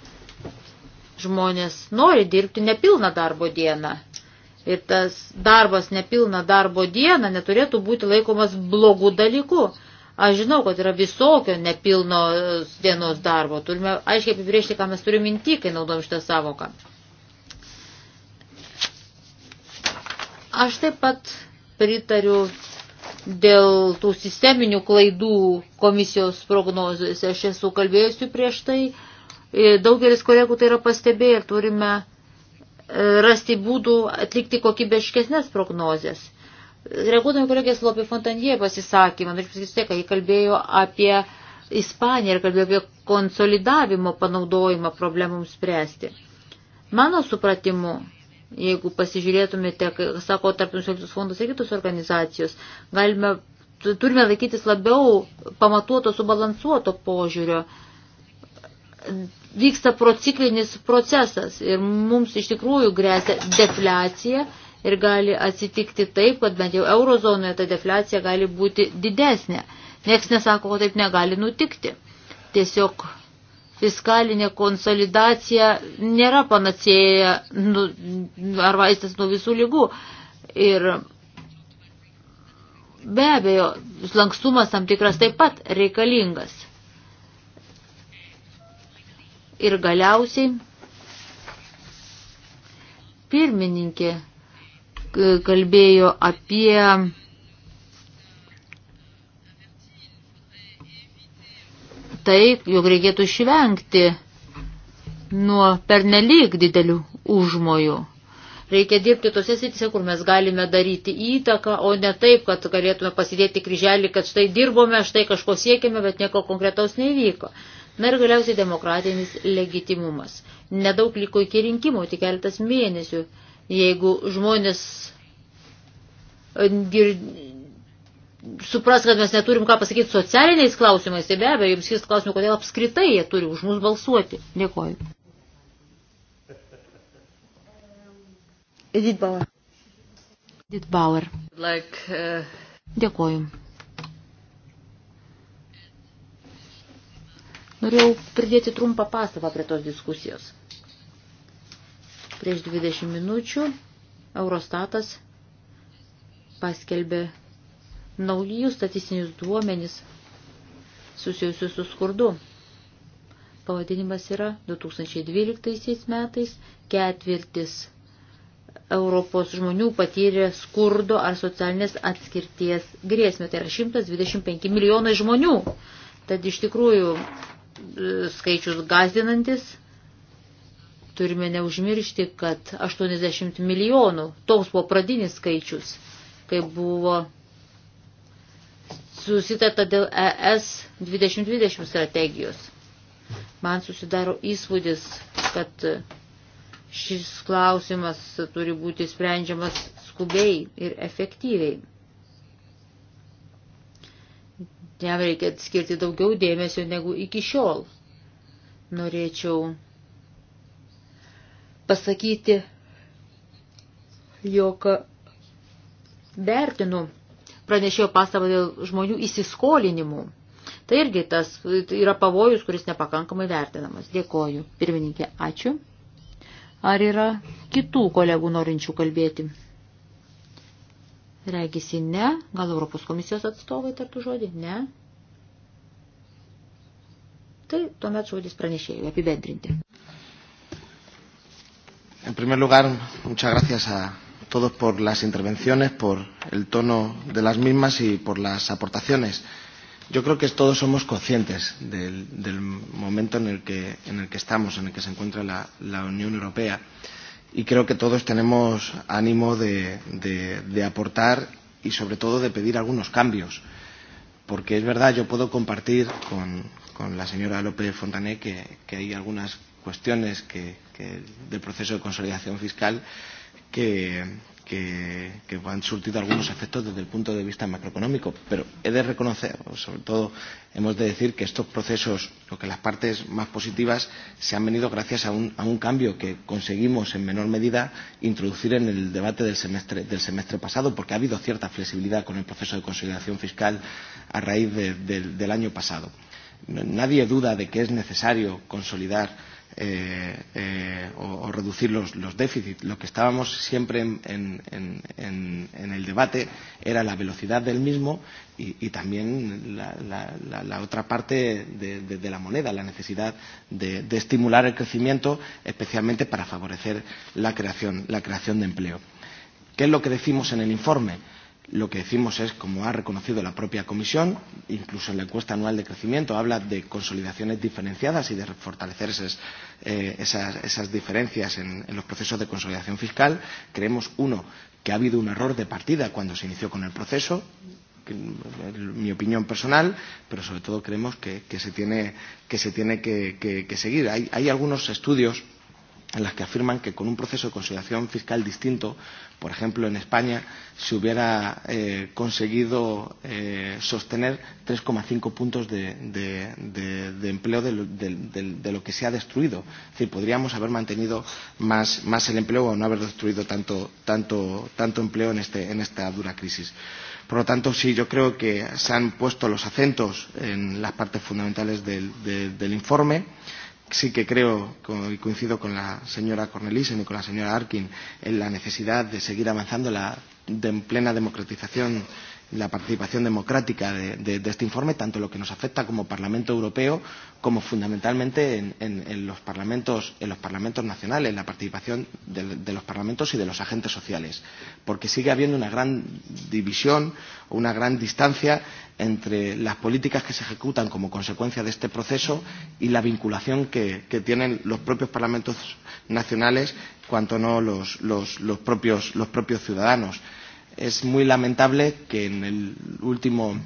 žmonės nori dirbti nepilną darbo dieną. Ir tas darbas nepilną darbo dieną neturėtų būti laikomas blogų dalykų Aš žinau, kad yra visokio nepilno dienos darbo. Turime aiškiai apibriežti, ką mes turime minti, kai naudojam šitą savoką. Aš taip pat pritariu dėl tų sisteminių klaidų komisijos prognozijose. Aš esu kalbėjusi prieš tai, daugelis kolegų tai yra pastebėję ir turime rasti būdų atlikti kokybiškesnės prognozijas. Reaguodami kolegės Lopė Fontanje pasisakymą, aš pasakysiu, kad jį kalbėjo apie Ispaniją ir kalbėjo apie konsolidavimo panaudojimą problemams spręsti. Mano supratimu, jeigu pasižiūrėtumėte, sako, tarp nusikaltus fondus ir kitos organizacijos, galime, turime laikytis labiau pamatuoto, subalansuoto požiūrio. Vyksta prociklinis procesas ir mums iš tikrųjų grėsia defliacija ir gali atsitikti taip, kad bent jau eurozonoje ta defliacija gali būti didesnė. Niekas nesako, kad taip negali nutikti. Tiesiog fiskalinė konsolidacija nėra panacėja nu, ar vaistas nuo visų lygų. Ir be abejo, lankstumas tam tikras taip pat reikalingas. Ir galiausiai pirmininkė kalbėjo apie tai, jog reikėtų išvengti nuo pernelyg didelių užmojų. Reikia dirbti tose srityse, kur mes galime daryti įtaką, o ne taip, kad galėtume pasidėti kryželį, kad štai dirbome, štai kažko siekime, bet nieko konkretaus nevyko. Na ir galiausiai demokratinis legitimumas. Nedaug liko iki rinkimų, tik keletas mėnesių. Jeigu žmonės e, gir... supras, kad mes neturim ką pasakyti socialiniais klausimais, tai be abejo, jums kis klausimų, kodėl apskritai jie turi už mus balsuoti. Dėkoju. Edith Bauer. Edith Bauer. Like, uh... Dėkoju. Norėjau pridėti trumpą pastabą prie tos diskusijos. Prieš 20 minučių Eurostatas paskelbė naujų statistinius duomenis susijusius su skurdu. Pavadinimas yra 2012 metais ketvirtis Europos žmonių patyrė skurdo ar socialinės atskirties grėsmę. Tai yra 125 milijonai žmonių. Tad iš tikrųjų e, skaičius gazdinantis Turime neužmiršti, kad 80 milijonų, toks buvo pradinis skaičius, kai buvo susitarta dėl ES 2020 strategijos. Man susidaro įspūdis, kad šis klausimas turi būti sprendžiamas skubiai ir efektyviai. Jam reikia skirti daugiau dėmesio negu iki šiol. Norėčiau pasakyti, jog vertinu pranešėjo pastabą dėl žmonių įsiskolinimų. Tai irgi tas tai yra pavojus, kuris nepakankamai vertinamas. Dėkoju. Pirmininkė, ačiū. Ar yra kitų kolegų norinčių kalbėti? Regisi ne. Gal Europos komisijos atstovai tartų žodį? Ne. Tai tuomet žodis pranešėjų apibendrinti. En primer lugar, muchas gracias a todos por las intervenciones, por el tono de las mismas y por las aportaciones. Yo creo que todos somos conscientes del, del momento en el, que, en el que estamos, en el que se encuentra la, la Unión Europea. Y creo que todos tenemos ánimo de, de, de aportar y sobre todo de pedir algunos cambios. Porque es verdad, yo puedo compartir con, con la señora López Fontané que, que hay algunas cuestiones que, que del proceso de consolidación fiscal que, que, que han surtido algunos efectos desde el punto de vista macroeconómico, pero he de reconocer, o sobre todo hemos de decir que estos procesos, o que las partes más positivas, se han venido gracias a un, a un cambio que conseguimos en menor medida introducir en el debate del semestre, del semestre pasado, porque ha habido cierta flexibilidad con el proceso de consolidación fiscal a raíz de, de, del año pasado. Eh, nadie duda de que es necesario consolidar eh, eh, o, o reducir los, los déficits. Lo que estábamos siempre en, en, en, en el debate era la velocidad del mismo y, y también la, la, la, la otra parte de, de, de la moneda, la necesidad de, de estimular el crecimiento, especialmente para favorecer la creación, la creación de empleo. ¿Qué es lo que decimos en el informe? Eh, lo que decimos es, como ha reconocido la propia Comisión, incluso en la encuesta anual de crecimiento habla de consolidaciones diferenciadas y de fortalecer esas, eh, esas, esas diferencias en, en los procesos de consolidación fiscal. Creemos, uno, que ha habido un error de partida cuando se inició con el proceso, mi opinión personal, pero sobre todo creemos que, que se tiene que, se tiene que, que, que seguir. Hay, hay algunos estudios en las que afirman que con un proceso de consolidación fiscal distinto, por ejemplo en España, se hubiera eh, conseguido eh, sostener 3,5 puntos de, de, de, de empleo de lo, de, de, de lo que se ha destruido. Es decir, podríamos haber mantenido más, más el empleo o no haber destruido tanto, tanto, tanto empleo en, este, en esta dura crisis. Por lo tanto, sí, yo creo que se han puesto los acentos en las partes fundamentales del, de, del informe. Eh, sí que creo, y coincido con la señora Cornelissen y con la señora Arkin, en la necesidad de seguir avanzando la, de, en plena democratización la participación democrática de, de, de este informe, tanto lo que nos afecta como Parlamento Europeo, como fundamentalmente en, en, en, los, parlamentos, en los parlamentos nacionales, la participación de, de los parlamentos y de los agentes sociales, porque sigue habiendo una gran división, una gran distancia entre las políticas que se ejecutan como consecuencia de este proceso y la vinculación que, que tienen los propios parlamentos nacionales, cuanto no los, los, los, propios, los propios ciudadanos. Eh, es muy lamentable que en el último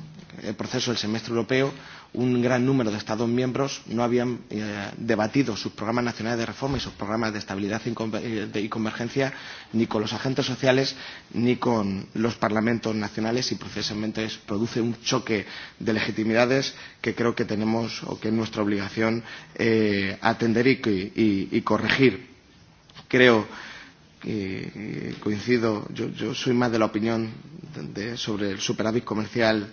eh, proceso del semestre europeo un gran número de Estados miembros no habían eh, debatido sus programas nacionales de reforma y sus programas de estabilidad y, conver eh, y convergencia ni con los agentes sociales ni con los parlamentos nacionales y precisamente produce un choque de legitimidades que creo que tenemos o que es nuestra obligación eh, atender y, y, y corregir. Creo que eh, coincido, yo, yo soy más de la opinión de, de, sobre el superávit comercial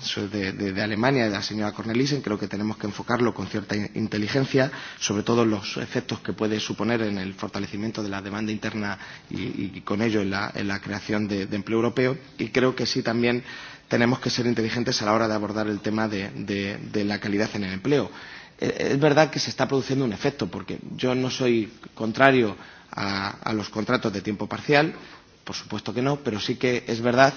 soy de, de, de Alemania, de la señora Cornelissen, creo que tenemos que enfocarlo con cierta in inteligencia, sobre todo los efectos que puede suponer en el fortalecimiento de la demanda interna y, y con ello en la, en la creación de, de empleo europeo. Y creo que sí también tenemos que ser inteligentes a la hora de abordar el tema de, de, de la calidad en el empleo. Eh, es verdad que se está produciendo un efecto, porque yo no soy contrario a, a los contratos de tiempo parcial, por supuesto que no, pero sí que es verdad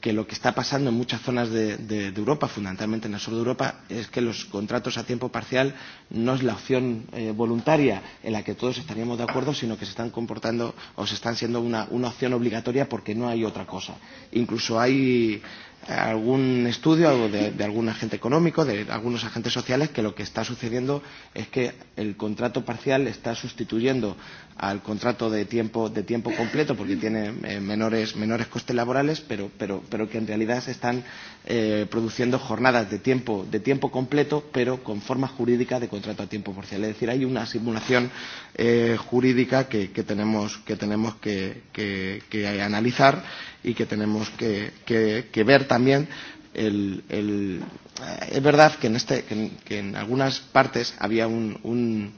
que lo que está pasando en muchas zonas de, de, de Europa, fundamentalmente en el sur de Europa, es que los contratos a tiempo parcial no es la opción eh, voluntaria en la que todos estaríamos de acuerdo, sino que se están comportando o se están siendo una, una opción obligatoria porque no hay otra cosa. Incluso hay eh, algún estudio de, de algún agente económico, de algunos agentes sociales, que lo que está sucediendo es que el contrato parcial está sustituyendo al contrato de tiempo, de tiempo completo porque tiene eh, menores, menores costes laborales, pero, pero, pero que en realidad se están eh, produciendo jornadas de tiempo, de tiempo completo, pero con formas jurídicas de contrato a tiempo parcial. Es decir, hay una simulación eh, jurídica que, que tenemos, que, tenemos que, que, que analizar y que tenemos que, que, que ver también el, el, eh, es verdad que en, este, que en, que en algunas partes había un, un,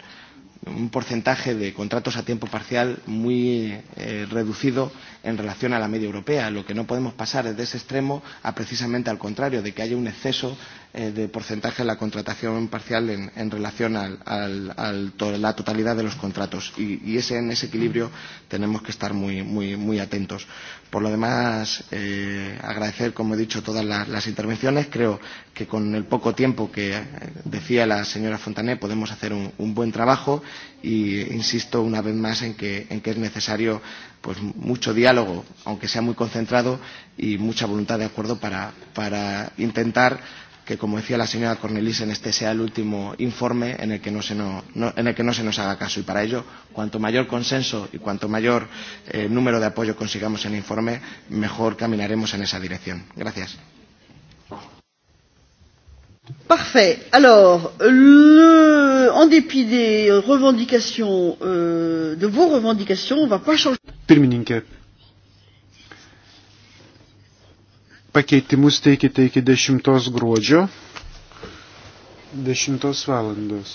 un porcentaje de contratos a tiempo parcial muy eh, reducido en relación a la media europea. Lo que no podemos pasar es de ese extremo a precisamente al contrario, de que haya un exceso eh, de porcentaje de la contratación parcial en, en relación a al, al, al to la totalidad de los contratos. Y, y ese, en ese equilibrio tenemos que estar muy, muy, muy atentos. Por lo demás, eh, agradecer, como he dicho, todas las, las intervenciones. Creo que con el poco tiempo que decía la señora Fontané podemos hacer un, un buen trabajo y insisto una vez más en que, en que es necesario pues, mucho diálogo, aunque sea muy concentrado, y mucha voluntad de acuerdo para, para intentar que, como decía la señora Cornelissen, este sea el último informe en el que no se, no, no, en el que no se nos haga caso. Y para ello, cuanto mayor consenso y cuanto mayor eh, número de apoyo consigamos en el informe, mejor caminaremos en esa dirección. Gracias. Parfait. Alors, le, euh, en dépit des revendications, euh, de vos revendications, on ne va pas changer. Pirmininkė, Pakeitimus teikite iki 10 gruodžio 10 valandos.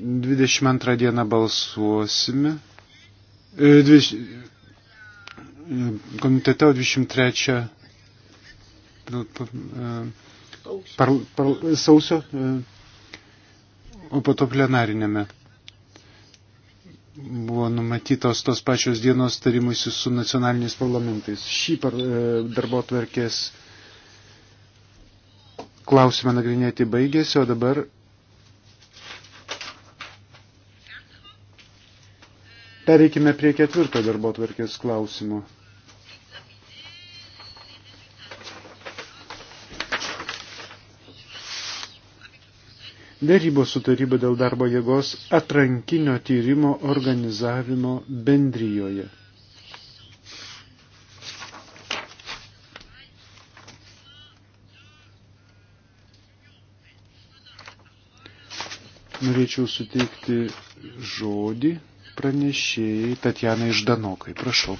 22 dieną balsuosime. E, dviš... E, komitete 23 e, par, par, sausio, e, o po to plenarinėme buvo numatytos tos pačios dienos tarimusi su nacionaliniais parlamentais. Šį e, darbo tvarkės klausimą nagrinėti baigėsi, o dabar pereikime prie ketvirto darbo tvarkės klausimo. Dėrybos su taryba dėl darbo jėgos atrankinio tyrimo organizavimo bendryjoje. Norėčiau suteikti žodį pranešėjai Tatjanai Ždanokai. Prašau.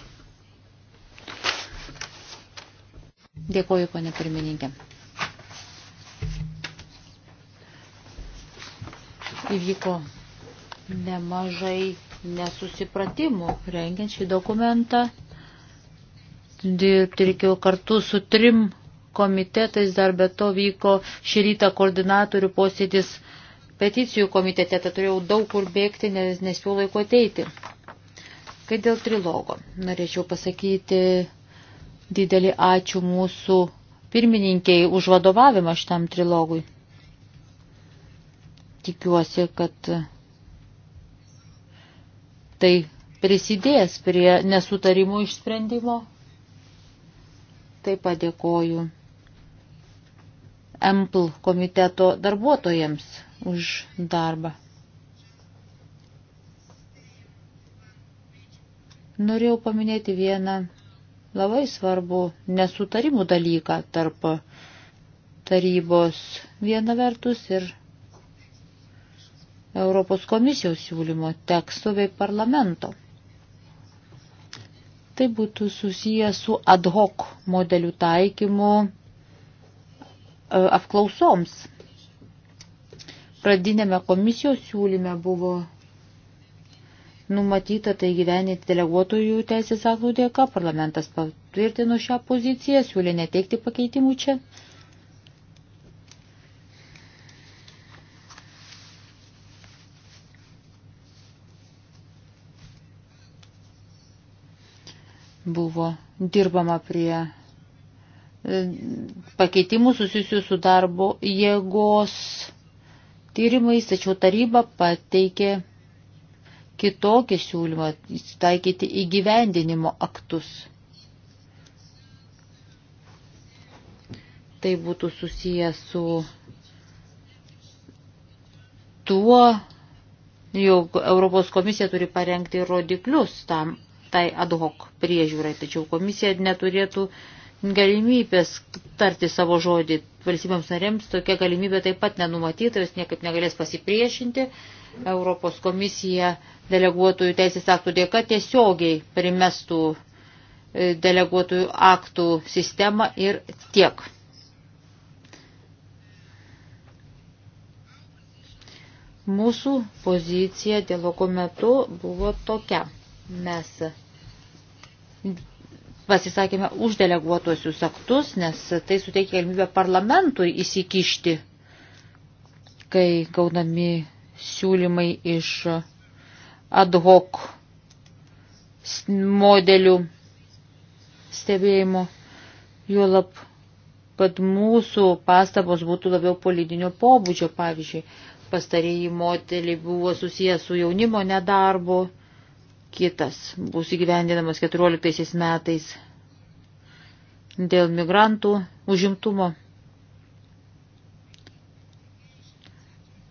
Dėkuoju, ponė pirmininkė. įvyko nemažai nesusipratimų rengiant šį dokumentą. Dirbti reikėjo kartu su trim komitetais, dar be to vyko šį rytą koordinatorių posėdis peticijų komitete, tad turėjau daug kur bėgti, nes nespėjau laiko ateiti. Kai dėl trilogo, norėčiau pasakyti didelį ačiū mūsų pirmininkiai už vadovavimą šitam trilogui tikiuosi, kad tai prisidės prie nesutarimų išsprendimo. Taip padėkoju EMPL komiteto darbuotojams už darbą. Norėjau paminėti vieną labai svarbu nesutarimų dalyką tarp tarybos viena vertus ir Europos komisijos siūlymo teksto bei parlamento. Tai būtų susiję su ad hoc modelių taikymu e, apklausoms. Pradinėme komisijos siūlyme buvo numatyta tai gyveninti deleguotojų teisės aktų dėka. Parlamentas patvirtino šią poziciją, siūlė neteikti pakeitimų čia. buvo dirbama prie e, pakeitimų susijusių su darbo jėgos tyrimais, tačiau taryba pateikė kitokį siūlymą taikyti įgyvendinimo aktus. Tai būtų susiję su tuo, jog Europos komisija turi parengti rodiklius tam tai ad hoc priežiūrai, tačiau komisija neturėtų galimybės tarti savo žodį valstybėms narėms, tokia galimybė taip pat nenumatyta, jos niekaip negalės pasipriešinti. Europos komisija deleguotojų teisės aktų dėka tiesiogiai primestų e, deleguotojų aktų sistemą ir tiek. Mūsų pozicija dialogo metu buvo tokia. Mes pasisakėme už deleguotuosius aktus, nes tai suteikia galimybę parlamentui įsikišti, kai gaunami siūlymai iš ad hoc modelių stebėjimo, juolab, kad mūsų pastabos būtų labiau politinio pobūdžio, pavyzdžiui, pastarėjai modeliai buvo susijęs su jaunimo nedarbu, kitas bus įgyvendinamas 14 metais dėl migrantų užimtumo.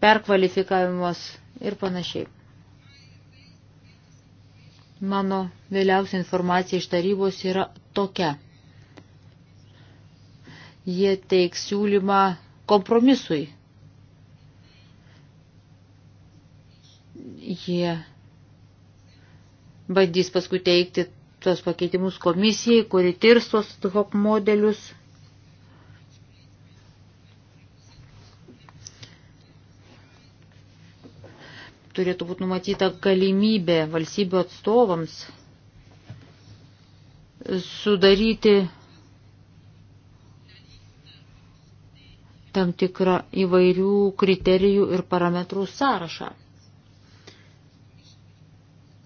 perkvalifikavimas ir panašiai. Mano vėliausia informacija iš tarybos yra tokia. Jie teiks siūlymą kompromisui. Jie bandys paskui teikti tos pakeitimus komisijai, kuri tirs tos hop modelius. Turėtų būti numatyta galimybė valstybių atstovams sudaryti tam tikrą įvairių kriterijų ir parametrų sąrašą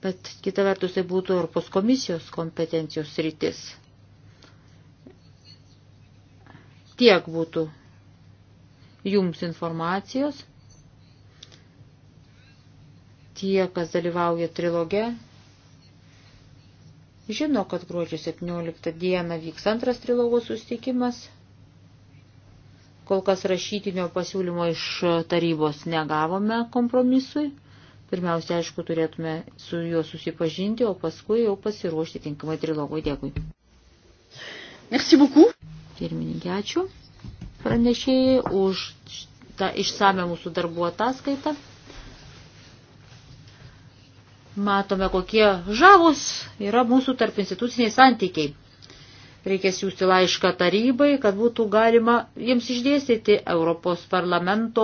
bet kita vertus tai būtų Europos komisijos kompetencijos rytis. Tiek būtų jums informacijos. Tie, kas dalyvauja triloge, žino, kad gruodžio 17 dieną vyks antras trilogo sustikimas. Kol kas rašytinio pasiūlymo iš tarybos negavome kompromisui. Pirmiausia, aišku, turėtume su juo susipažinti, o paskui jau pasiruošti tinkamai trilogui. Dėkui. Merci beaucoup. Pirmininkė, ačiū pranešėjai už tą išsame mūsų darbų ataskaitą. Matome, kokie žavus yra mūsų tarp instituciniai santykiai. Reikės siūsti laišką tarybai, kad būtų galima jiems išdėstyti Europos parlamento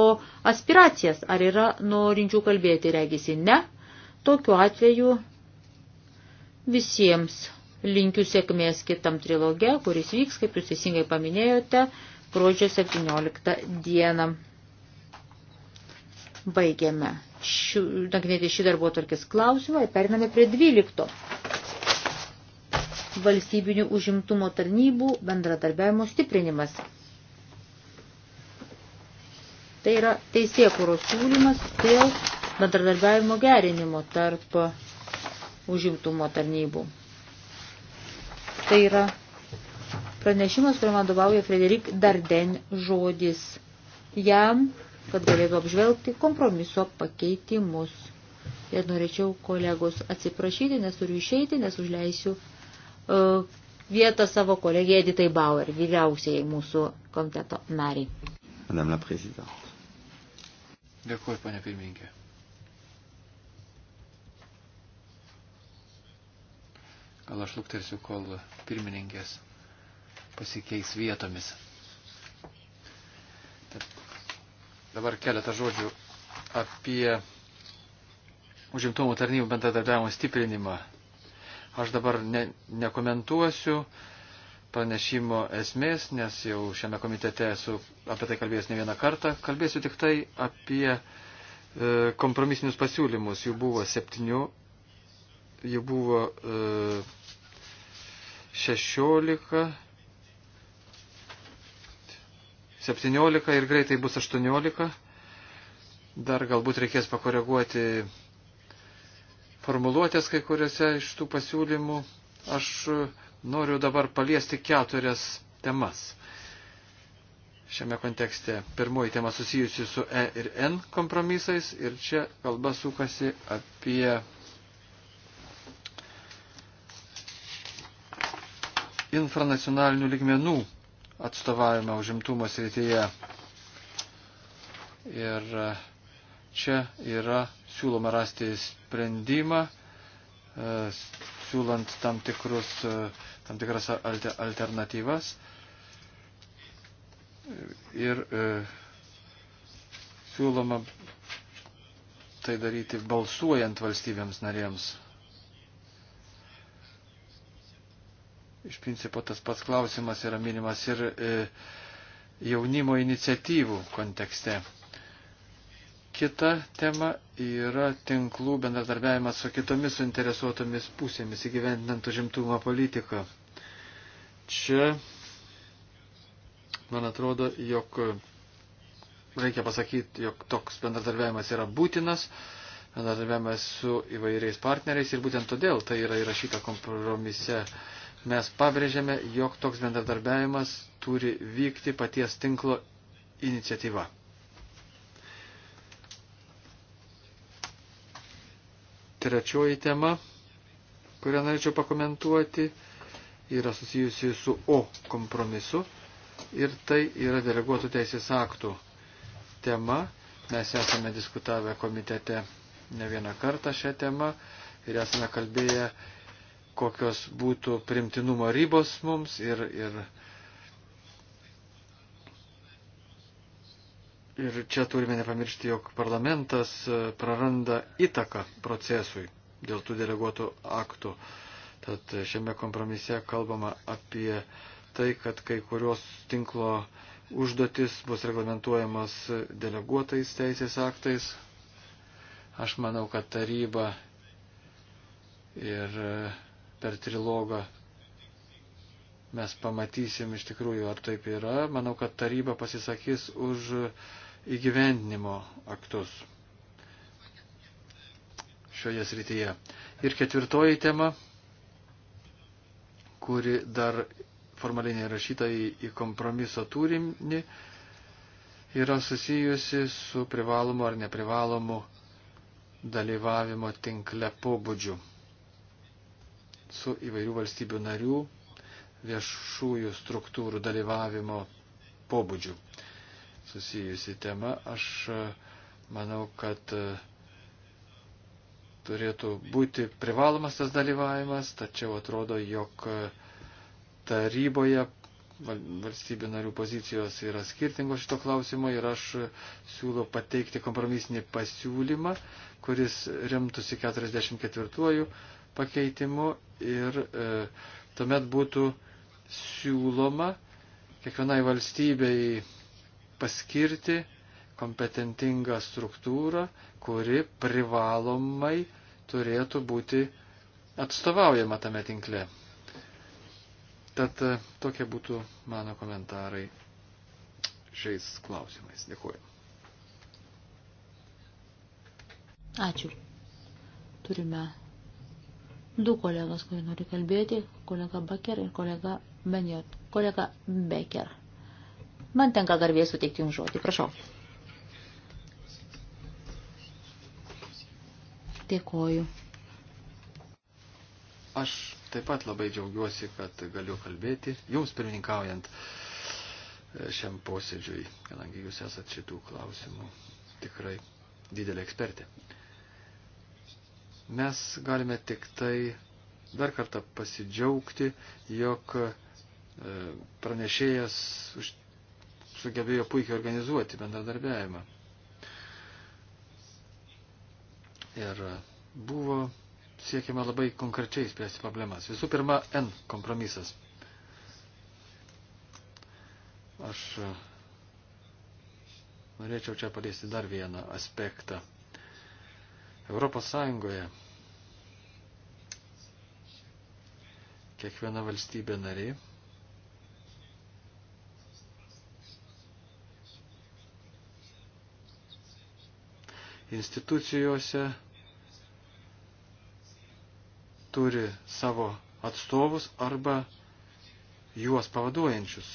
aspiracijas. Ar yra norinčių kalbėti, regisi ne. Tokiu atveju visiems linkiu sėkmės kitam trilogė, kuris vyks, kaip jūs teisingai paminėjote, gruodžio 17 dieną. Baigėme nagrinėti šį darbo tvarkės klausimą ir periname prie 12 valstybinių užimtumo tarnybų bendradarbiavimo stiprinimas. Tai yra teisėkuros siūlymas dėl bendradarbiavimo gerinimo tarp užimtumo tarnybų. Tai yra pranešimas, kuriam vadovauja Frederik Darden žodis. Jam, kad galėtų apžvelgti kompromiso pakeitimus. Ir norėčiau kolegos atsiprašyti, nes turiu išeiti, nes užleisiu E, vietą savo kolegiją Editai Bauer, vyriausiai mūsų komiteto nariai. Madame la Présidente. Dėkuoju, ponia pirmininkė. Gal aš luktersiu, kol pirmininkės pasikeis vietomis. Tad dabar keletą žodžių apie užimtumo tarnybų bendradarbiavimo stiprinimą Aš dabar ne, nekomentuosiu pranešimo esmės, nes jau šiame komitete esu apie tai kalbėjęs ne vieną kartą. Kalbėsiu tik tai apie e, kompromisinius pasiūlymus. Jų buvo septynių, jų buvo e, šešiolika, septyniolika ir greitai bus aštuoniolika. Dar galbūt reikės pakoreguoti formuluotės kai kuriuose iš tų pasiūlymų, aš e, noriu dabar paliesti keturias temas. Šiame kontekste pirmoji tema susijusi su E ir N kompromisais ir čia kalba sukasi apie infranacionalinių ligmenų atstovavimą užimtumo srityje. Ir uh, Čia yra siūloma rasti sprendimą, e, siūlant tam, tikrus, e, tam tikras alternatyvas. Ir e, siūloma tai daryti balsuojant valstybėms narėms. Iš principo tas pats klausimas yra minimas ir e, jaunimo iniciatyvų kontekste. Kita tema yra tinklų bendradarbiavimas su kitomis suinteresuotomis pusėmis įgyvendinant užimtumo politiką. Čia, man atrodo, jog reikia pasakyti, jog toks bendradarbiavimas yra būtinas, bendradarbiavimas su įvairiais partneriais ir būtent todėl tai yra įrašyta kompromise mes pabrėžiame, jog toks bendradarbiavimas turi vykti paties tinklo iniciatyva. Trečioji tema, kurią norėčiau pakomentuoti, yra susijusi su O kompromisu ir tai yra deleguotų teisės aktų tema. Mes esame diskutavę komitete ne vieną kartą šią temą ir esame kalbėję, kokios būtų primtinumo ribos mums ir, ir Ir čia turime nepamiršti, jog parlamentas e, praranda įtaką procesui dėl tų deleguotų aktų. Tad šiame kompromise kalbama apie tai, kad kai kurios tinklo užduotis bus reglamentuojamas deleguotais teisės aktais. Aš manau, kad taryba ir e, per trilogą mes pamatysim iš tikrųjų, ar taip yra. Manau, kad taryba pasisakys už įgyvendinimo aktus šioje srityje. Ir ketvirtoji tema, kuri dar formaliai nerašyta į, į kompromiso turinį, yra susijusi su privalomu ar neprivalomu dalyvavimo tinkle pobūdžiu su įvairių valstybių narių viešųjų struktūrų dalyvavimo pobūdžiu susijusi tema. Aš e, manau, kad e, turėtų būti privalomas tas dalyvavimas, tačiau atrodo, jog e, taryboje valstybių narių pozicijos yra skirtingos šito klausimo ir aš siūlau pateikti kompromisinį pasiūlymą, kuris remtųsi 44 pakeitimu ir e, tuomet būtų siūloma kiekvienai valstybei paskirti kompetentingą struktūrą, kuri privalomai turėtų būti atstovaujama tame tinkle. Tad e, tokie būtų mano komentarai šiais klausimais. Dėkuoju. Ačiū. Turime du kolegas, kurie nori kalbėti, kolega Becker ir kolega Benjot. Kolega Becker. Man tenka garbė suteikti jums žodį. Prašau. Dėkoju. Aš taip pat labai džiaugiuosi, kad galiu kalbėti, jums pirmininkaujant e, šiam posėdžiui, kadangi jūs esat šitų klausimų tikrai didelė ekspertė. Mes galime tik tai dar kartą pasidžiaugti, jog e, pranešėjas už sugebėjo puikiai organizuoti bendradarbiavimą. Ir buvo siekiama labai konkrečiai spręsti problemas. Visų pirma, N kompromisas. Aš e, norėčiau čia paliesti dar vieną aspektą. Europos Sąjungoje kiekviena valstybė nariai institucijose turi savo atstovus arba juos pavaduojančius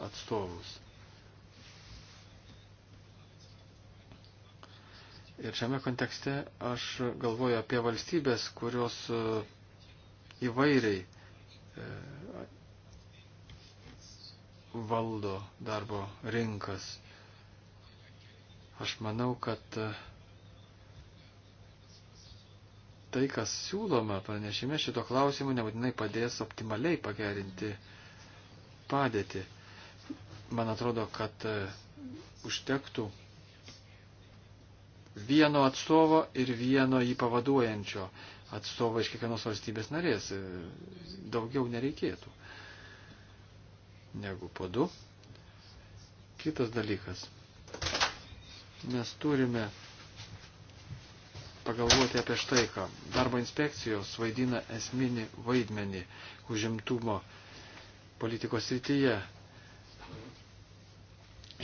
atstovus. Ir šiame kontekste aš galvoju apie valstybės, kurios įvairiai e, valdo darbo rinkas. Aš manau, kad e, tai, kas siūloma pranešime šito klausimu, nebūtinai padės optimaliai pagerinti padėtį. Man atrodo, kad e, užtektų vieno atstovo ir vieno jį pavaduojančio atstovo iš kiekvienos valstybės narės. E, daugiau nereikėtų negu po du. Kitas dalykas mes turime pagalvoti apie štai ką. Darbo inspekcijos vaidina esminį vaidmenį užimtumo politikos srityje.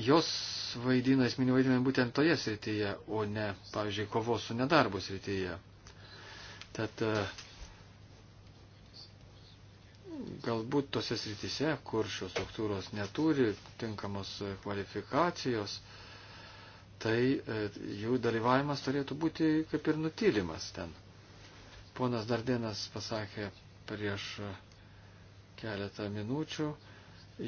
Jos vaidina esminį vaidmenį būtent toje srityje, o ne, pavyzdžiui, kovos su nedarbu srityje. Tad e, galbūt tose srityse, kur šios struktūros neturi tinkamos kvalifikacijos, uh, tai e, jų dalyvavimas turėtų būti kaip ir nutylimas ten. Ponas Dardenas pasakė prieš e, keletą minučių,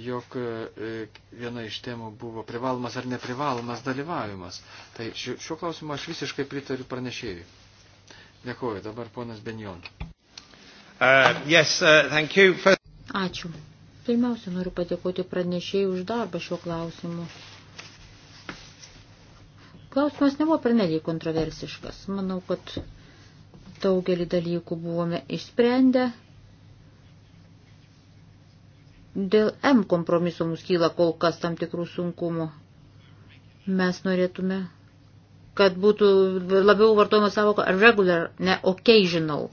jog e, viena iš temų buvo privalomas ar neprivalomas dalyvavimas. Tai šiuo klausimu aš visiškai pritariu pranešėjui. Dėkuoju, dabar ponas Benjon. Uh, yes, uh, thank you for... Ačiū. Pirmiausia, noriu padėkoti pranešėjai už darbą šiuo klausimu. Klausimas nebuvo pernelyg kontroversiškas. Manau, kad daugelį dalykų buvome išsprendę. Dėl M kompromiso mums kyla kol kas tam tikrų sunkumų. Mes norėtume, kad būtų labiau vartojama savoka regular, ne occasional.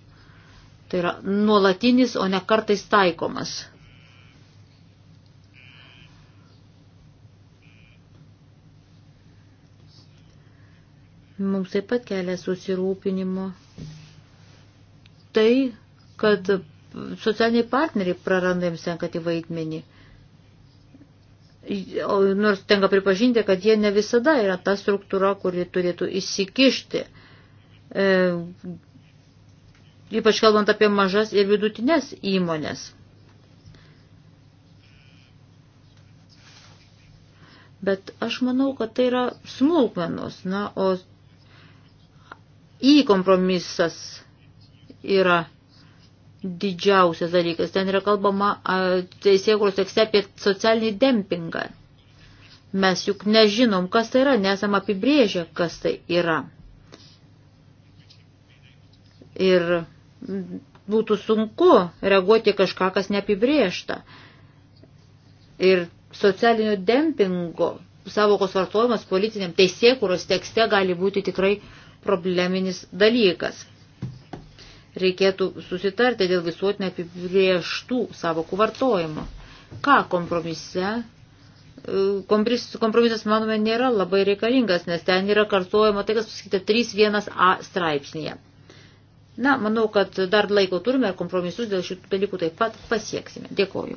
Tai yra nuolatinis, o ne kartais taikomas mums taip pat kelia susirūpinimo tai, kad socialiniai partneriai praranda jiems tenkantį vaidmenį. Nors tenka pripažinti, kad jie ne visada yra ta struktūra, kuri turėtų įsikišti. E, ypač kalbant apie mažas ir vidutinės įmonės. Bet aš manau, kad tai yra smulkmenos, na, o į kompromisas yra didžiausias dalykas. Ten yra kalbama teisėkuros tekste apie socialinį dempingą. Mes juk nežinom, kas tai yra, nesam apibrėžę, kas tai yra. Ir būtų sunku reaguoti kažką, kas neapibrėžta. Ir socialinio dempingo savokos vartojimas politiniam teisėkuros tekste gali būti tikrai uh, probleminis dalykas. Reikėtų susitarti dėl visuotinio apibrieštų savokų vartojimo. Ką kompromise? E, kompromisas, manome, nėra labai reikalingas, nes ten yra kartuojama tai, kas pasakyta 3.1a straipsnėje. Na, manau, kad dar laiko turime ir kompromisus dėl šitų dalykų taip pat pasieksime. Dėkoju.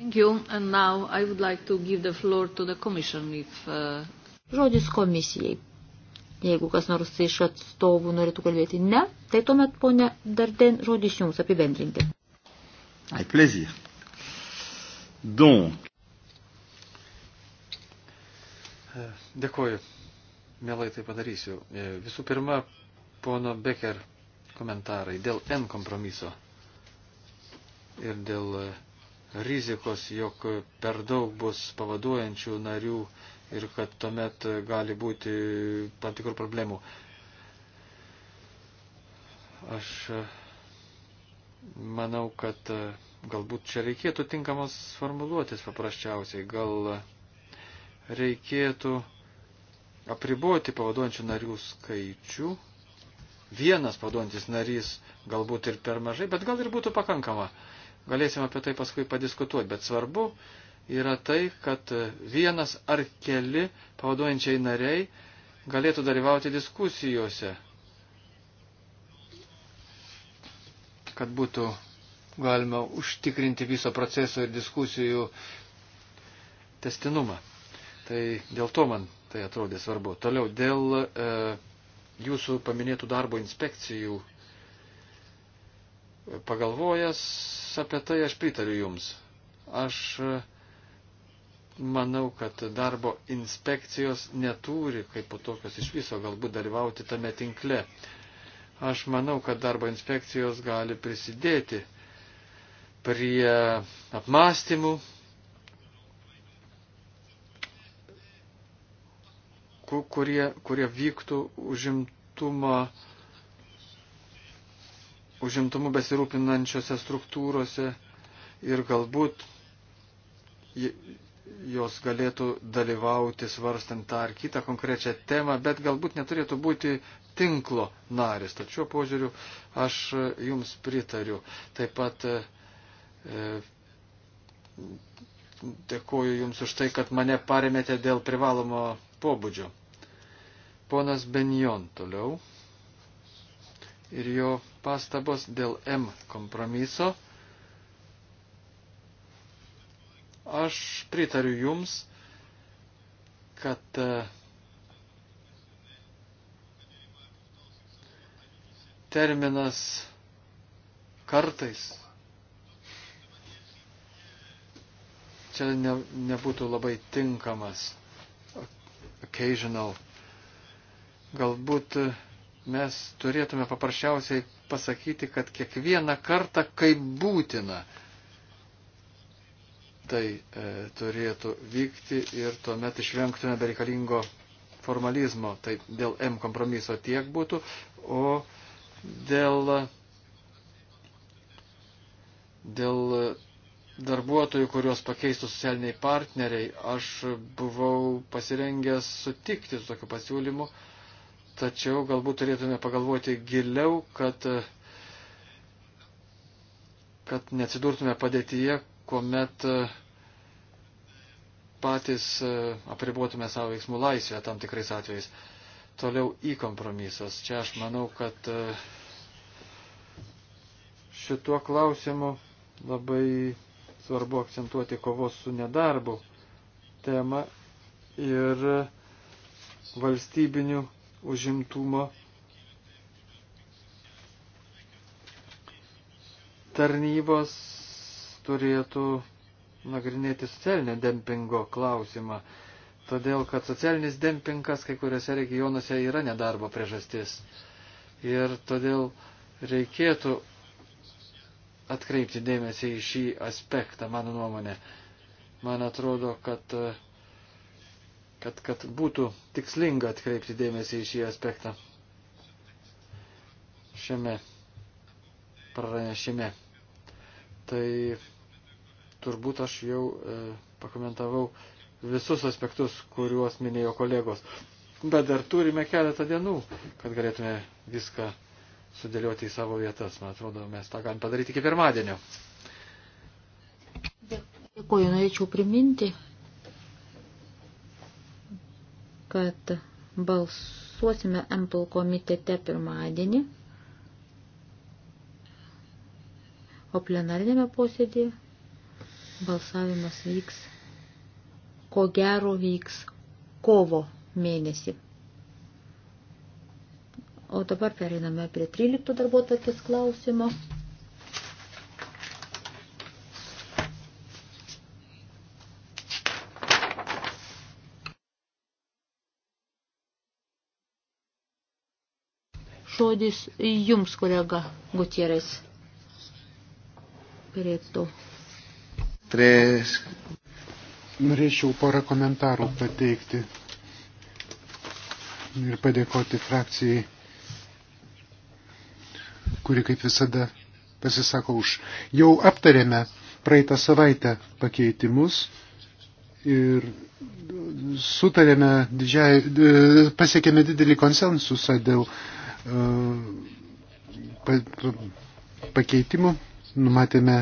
Thank you. And now I would like to give the floor to the commission if... Uh... Žodis komisijai. Jeigu kas nors iš atstovų norėtų kalbėti ne, tai tuomet, ponė, dar den žodis jums apibendrinti. Ai, plezir. Donc. Dėkuoju. Mielai tai padarysiu. Visų pirma, pono Becker komentarai dėl N kompromiso ir dėl rizikos, jog per daug bus pavaduojančių narių ir kad tuomet gali būti tam tikrų problemų. Aš manau, kad e, galbūt čia reikėtų tinkamos formuluotis paprasčiausiai. Gal reikėtų apriboti pavaduojančių narių skaičių. Vienas pavaduojantis narys galbūt ir per mažai, bet gal ir būtų pakankama. Galėsim apie tai paskui padiskutuoti, bet svarbu, uh, yra tai, kad vienas ar keli pavaduojančiai nariai galėtų dalyvauti diskusijose, kad būtų galima užtikrinti viso proceso ir diskusijų testinumą. Tai dėl to man tai atrodė svarbu. Toliau, dėl e, jūsų paminėtų darbo inspekcijų e, pagalvojęs apie tai, aš pritariu jums. Aš e, manau, kad darbo inspekcijos neturi kaip po tokios iš viso galbūt dalyvauti tame tinkle. Aš manau, kad darbo inspekcijos gali prisidėti prie apmąstymų, kurie, kurie vyktų užimtumo užimtumu besirūpinančiose struktūrose ir galbūt jos galėtų dalyvauti svarstant tą ar kitą konkrečią temą, bet galbūt neturėtų būti tinklo narės. Tačiau požiūriu aš e, jums pritariu. Taip pat e, e, dėkoju jums už tai, kad mane paremėte dėl privalomo pobūdžio. Ponas Benjon toliau ir jo pastabos dėl M kompromiso Aš pritariu Jums, kad e, terminas kartais čia ne, nebūtų labai tinkamas occasional. Galbūt e, mes turėtume paprasčiausiai pasakyti, kad kiekvieną kartą, kai būtina, tai e, turėtų vykti ir tuomet išvengtume bereikalingo formalizmo. Tai dėl M kompromiso tiek būtų, o dėl, dėl darbuotojų, kuriuos pakeistų socialiniai partneriai, aš buvau pasirengęs sutikti su tokiu pasiūlymu, tačiau galbūt turėtume pagalvoti giliau, kad, kad neatsidurtume padėtyje, kuomet e, patys e, apribuotume savo veiksmų laisvę tam tikrais atvejais. Toliau į kompromisas. Čia aš manau, kad e, šituo klausimu labai svarbu akcentuoti kovos su nedarbu temą ir valstybinių užimtumo tarnybos turėtų nagrinėti socialinio dempingo klausimą, todėl kad socialinis dempingas kai kuriuose regionuose yra nedarbo priežastis. Ir todėl reikėtų atkreipti dėmesį į šį aspektą, mano nuomonė. Man atrodo, kad, kad, kad būtų tikslinga atkreipti dėmesį į šį aspektą šiame pranešime. Tai turbūt aš jau e, pakomentavau visus aspektus, kuriuos minėjo kolegos. Bet dar turime keletą dienų, kad galėtume viską sudėlioti į savo vietas. Man atrodo, mes tą galim padaryti iki pirmadienio. Dėkuoju, norėčiau priminti, kad balsuosime MPL komitete pirmadienį, o plenarinėme posėdėje Balsavimas vyks, ko gero vyks kovo mėnesį. O dabar pereiname prie 13 darbo tarkės klausimo. Žodis jums, kolega Gutieres, prie to tres. Norėčiau porą komentarų pateikti ir padėkoti frakcijai, kuri kaip visada pasisako už. Jau aptarėme praeitą savaitę pakeitimus ir sutarėme, didžiai, e, pasiekėme didelį konsensusą dėl e, pakeitimų, numatėme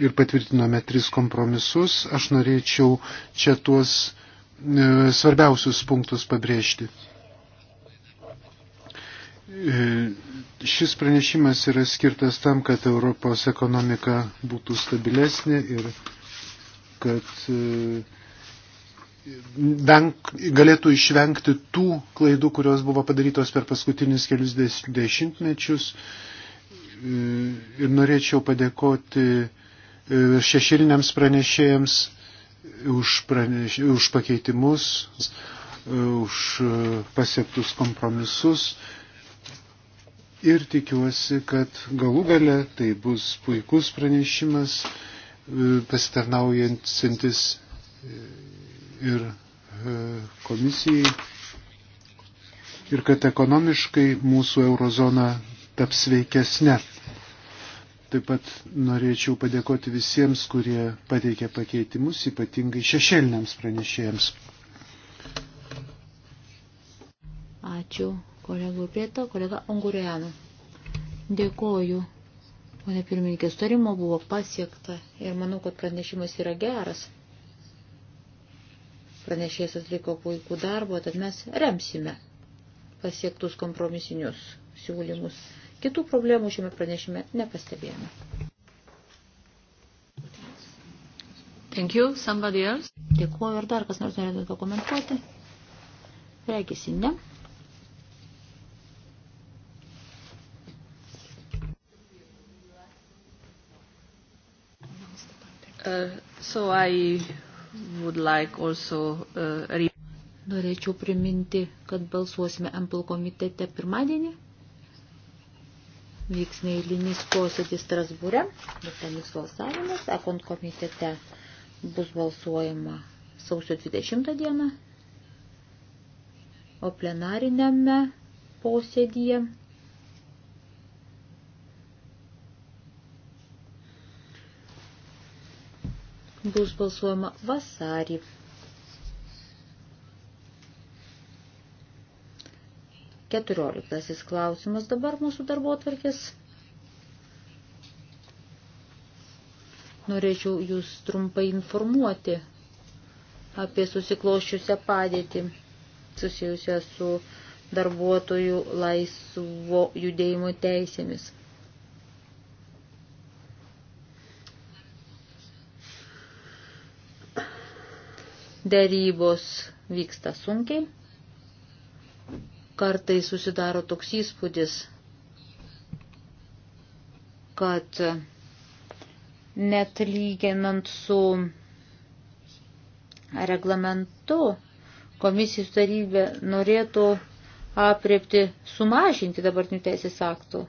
ir patvirtinome tris kompromisus. Aš norėčiau čia tuos e, svarbiausius punktus pabrėžti. E, šis pranešimas yra skirtas tam, kad Europos ekonomika būtų stabilesnė ir kad e, venk, galėtų išvengti tų klaidų, kurios buvo padarytos per paskutinius kelius dešimtmečius. E, ir norėčiau padėkoti šešiliniams pranešėjams už, praneš, už pakeitimus, už pasiektus kompromisus. Ir tikiuosi, kad galų gale tai bus puikus pranešimas, pasitarnaujantis ir e, komisijai. Ir kad ekonomiškai mūsų eurozona taps sveikesnė. Taip pat norėčiau padėkoti visiems, kurie pateikė pakeitimus, ypatingai šešėliniams pranešėjams. Ačiū kolegų Pieto, kolega Ongurėjanu. Dėkoju. Pone pirmininkė, sutarimo buvo pasiekta ir manau, kad pranešimas yra geras. Pranešėjas atliko puikų darbą, tad mes remsime pasiektus kompromisinius siūlymus. Kitų problemų šiame pranešime nepastebėjome. Thank you. Somebody else? Dėkuoju. Ar dar kas nors norėtų pakomentuoti? Reikisi, ne? Uh, so I would like also uh, Norėčiau priminti, kad balsuosime MPL komitete pirmadienį vyks neįlinis posėdis Strasbūre, bet ten vyks balsavimas, akont komitete bus balsuojama sausio 20 dieną, o plenarinėme posėdyje bus balsuojama vasarį. Keturioliktasis klausimas dabar mūsų darbo atvarkės. Norėčiau jūs trumpai informuoti apie susikloščiusią padėtį susijusią su darbuotojų laisvo judėjimo teisėmis. Darybos vyksta sunkiai. Kartai susidaro toks įspūdis, kad net lyginant su reglamentu komisijų tarybė norėtų apriepti sumažinti dabartinių teisės aktų.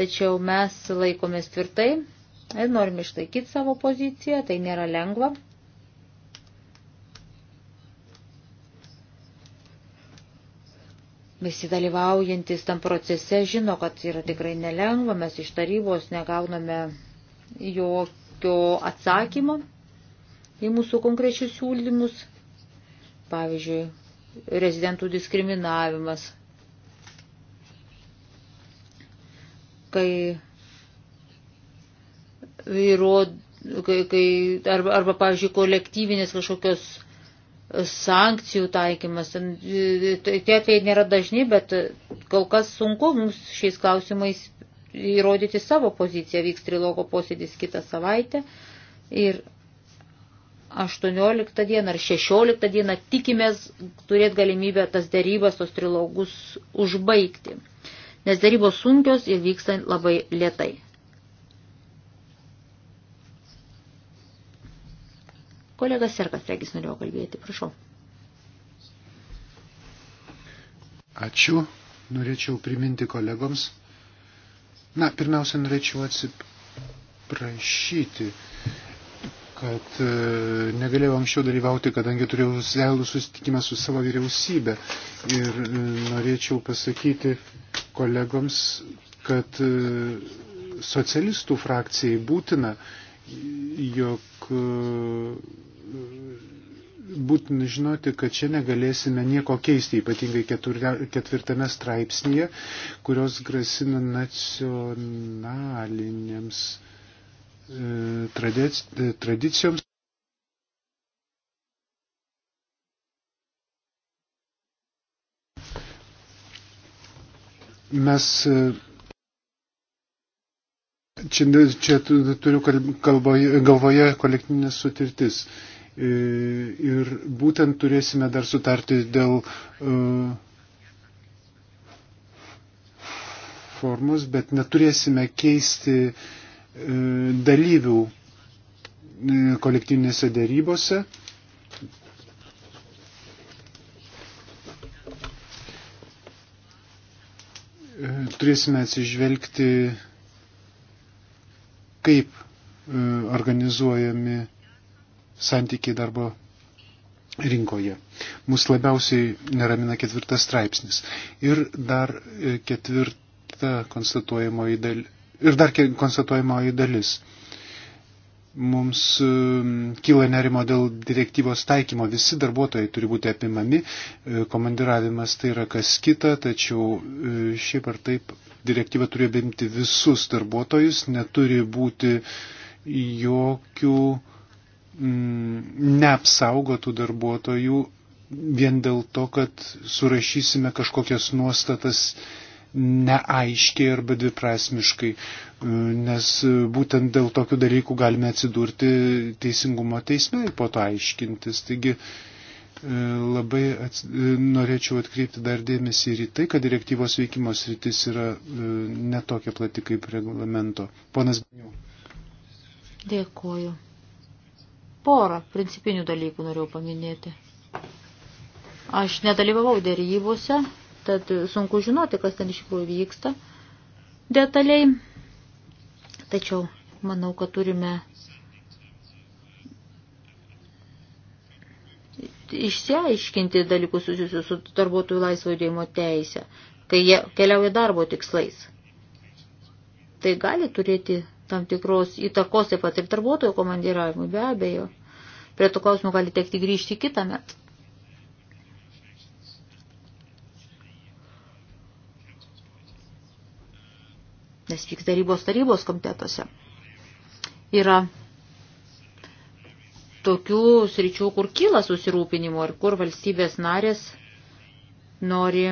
Tačiau mes laikomės tvirtai ir norime išlaikyti savo poziciją, tai nėra lengva. Visi dalyvaujantis tam procese žino, kad yra tikrai nelengva, mes iš tarybos negauname jokio atsakymo į mūsų konkrečius siūlymus. Pavyzdžiui, rezidentų diskriminavimas. Kai įrod, kai, kai, arba, arba, pavyzdžiui, kolektyvinės kažkokios sankcijų taikymas. Tie atvejai nėra dažni, bet kol kas sunku mums šiais klausimais įrodyti savo poziciją. Vyks trilogo posėdis kitą savaitę ir 18 dieną ar 16 dieną tikimės turėti galimybę tas darybas, tos trilogus užbaigti. Nes darybos sunkios ir vyksta labai lietai. Kolegas Serkas Regis norėjo kalbėti, prašau. Ačiū. Norėčiau priminti kolegoms. Na, pirmiausia, norėčiau atsiprašyti, kad e, negalėjau anksčiau dalyvauti, kadangi turėjau zelų susitikimą su savo vyriausybė. Ir e, norėčiau pasakyti kolegoms, kad e, socialistų frakcijai būtina, jog būtina žinoti, kad čia negalėsime nieko keisti, ypatingai ketvirtame straipsnėje, kurios grasina nacionalinėms e, tradic, e, tradicijoms. Mes e, čia, čia turiu kalboje, galvoje kolektyvinės sutirtis. E, E, ir būtent turėsime dar sutarti dėl e, formos, bet neturėsime keisti e, dalyvių kolektyvinėse dėrybose. Turėsime atsižvelgti, kaip organizuojami santykiai darbo rinkoje. Mus labiausiai neramina ketvirtas straipsnis. Ir dar e, ketvirta konstatuojamoji dalis. Ir dar konstatuojamoji dalis. Mums e, kyla nerimo dėl direktyvos taikymo. Visi darbuotojai turi būti apimami. E, komandiravimas tai yra kas kita, tačiau šiaip ar taip direktyva turi apimti visus darbuotojus. Neturi būti jokių Mm, neapsaugotų darbuotojų vien dėl to, kad surašysime kažkokias nuostatas neaiškiai arba dviprasmiškai, mm, nes būtent dėl tokių dalykų galime atsidurti teisingumo teisme ir po to aiškintis. Taigi e, labai ats... E, norėčiau atkreipti dar dėmesį ir į tai, kad direktyvos veikimo sritis yra e, netokia plati kaip reglamento. Ponas Biniu. Dėkuoju. Porą principinių dalykų norėjau paminėti. Aš nedalyvavau dėrybose, tad sunku žinoti, kas ten iš tikrųjų vyksta detaliai. Tačiau manau, kad turime išsiaiškinti dalykus susijusius su darbuotojų laisvo judėjimo teisė, kai jie keliauja darbo tikslais. Tai gali turėti tam tikros įtakos taip pat ir darbuotojų komandiravimui, be abejo. Prie to klausimų gali tekti grįžti kitą metą. Nes vyks darybos tarybos komitetuose. Yra tokių sričių, kur kyla susirūpinimo ir kur valstybės narės nori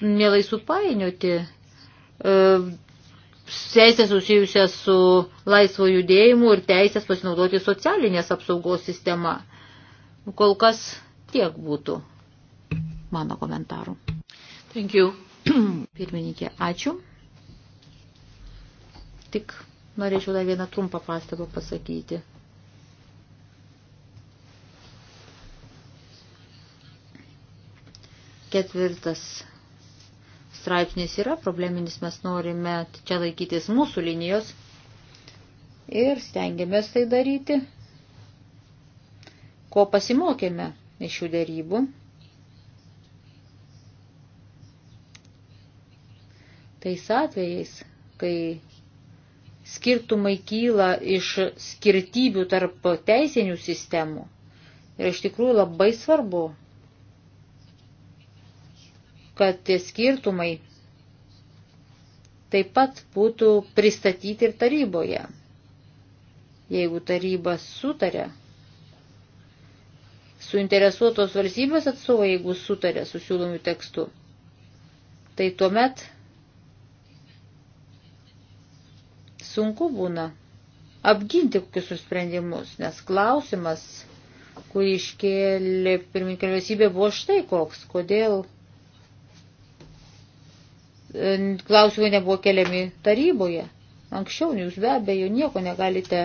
mielai supainioti E, teisės susijusias su laisvo judėjimu ir teisės pasinaudoti socialinės apsaugos sistema. Kol kas tiek būtų mano komentarų. Thank you. <clears throat> Pirmininkė, ačiū. Tik norėčiau dar vieną trumpą pastabą pasakyti. Ketvirtas straipsnis yra probleminis, mes norime čia laikytis mūsų linijos ir stengiamės tai daryti, ko pasimokėme iš šių darybų. Tais atvejais, kai skirtumai kyla iš skirtybių tarp teisinių sistemų, yra iš tikrųjų labai svarbu kad tie skirtumai taip pat būtų pristatyti ir taryboje. Jeigu taryba sutarė, suinteresuotos valstybės atstovai, jeigu sutarė su siūlomiu tekstu, tai tuomet sunku būna apginti kokius sprendimus, nes klausimas, kurį iškėlė pirmininkė valstybė, buvo štai koks, kodėl E, klausimai nebuvo keliami taryboje. Anksčiau jūs be abejo nieko negalite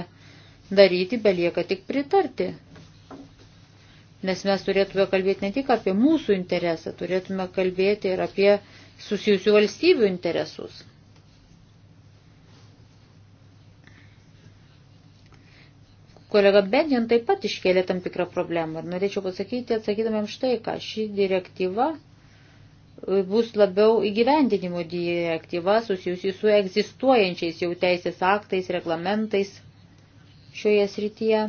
daryti, belieka tik pritarti. Nes mes turėtume kalbėti ne tik apie mūsų interesą, turėtume kalbėti ir apie susijusių valstybių interesus. Kolega Benjan taip pat iškėlė tam tikrą problemą ir norėčiau pasakyti, atsakydamėm štai ką, ši direktyva bus labiau įgyvendinimo direktyva susijusi su egzistuojančiais jau teisės aktais, reglamentais šioje srityje.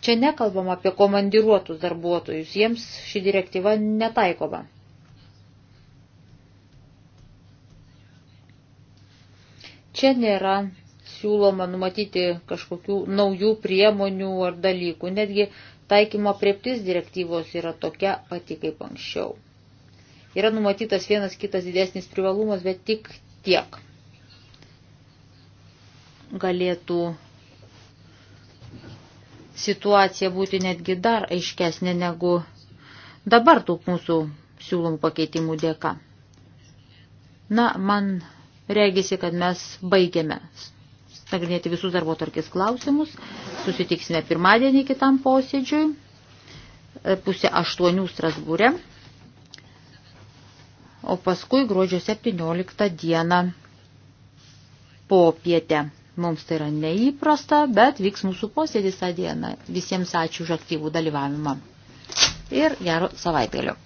Čia nekalbam apie komandiruotus darbuotojus, jiems ši direktyva netaikoma. Čia nėra siūloma numatyti kažkokių naujų priemonių ar dalykų, netgi Taikymo prieptis direktyvos yra tokia pati kaip anksčiau. Yra numatytas vienas kitas didesnis privalumas, bet tik tiek galėtų situacija būti netgi dar aiškesnė negu dabar tų mūsų siūlomų pakeitimų dėka. Na, man regisi, kad mes baigiame nagrinėti visus darbo tarkis klausimus susitiksime pirmadienį kitam posėdžiui, e, pusė aštuonių Strasbūrė, o paskui gruodžio 17 dieną po pietę. Mums tai yra neįprasta, bet vyks mūsų posėdis tą dieną. Visiems ačiū už aktyvų dalyvavimą. Ir gero savaitgalio.